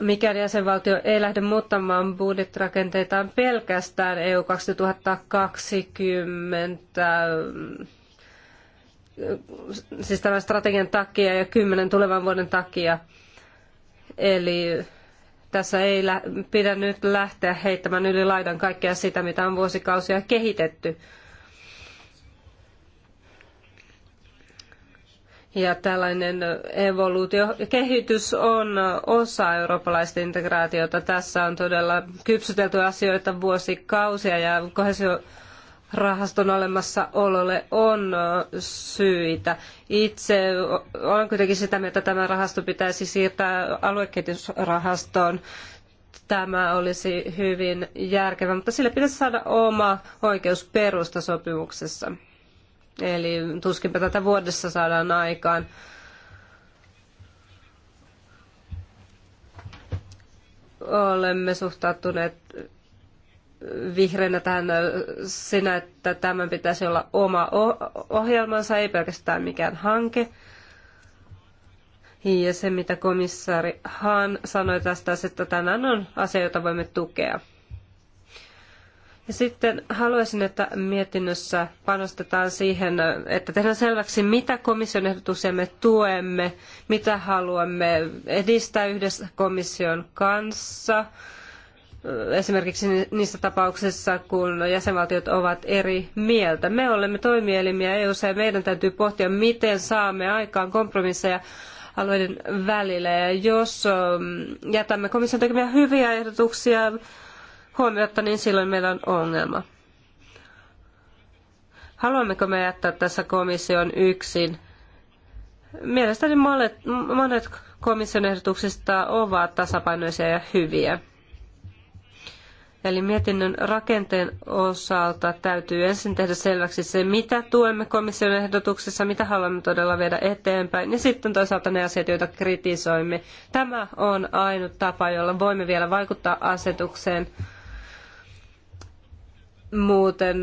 mikäli jäsenvaltio ei lähde muuttamaan budjettirakenteitaan pelkästään EU 2020 siis tämän strategian takia ja kymmenen tulevan vuoden takia. Eli tässä ei pidä nyt lähteä heittämään yli laidan kaikkea sitä, mitä on vuosikausia kehitetty. Ja tällainen evoluutio kehitys on osa eurooppalaista integraatiota. Tässä on todella kypsytelty asioita vuosikausia ja kohesio- rahaston olemassaololle on syitä. Itse olen kuitenkin sitä mieltä, että tämä rahasto pitäisi siirtää aluekehitysrahastoon. Tämä olisi hyvin järkevää, mutta sille pitäisi saada oma oikeusperusta sopimuksessa. Eli tuskinpä tätä vuodessa saadaan aikaan. Olemme suhtautuneet vihreänä tähän sinä, että tämän pitäisi olla oma ohjelmansa, ei pelkästään mikään hanke. Ja se, mitä komissaari Hahn sanoi tästä, että tänään on asia, jota voimme tukea. Ja sitten haluaisin, että mietinnössä panostetaan siihen, että tehdään selväksi, mitä komission ehdotuksia me tuemme, mitä haluamme edistää yhdessä komission kanssa – esimerkiksi niissä tapauksissa, kun jäsenvaltiot ovat eri mieltä. Me olemme toimielimiä eu ja meidän täytyy pohtia, miten saamme aikaan kompromisseja alueiden välillä. Ja jos ähm, jätämme komission tekemiä hyviä ehdotuksia huomiotta, niin silloin meillä on ongelma. Haluammeko me jättää tässä komission yksin? Mielestäni monet, monet komission ehdotuksista ovat tasapainoisia ja hyviä. Eli mietinnön rakenteen osalta täytyy ensin tehdä selväksi se, mitä tuemme komission ehdotuksessa, mitä haluamme todella viedä eteenpäin, ja sitten toisaalta ne asiat, joita kritisoimme. Tämä on ainut tapa, jolla voimme vielä vaikuttaa asetukseen. Muuten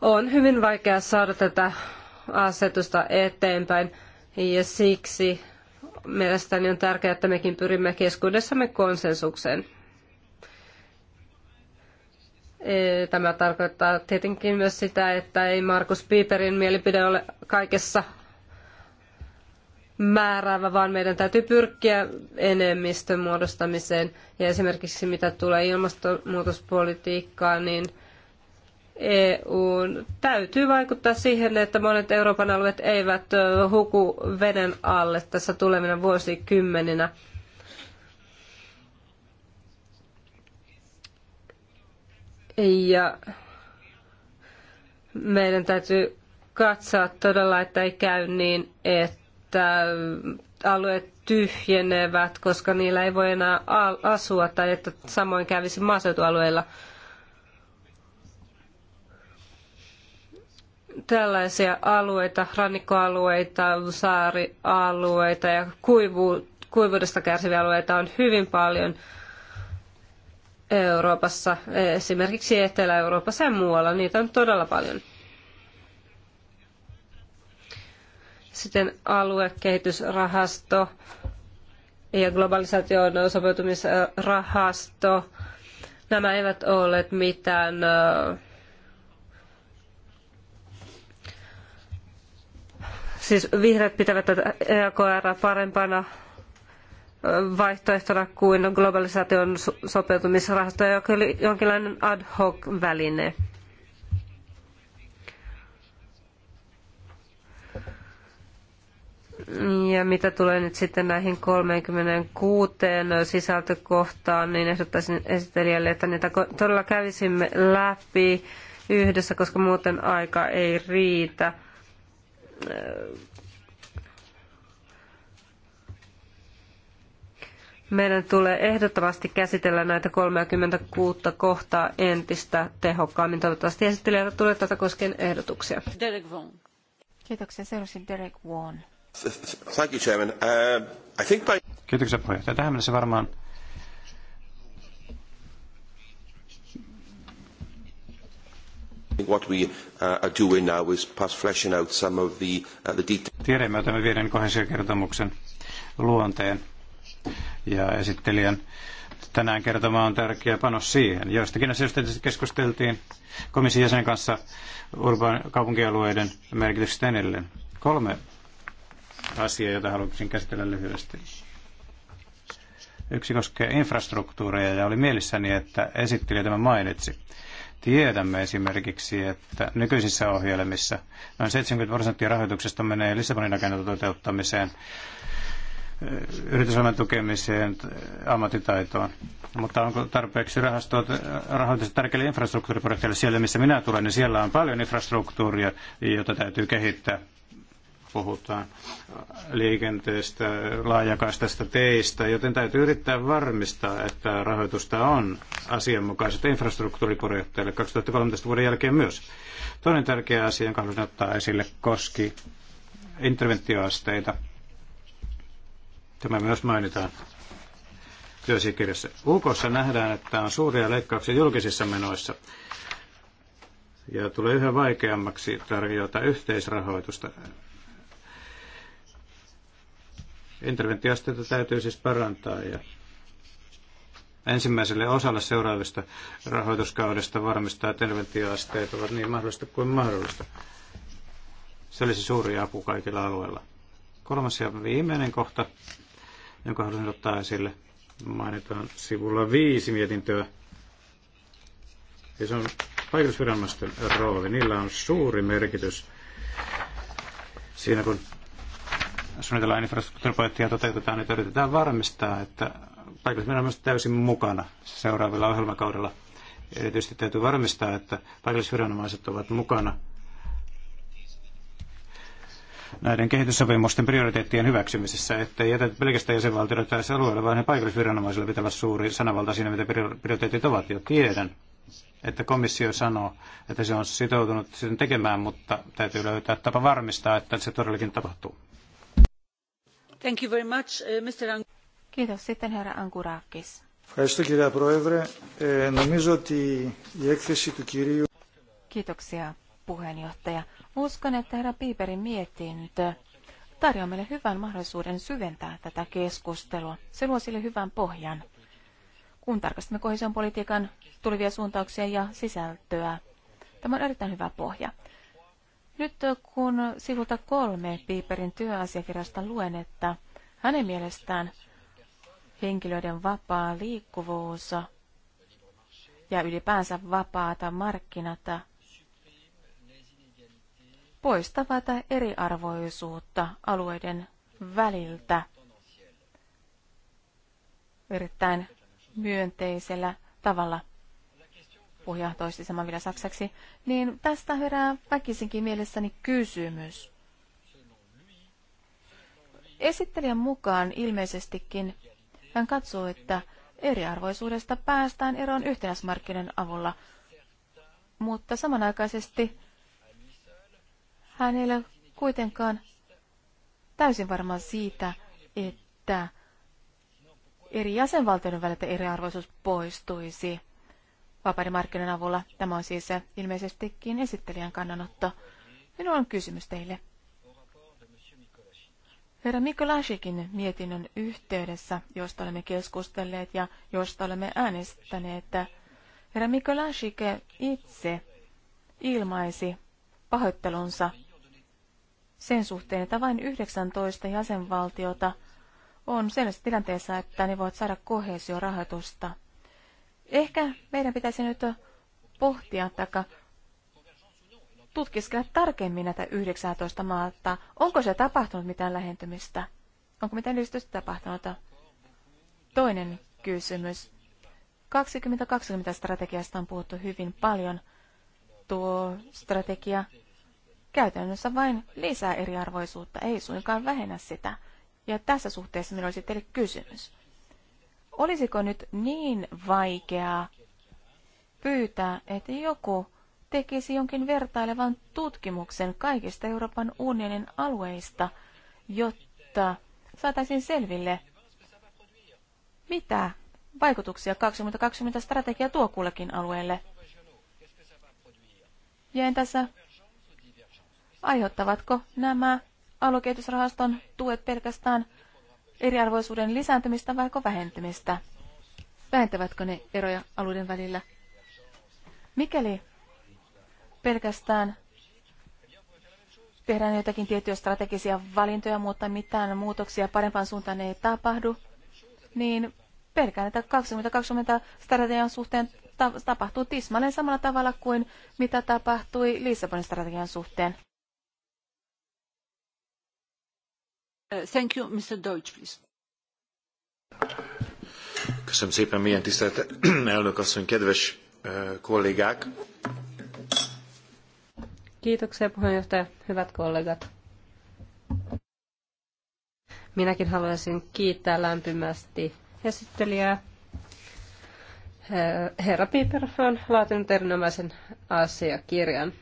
on hyvin vaikea saada tätä asetusta eteenpäin, ja siksi mielestäni on tärkeää, että mekin pyrimme keskuudessamme konsensukseen. E, tämä tarkoittaa tietenkin myös sitä, että ei Markus Piperin mielipide ole kaikessa määräävä, vaan meidän täytyy pyrkiä enemmistön muodostamiseen. Ja esimerkiksi mitä tulee ilmastonmuutospolitiikkaan, niin EUn täytyy vaikuttaa siihen, että monet Euroopan alueet eivät huku veden alle tässä tulevina vuosikymmeninä. Ja meidän täytyy katsoa todella, että ei käy niin, että alueet tyhjenevät, koska niillä ei voi enää asua tai että samoin kävisi maaseutualueilla. Tällaisia alueita, rannikkoalueita, saarialueita ja kuivu, kuivuudesta kärsiviä alueita on hyvin paljon – Euroopassa, esimerkiksi Etelä-Euroopassa ja muualla. Niitä on todella paljon. Sitten aluekehitysrahasto ja globalisaation sopeutumisrahasto. Nämä eivät ole mitään Siis vihreät pitävät tätä EKR parempana vaihtoehtona kuin globalisaation sopeutumisrahasto, joka oli jonkinlainen ad hoc väline. Ja mitä tulee nyt sitten näihin 36 sisältökohtaan, niin ehdottaisin esittelijälle, että niitä todella kävisimme läpi yhdessä, koska muuten aika ei riitä Meidän tulee ehdottomasti käsitellä näitä 36 kohtaa entistä tehokkaammin. Toivottavasti esittelijältä tulee tätä koskien ehdotuksia. Derek Vaughan. Kiitoksia. Seuraavaksi Derek Vaughan. Thank you, Chairman. Uh, I think by... Kiitoksia puheenjohtaja. Tähän mennessä varmaan What we uh, are doing now is fleshing out some of the, uh, the details. Tiedämme, otamme viiden kohdensio kertomuksen luonteen ja esittelijän tänään kertoma on tärkeä panos siihen. Joistakin asioista keskusteltiin komission jäsenen kanssa urban kaupunkialueiden merkityksestä edelleen. Kolme asiaa, joita haluaisin käsitellä lyhyesti. Yksi koskee infrastruktuureja ja oli mielissäni, että esittelijä tämä mainitsi. Tiedämme esimerkiksi, että nykyisissä ohjelmissa noin 70 prosenttia rahoituksesta menee Lissabonin agendan toteuttamiseen yrityselämän tukemiseen, ammattitaitoon. Mutta onko tarpeeksi rahastoa, rahoitusta tärkeille infrastruktuuriprojekteille siellä, missä minä tulen, niin siellä on paljon infrastruktuuria, jota täytyy kehittää. Puhutaan liikenteestä, laajakaistasta teistä, joten täytyy yrittää varmistaa, että rahoitusta on asianmukaiset infrastruktuuriprojekteille 2013 vuoden jälkeen myös. Toinen tärkeä asia, jonka haluan ottaa esille, koski interventioasteita Tämä myös mainitaan työsikirjassa. UKssa nähdään, että on suuria leikkauksia julkisissa menoissa ja tulee yhä vaikeammaksi tarjota yhteisrahoitusta. Interventioasteita täytyy siis parantaa ja ensimmäiselle osalle seuraavista rahoituskaudesta varmistaa, että interventioasteet ovat niin mahdollista kuin mahdollista. Se olisi suuri apu kaikilla alueilla. Kolmas ja viimeinen kohta jonka haluaisin ottaa esille. Mainitaan sivulla viisi mietintöä. Ja se on paikallisviranomaisten rooli. Niillä on suuri merkitys siinä, kun suunnitellaan infrastruktuuriprojektia toteutetaan, niin yritetään varmistaa, että paikallisviranomaiset täysin mukana seuraavilla ohjelmakaudella. Erityisesti täytyy varmistaa, että paikallisviranomaiset ovat mukana – näiden kehityssopimusten prioriteettien hyväksymisessä, että ei jätetä pelkästään jäsenvaltioille tässä alueella, vaan he paikallisviranomaisilla pitää olla suuri sanavalta siinä, mitä prioriteetit ovat. Jo tiedän, että komissio sanoo, että se on sitoutunut sen tekemään, mutta täytyy löytää tapa varmistaa, että se todellakin tapahtuu. Thank you very much, uh, Mr. Ang- Kiitos. Sitten herra Ankurakis. Ευχαριστώ κυρία Πρόεδρε. Ε, νομίζω ότι η έκθεση του κυρίου... Κοίταξια puheenjohtaja. Uskon, että herra Piiperin mietintö tarjoaa meille hyvän mahdollisuuden syventää tätä keskustelua. Se luo sille hyvän pohjan. Kun tarkastamme kohdisen politiikan tulevia suuntauksia ja sisältöä, tämä on erittäin hyvä pohja. Nyt äh, kun sivulta kolme Piiperin työasiakirjasta luen, että hänen mielestään henkilöiden vapaa liikkuvuus ja ylipäänsä vapaata markkinata poistavat eriarvoisuutta alueiden väliltä erittäin myönteisellä tavalla puhuja toisti saman vielä saksaksi, niin tästä herää väkisinkin mielessäni kysymys. Esittelijän mukaan ilmeisestikin hän katsoo, että eriarvoisuudesta päästään eroon yhtenäismarkkinoiden avulla, mutta samanaikaisesti hän ei ole kuitenkaan täysin varma siitä, että eri jäsenvaltioiden välillä eriarvoisuus poistuisi vapaiden markkinoiden avulla. Tämä on siis ilmeisestikin esittelijän kannanotto. Minulla on kysymys teille. Herra Mikolashikin mietinnön yhteydessä, josta olemme keskustelleet ja josta olemme äänestäneet, että herra Mikolashik itse ilmaisi pahoittelunsa sen suhteen, että vain 19 jäsenvaltiota on sellaisessa tilanteessa, että ne voivat saada kohesiorahoitusta. Ehkä meidän pitäisi nyt pohtia tai tutkiskella tarkemmin näitä 19 maata. Onko se tapahtunut mitään lähentymistä? Onko mitään edistystä tapahtunut? Toinen kysymys. 2020 strategiasta on puhuttu hyvin paljon. Tuo strategia käytännössä vain lisää eriarvoisuutta, ei suinkaan vähennä sitä. Ja tässä suhteessa minulla olisi teille kysymys. Olisiko nyt niin vaikeaa pyytää, että joku tekisi jonkin vertailevan tutkimuksen kaikista Euroopan unionin alueista, jotta saataisiin selville, mitä vaikutuksia 2020 strategia tuo kullekin alueelle. Ja en tässä Aiheuttavatko nämä aluekehitysrahaston tuet pelkästään eriarvoisuuden lisääntymistä vai vähentymistä? Vähentävätkö ne eroja alueiden välillä? Mikäli pelkästään tehdään jotakin tiettyjä strategisia valintoja, mutta mitään muutoksia parempaan suuntaan ei tapahdu, niin pelkään, että 2020 strategian suhteen ta- tapahtuu tismalleen samalla tavalla kuin mitä tapahtui Lissabonin strategian suhteen. Uh, thank tisztelt elnök asszony, kedves uh, kollégák! hyvät kollegat. Minäkin haluaisin kiittää lämpimästi esittelijää. Herra Piper on laatinut erinomaisen asiakirjan.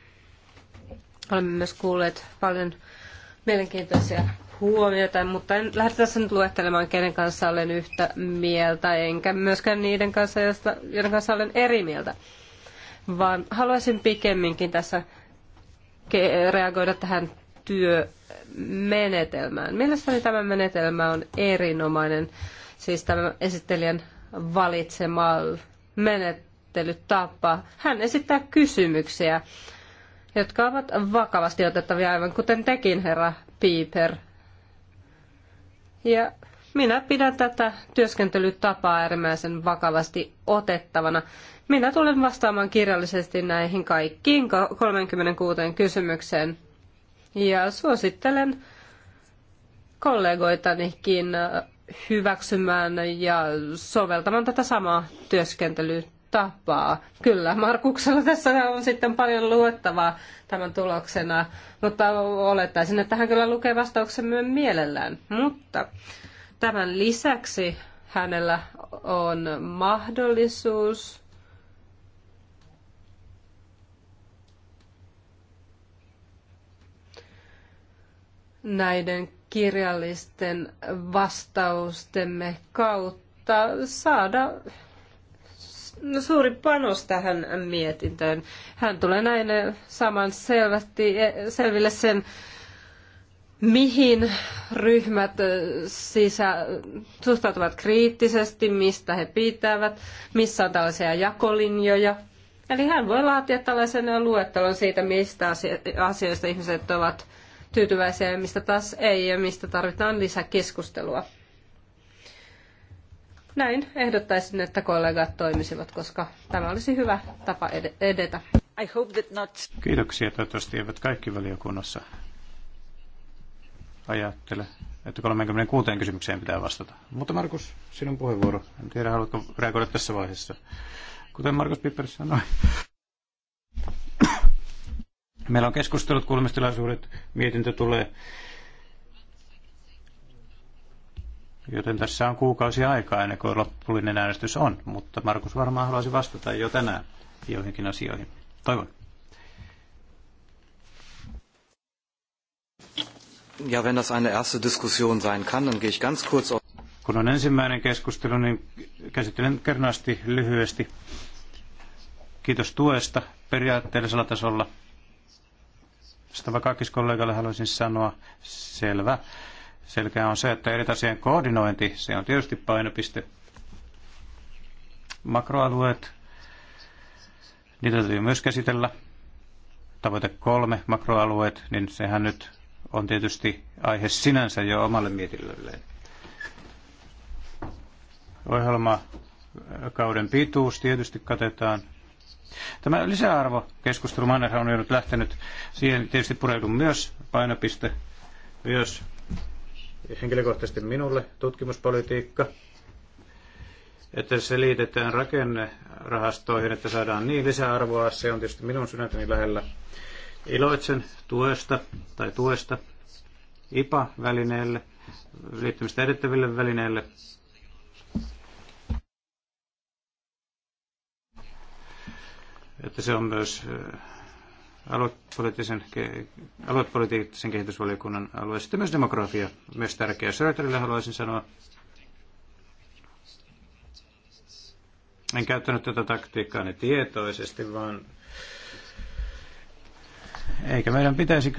Olemme myös kuulleet paljon mielenkiintoisia huomiota, mutta en lähde tässä nyt luettelemaan, kenen kanssa olen yhtä mieltä, enkä myöskään niiden kanssa, josta, joiden kanssa olen eri mieltä, vaan haluaisin pikemminkin tässä reagoida tähän työmenetelmään. Mielestäni tämä menetelmä on erinomainen, siis tämä esittelijän valitsema menettelytapa. Hän esittää kysymyksiä, jotka ovat vakavasti otettavia, aivan kuten tekin, herra Piper. Ja minä pidän tätä työskentelytapaa äärimmäisen vakavasti otettavana. Minä tulen vastaamaan kirjallisesti näihin kaikkiin 36 kysymykseen. Ja suosittelen kollegoitanikin äh, hyväksymään ja soveltamaan tätä samaa työskentelytapaa tapaa. Kyllä, Markuksella tässä on sitten paljon luettavaa tämän tuloksena, mutta olettaisin, että hän kyllä lukee vastauksemme mielellään. Mutta tämän lisäksi hänellä on mahdollisuus näiden kirjallisten vastaustemme kautta saada suuri panos tähän mietintöön. Hän tulee näin saman selvästi, e, selville sen, mihin ryhmät e, sisä, suhtautuvat kriittisesti, mistä he pitävät, missä on tällaisia jakolinjoja. Eli hän voi laatia tällaisen luettelon siitä, mistä asioista ihmiset ovat tyytyväisiä ja mistä taas ei ja mistä tarvitaan lisäkeskustelua. Näin ehdottaisin, että kollegat toimisivat, koska tämä olisi hyvä tapa edetä. I hope that not. Kiitoksia. Toivottavasti eivät kaikki valiokunnassa ajattele, että 36 kysymykseen pitää vastata. Mutta Markus, sinun puheenvuoro. En tiedä, haluatko reagoida tässä vaiheessa. Kuten Markus Piper sanoi, meillä on keskustelut, kuulemistilaisuudet, mietintö tulee Joten tässä on kuukausi aikaa ennen kuin loppullinen äänestys on, mutta Markus varmaan haluaisi vastata jo tänään joihinkin asioihin. Toivon. Ja, wenn das eine erste Diskussion sein kann, dann gehe ich ganz kurz auf kun on ensimmäinen keskustelu, niin käsittelen kernaasti lyhyesti. Kiitos tuesta periaatteellisella tasolla. vaikka kollegalle haluaisin sanoa, selvä selkeää on se, että eri asian koordinointi, se on tietysti painopiste. Makroalueet, niitä täytyy myös käsitellä. Tavoite kolme, makroalueet, niin sehän nyt on tietysti aihe sinänsä jo omalle mietinnölleen. Ohjelma äh, kauden pituus tietysti katetaan. Tämä lisäarvo Mannerhan on jo nyt lähtenyt. Siihen tietysti pureudun myös painopiste, myös henkilökohtaisesti minulle tutkimuspolitiikka, että se liitetään rakennerahastoihin, että saadaan niin lisäarvoa. Se on tietysti minun sydäntäni lähellä. Iloitsen tuesta tai tuesta IPA-välineelle, liittymistä edettäville välineille. Että se on myös aluepoliittisen, aluepoliittisen kehitysvaliokunnan alue. Sitten myös demografia, myös tärkeä. Söderille haluaisin sanoa, en käyttänyt tätä taktiikkaa ne tietoisesti, vaan eikä meidän pitäisi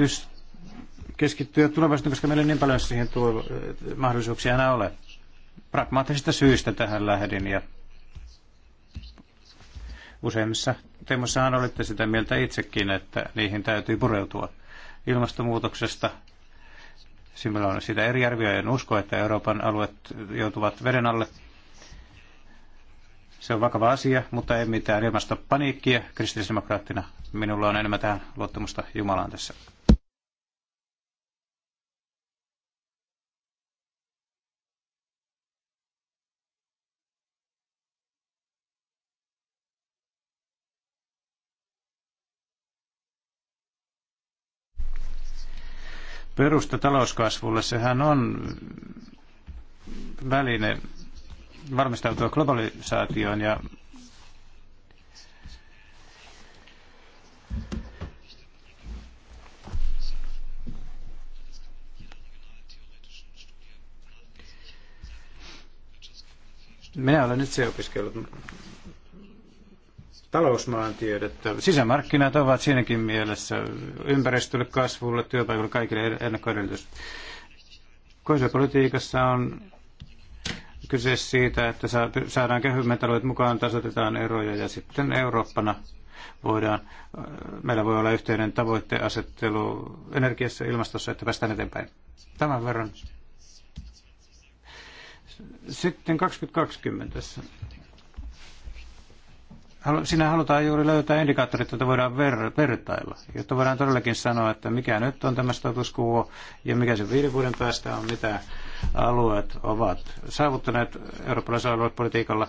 keskittyä tulevaisuuteen, koska meillä ei niin paljon siihen tuo, mahdollisuuksia enää ole. Pragmaattisista syistä tähän lähdin ja useimmissa Teemossahan olette sitä mieltä itsekin, että niihin täytyy pureutua ilmastonmuutoksesta. Sillä on sitä eri arvioja. En usko, että Euroopan alueet joutuvat veden alle. Se on vakava asia, mutta ei mitään ilmastopaniikkia. Kristillisdemokraattina minulla on enemmän tähän luottamusta Jumalaan tässä. perusta talouskasvulle. Sehän on väline varmistautua globalisaatioon ja Minä olen itse opiskellut talousmaantiedettä. Sisämarkkinat ovat siinäkin mielessä ympäristölle, kasvulle, työpaikoille, kaikille ennakkoedellytys. Koisopolitiikassa on kyse siitä, että saadaan köyhemmät alueet mukaan, tasoitetaan eroja ja sitten Eurooppana voidaan, äh, meillä voi olla yhteinen tavoitteasettelu energiassa ja ilmastossa, että päästään eteenpäin. Tämän verran. Sitten 2020. Siinä halutaan juuri löytää indikaattorit, joita voidaan ver- vertailla, jotta voidaan todellakin sanoa, että mikä nyt on tämä status quo ja mikä se viiden vuoden päästä on, mitä alueet ovat saavuttaneet eurooppalaisella aluepolitiikalla.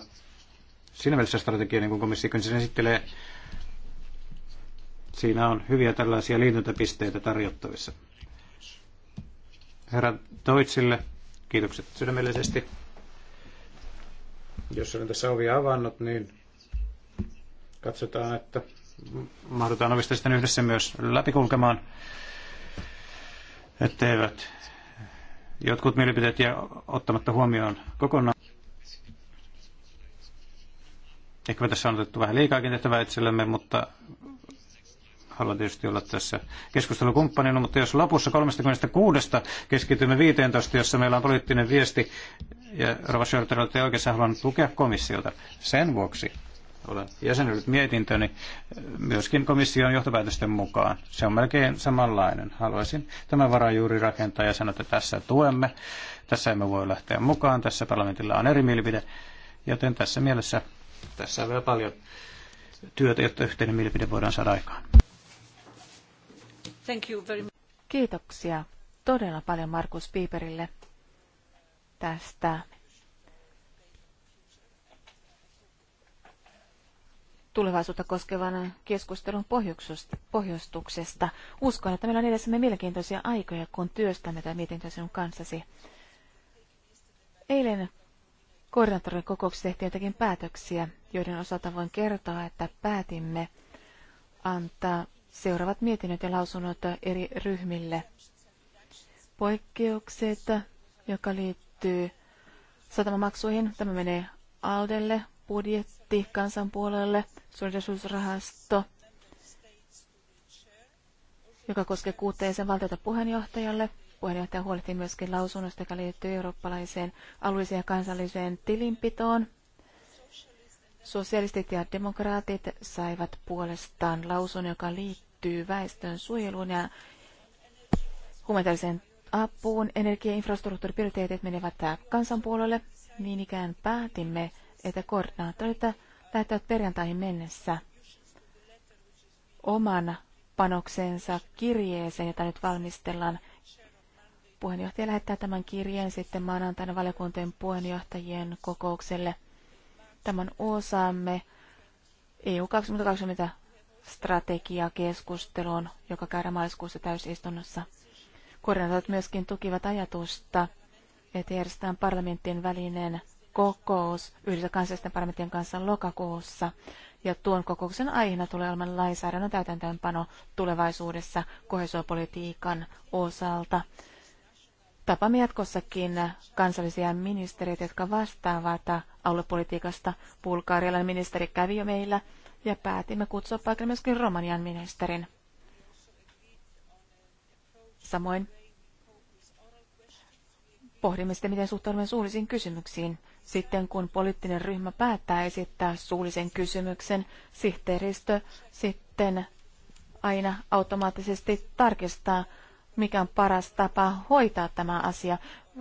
Siinä mielessä strategia, niin kuin komissio sen esittelee, siinä on hyviä tällaisia liityntäpisteitä tarjottavissa. Herra Toitsille, kiitokset sydämellisesti. Jos olen tässä ovia avannut, niin Katsotaan, että mahdutaan ovista sitten yhdessä myös läpikulkemaan, etteivät jotkut mielipiteet jää ottamatta huomioon kokonaan. Ehkä tässä on otettu vähän liikaakin tehtävää itsellemme, mutta haluan tietysti olla tässä keskustelukumppanina, mutta jos lopussa 36 keskitymme 15, jossa meillä on poliittinen viesti, ja Rova Schörterillä te oikeastaan haluan tukea komissiota sen vuoksi, olen jäsenellyt mietintöni myöskin komission johtopäätösten mukaan. Se on melkein samanlainen. Haluaisin tämän varan juuri rakentaa ja sanoa, että tässä tuemme. Tässä emme voi lähteä mukaan. Tässä parlamentilla on eri mielipide. Joten tässä mielessä tässä on vielä paljon työtä, jotta yhteinen mielipide voidaan saada aikaan. Thank you very much. Kiitoksia todella paljon Markus Piiperille tästä tulevaisuutta koskevan keskustelun pohjustuksesta. Uskon, että meillä on edessämme mielenkiintoisia aikoja, kun työstämme tätä mietintöä sinun kanssasi. Eilen koordinaattorin kokouksessa tehtiin jotakin päätöksiä, joiden osalta voin kertoa, että päätimme antaa seuraavat mietinnöt ja lausunnot eri ryhmille. Poikkeukset, joka liittyy satamamaksuihin, tämä menee Aldelle, budjetti kansanpuolelle, solidarisuusrahasto, joka koskee kuutta jäsenvaltiota puheenjohtajalle. Puheenjohtaja huolehtii myöskin lausunnosta, joka liittyy eurooppalaiseen alueelliseen ja kansalliseen tilinpitoon. Sosialistit ja demokraatit saivat puolestaan lausun, joka liittyy väestön suojeluun ja humanitaariseen apuun. Energia- ja infrastruktuuriprioriteetit menevät kansanpuolelle. Niin ikään päätimme, että koordinaattorita lähettävät perjantaihin mennessä oman panoksensa kirjeeseen, jota nyt valmistellaan. Puheenjohtaja lähettää tämän kirjeen sitten maanantaina valiokuntien puheenjohtajien kokoukselle. Tämän osaamme EU 2020 strategiakeskusteluun, joka käydään maaliskuussa täysistunnossa. Koordinaatot myöskin tukivat ajatusta, että järjestetään parlamenttien välinen kokous yhdessä kansallisten parlamenttien kanssa lokakuussa. Ja tuon kokouksen aiheena tulee olemaan lainsäädännön täytäntöönpano tulevaisuudessa koheesiopolitiikan osalta. Tapaamme jatkossakin kansallisia ministeriöitä, jotka vastaavat aluepolitiikasta. Bulgarian ministeri kävi jo meillä ja päätimme kutsua paikalle myöskin Romanian ministerin. Samoin pohdimme sitä, miten suhtaudumme suullisiin kysymyksiin. Sitten kun poliittinen ryhmä päättää esittää suullisen kysymyksen, sihteeristö sitten aina automaattisesti tarkistaa, mikä on paras tapa hoitaa tämä asia.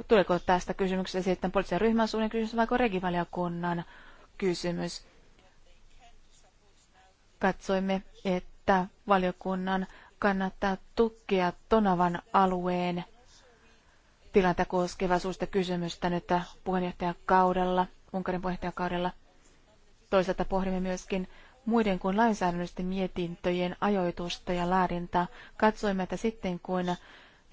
Tuleeko tästä kysymyksestä sitten poliittisen ryhmän suullinen kysymys vai regivaliokunnan kysymys? Katsoimme, että valiokunnan kannattaa tukea Tonavan alueen tilannetta koskeva suusta kysymystä nyt puheenjohtajakaudella, Unkarin puheenjohtajakaudella. Toisaalta pohdimme myöskin muiden kuin lainsäädännöllisten mietintöjen ajoitusta ja laadintaa. Katsoimme, että sitten kun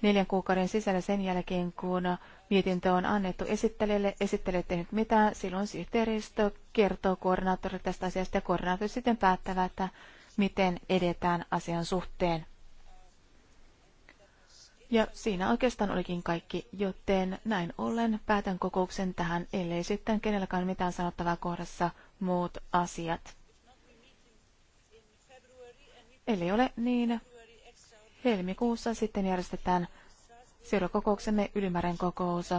neljän kuukauden sisällä sen jälkeen, kun mietintö on annettu esittelijälle, esittelijät tehnyt mitään, silloin sihteeristö kertoo koordinaattorille tästä asiasta ja koordinaattori sitten päättävät, miten edetään asian suhteen. Ja siinä oikeastaan olikin kaikki, joten näin ollen päätän kokouksen tähän, ellei sitten kenelläkään mitään sanottavaa kohdassa muut asiat. Eli ole niin, helmikuussa sitten järjestetään seuraukokouksemme ylimääräinen kokous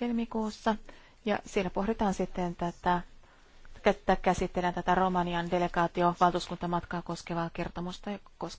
helmikuussa, ja siellä pohditaan sitten tätä käsittelen tätä Romanian delegaatio valtuuskuntamatkaa koskevaa kertomusta,